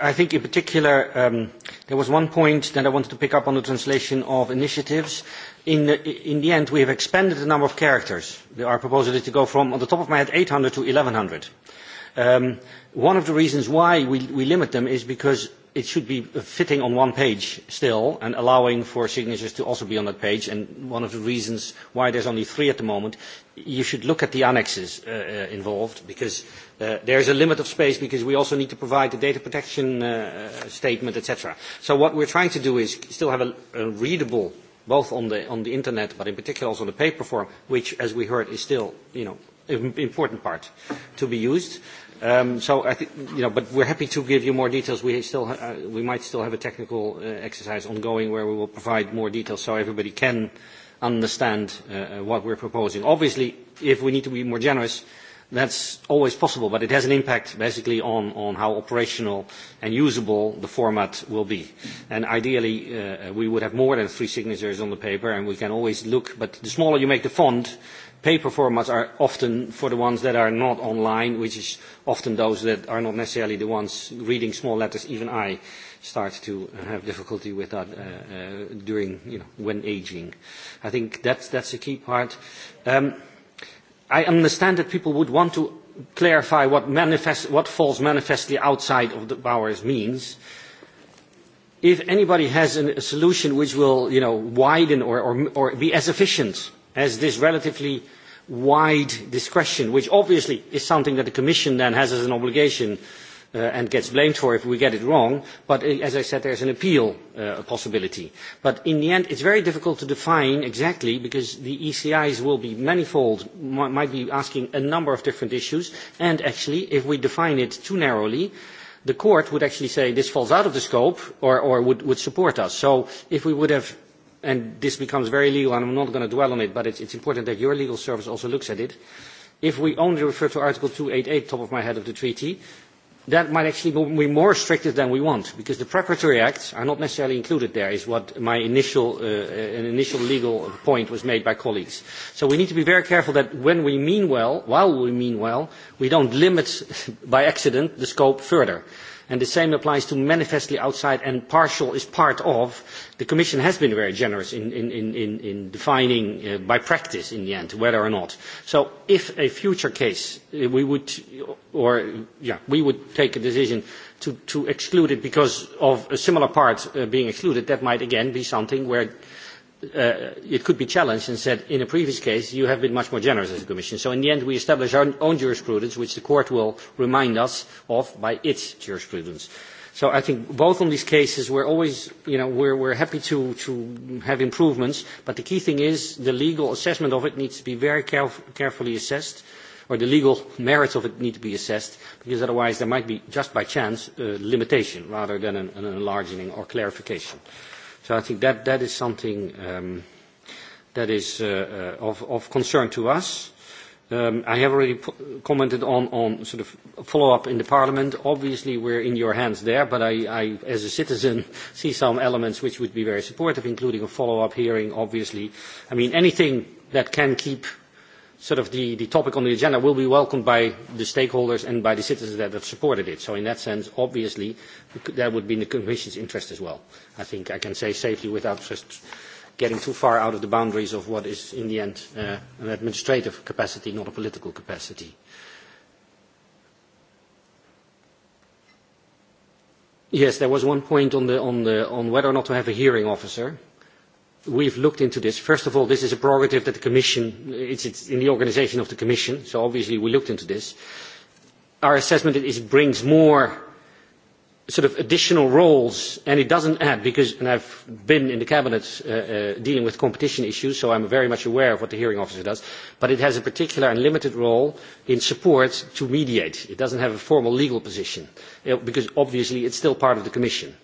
i think in particular um, there was one point that I wanted to pick up on the translation of initiatives. In the, in the end we have expanded the number of characters. Our proposal is to go from, on the top of my head, 800 to 1100. Um, one of the reasons why we, limit them is because it should be fitting on one page still and allowing for signatures to also be on that page and one of the reasons why there's only three at the moment you should look at the annexes uh, uh, involved because Uh, there is a limit of space because we also need to provide the data protection uh, statement, etc. So what we're trying to do is still have a, readable, both on the, on the internet, but in particular also on the paper form, which, as we heard, is still, you know, an important part to be used. Um, so I you know, but we're happy to give you more details. We still, uh, we might still have a technical uh, exercise ongoing where we will provide more details so everybody can understand uh, uh what we're proposing. Obviously, if we need to be more generous, that's always possible, but it has an impact basically on, on how operational and usable the format will be. And ideally, uh, we would have more than three signatures on the paper, and we can always look, but the smaller you make the font, paper formats are often for the ones that are not online, which is often those that are not necessarily the ones reading small letters. Even I start to have difficulty with that uh, uh, during, you know, when aging. I think that's, that's a key part. Um, i understand that people would want to clarify what, manifest, what falls manifestly outside of the powers means. If anybody has a solution which will you know, widen or, or, or be as efficient as this relatively wide discretion, which obviously is something that the Commission then has as an obligation Uh, and gets blamed for if we get it wrong but as i said there's an appeal uh, possibility but in the end it's very difficult to define exactly because the ecis will be manifold might be asking a number of different issues and actually if we define it too narrowly the court would actually say this falls out of the scope or, or would, would support us. so if we would have and this becomes very legal and i'm not going to dwell on it but it's, it's important that your legal service also looks at it if we only refer to article 288 top of my head of the treaty that might actually be more restrictive than we want, because the preparatory acts are not necessarily included there, is what my initial, uh, uh, initial legal point was made by colleagues. So we need to be very careful that when we mean well, while we mean well, we don't limit by accident the scope further and the same applies to manifestly outside and partial is part of. The Commission has been very generous in, defining uh, by practice in the end whether or not. So if a future case uh, we would, or, we would take a decision to, exclude it because of a similar part uh, being excluded, that might again be something where Uh, it could be challenged and said, in a previous case, you have been much more generous as a Commission. So in the end, we establish our own jurisprudence, which the Court will remind us of by its jurisprudence. So I think both on these cases, are always, you know, we're, we're happy to, to have improvements, but the key thing is the legal assessment of it needs to be very caref carefully assessed, or the legal merits of it need to be assessed, because otherwise there might be, just by chance, a limitation rather than an, an enlarging or clarification. I think that, that is something um, that is uh, uh, of, concern to us. Um, I have already commented on, on sort of follow-up in the parliament. Obviously, we're in your hands there, but I, I, as a citizen, see some elements which would be very supportive, including a follow-up hearing, obviously. I mean, anything that can keep sort of the, the topic on the agenda will be welcomed by the stakeholders and by the citizens that have supported it. So in that sense, obviously, that would be in the Commission's interest as well. I think I can say safely without just getting too far out of the boundaries of what is in the end uh, an administrative capacity, not a political capacity. Yes, there was one point on, the, on, the, on whether or not to have a hearing officer we've looked into this. First of all, this is a prerogative that the Commission, it's, in the organisation of the Commission, so obviously we looked into this. Our assessment is it brings more sort of additional roles, and it doesn't add, because, and I've been in the Cabinet uh, uh, dealing with competition issues, so I'm very much aware of what the hearing officer does, but it has a particular and limited role in support to mediate. It doesn't have a formal legal position, uh, because obviously it's still part of the Commission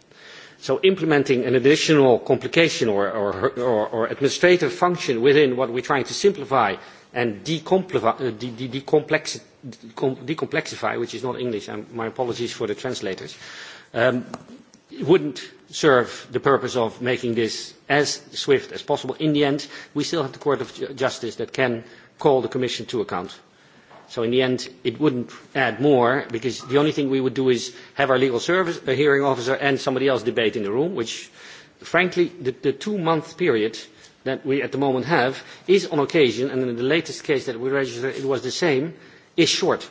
so implementing an additional complication or, or, or, administrative function within what we are trying to simplify and uh, decomplexify which is not english and my apologies for the translators um, wouldn't serve the purpose of making this as swift as possible. in the end we still have the court of justice that can call the commission to account. So in the end, it wouldn't add more because the only thing we would do is have our legal service, a hearing officer, and somebody else debate in the room, which, frankly, the, the two-month period that we at the moment have is on occasion, and in the latest case that we registered, it was the same, is short.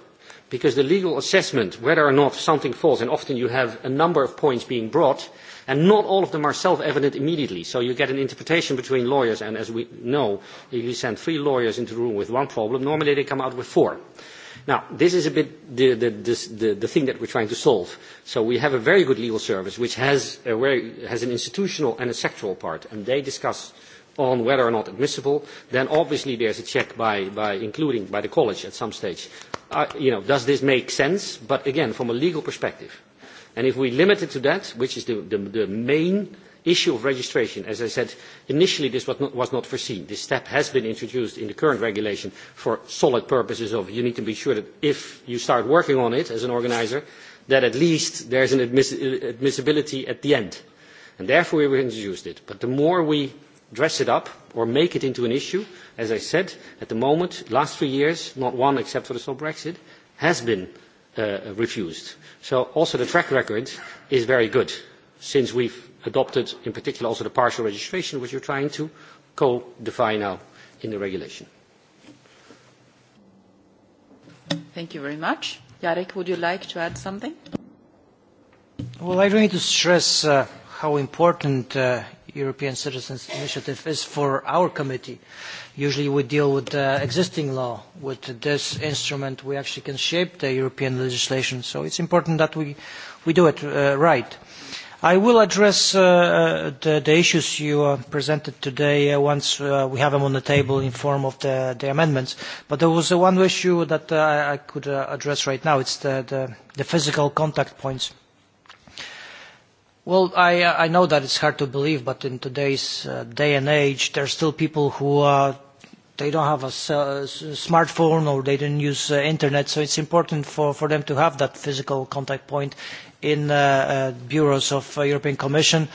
Because the legal assessment, whether or not something falls, and often you have a number of points being brought, and not all of them are self evident immediately so you get an interpretation between lawyers and as we know if you send three lawyers into the room with one problem normally they come out with four. Now, this is a bit the, the, the, thing that we're trying to solve. So we have a very good legal service which has, a has an institutional and a sectoral part, and they discuss on whether or not admissible. Then obviously there's a check by, by including by the college at some stage. Uh, you know, does this make sense? But again, from a legal perspective, And if we limit it to that, which is the, main issue of registration, as I said, initially this was not, foreseen. This step has been introduced in the current regulation for solid purposes of you need to be sure that if you start working on it as an organiser that at least there is an admissibility at the end. And therefore we introduced it. But the more we dress it up or make it into an issue, as I said, at the moment, the last three years, not one except for the sole Brexit, has been Uh, refused. So also the track record is very good since we've adopted in particular also the partial registration which you're trying to co-define now in the regulation. Thank you very much. Jarek, would you like to add something? Well, I need to stress uh, how important uh, European Citizens Initiative is for our committee usually we deal with uh, existing law. With this instrument, we actually can shape the European legislation. So it's important that we, we do it uh, right. I will address uh, the, issues you uh, presented today once we have them on the table in form of the, amendments. But there was one issue that I could address right now. It's the, physical contact points. Well, I, I know that it's hard to believe, but in today's day and age, there are still people who are they don't have a uh, smartphone or they don't use uh, internet so it's important for them to have that physical contact point in uh, bureaus of European Commission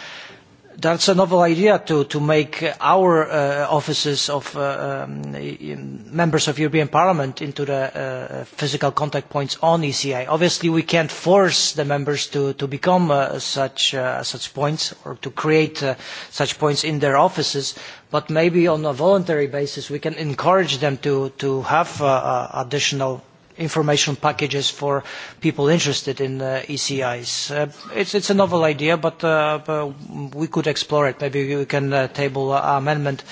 that's a novel idea to, to make our uh, offices of uh, um, members of European Parliament into the uh, physical contact points on ECI. Obviously, we can't force the members to, to become such, such points or to create such points in their offices, but maybe on a voluntary basis we can encourage them to, to have additional information packages for people interested in uh, ECIs. Uh, it's, it's a novel idea, but uh, we could explore it. Maybe we can table an amendment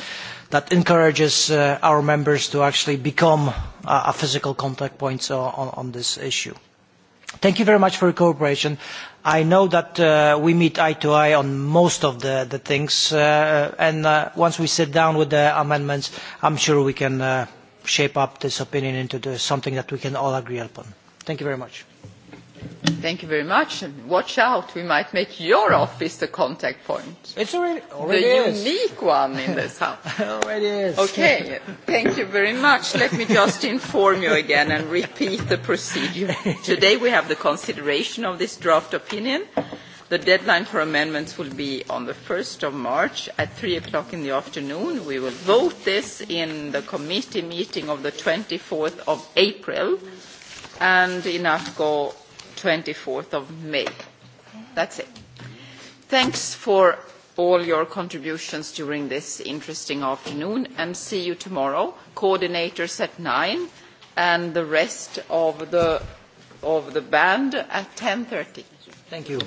that encourages our members to actually become a physical contact point on, this issue. Thank you very much for your cooperation. I know that we meet eye to eye on most of the, the things, and once we sit down with the amendments, I'm sure we can shape up this opinion into the, something that we can all agree upon. Thank you very much. Thank you very much. And watch out, we might make your office the contact point. It's already, already The is. unique one in this house. already is. Okay, thank you very much. Let me just inform you again and repeat the procedure. Today we have the consideration of this draft opinion The deadline for amendments will be on the 1st of March at 3 o'clock in the afternoon. We will vote this in the committee meeting of the 24th of April and in AFCO 24th of May. That's it. Thanks for all your contributions during this interesting afternoon and see you tomorrow. Coordinators at 9 and the rest of the, of the band at 10.30. Thank you.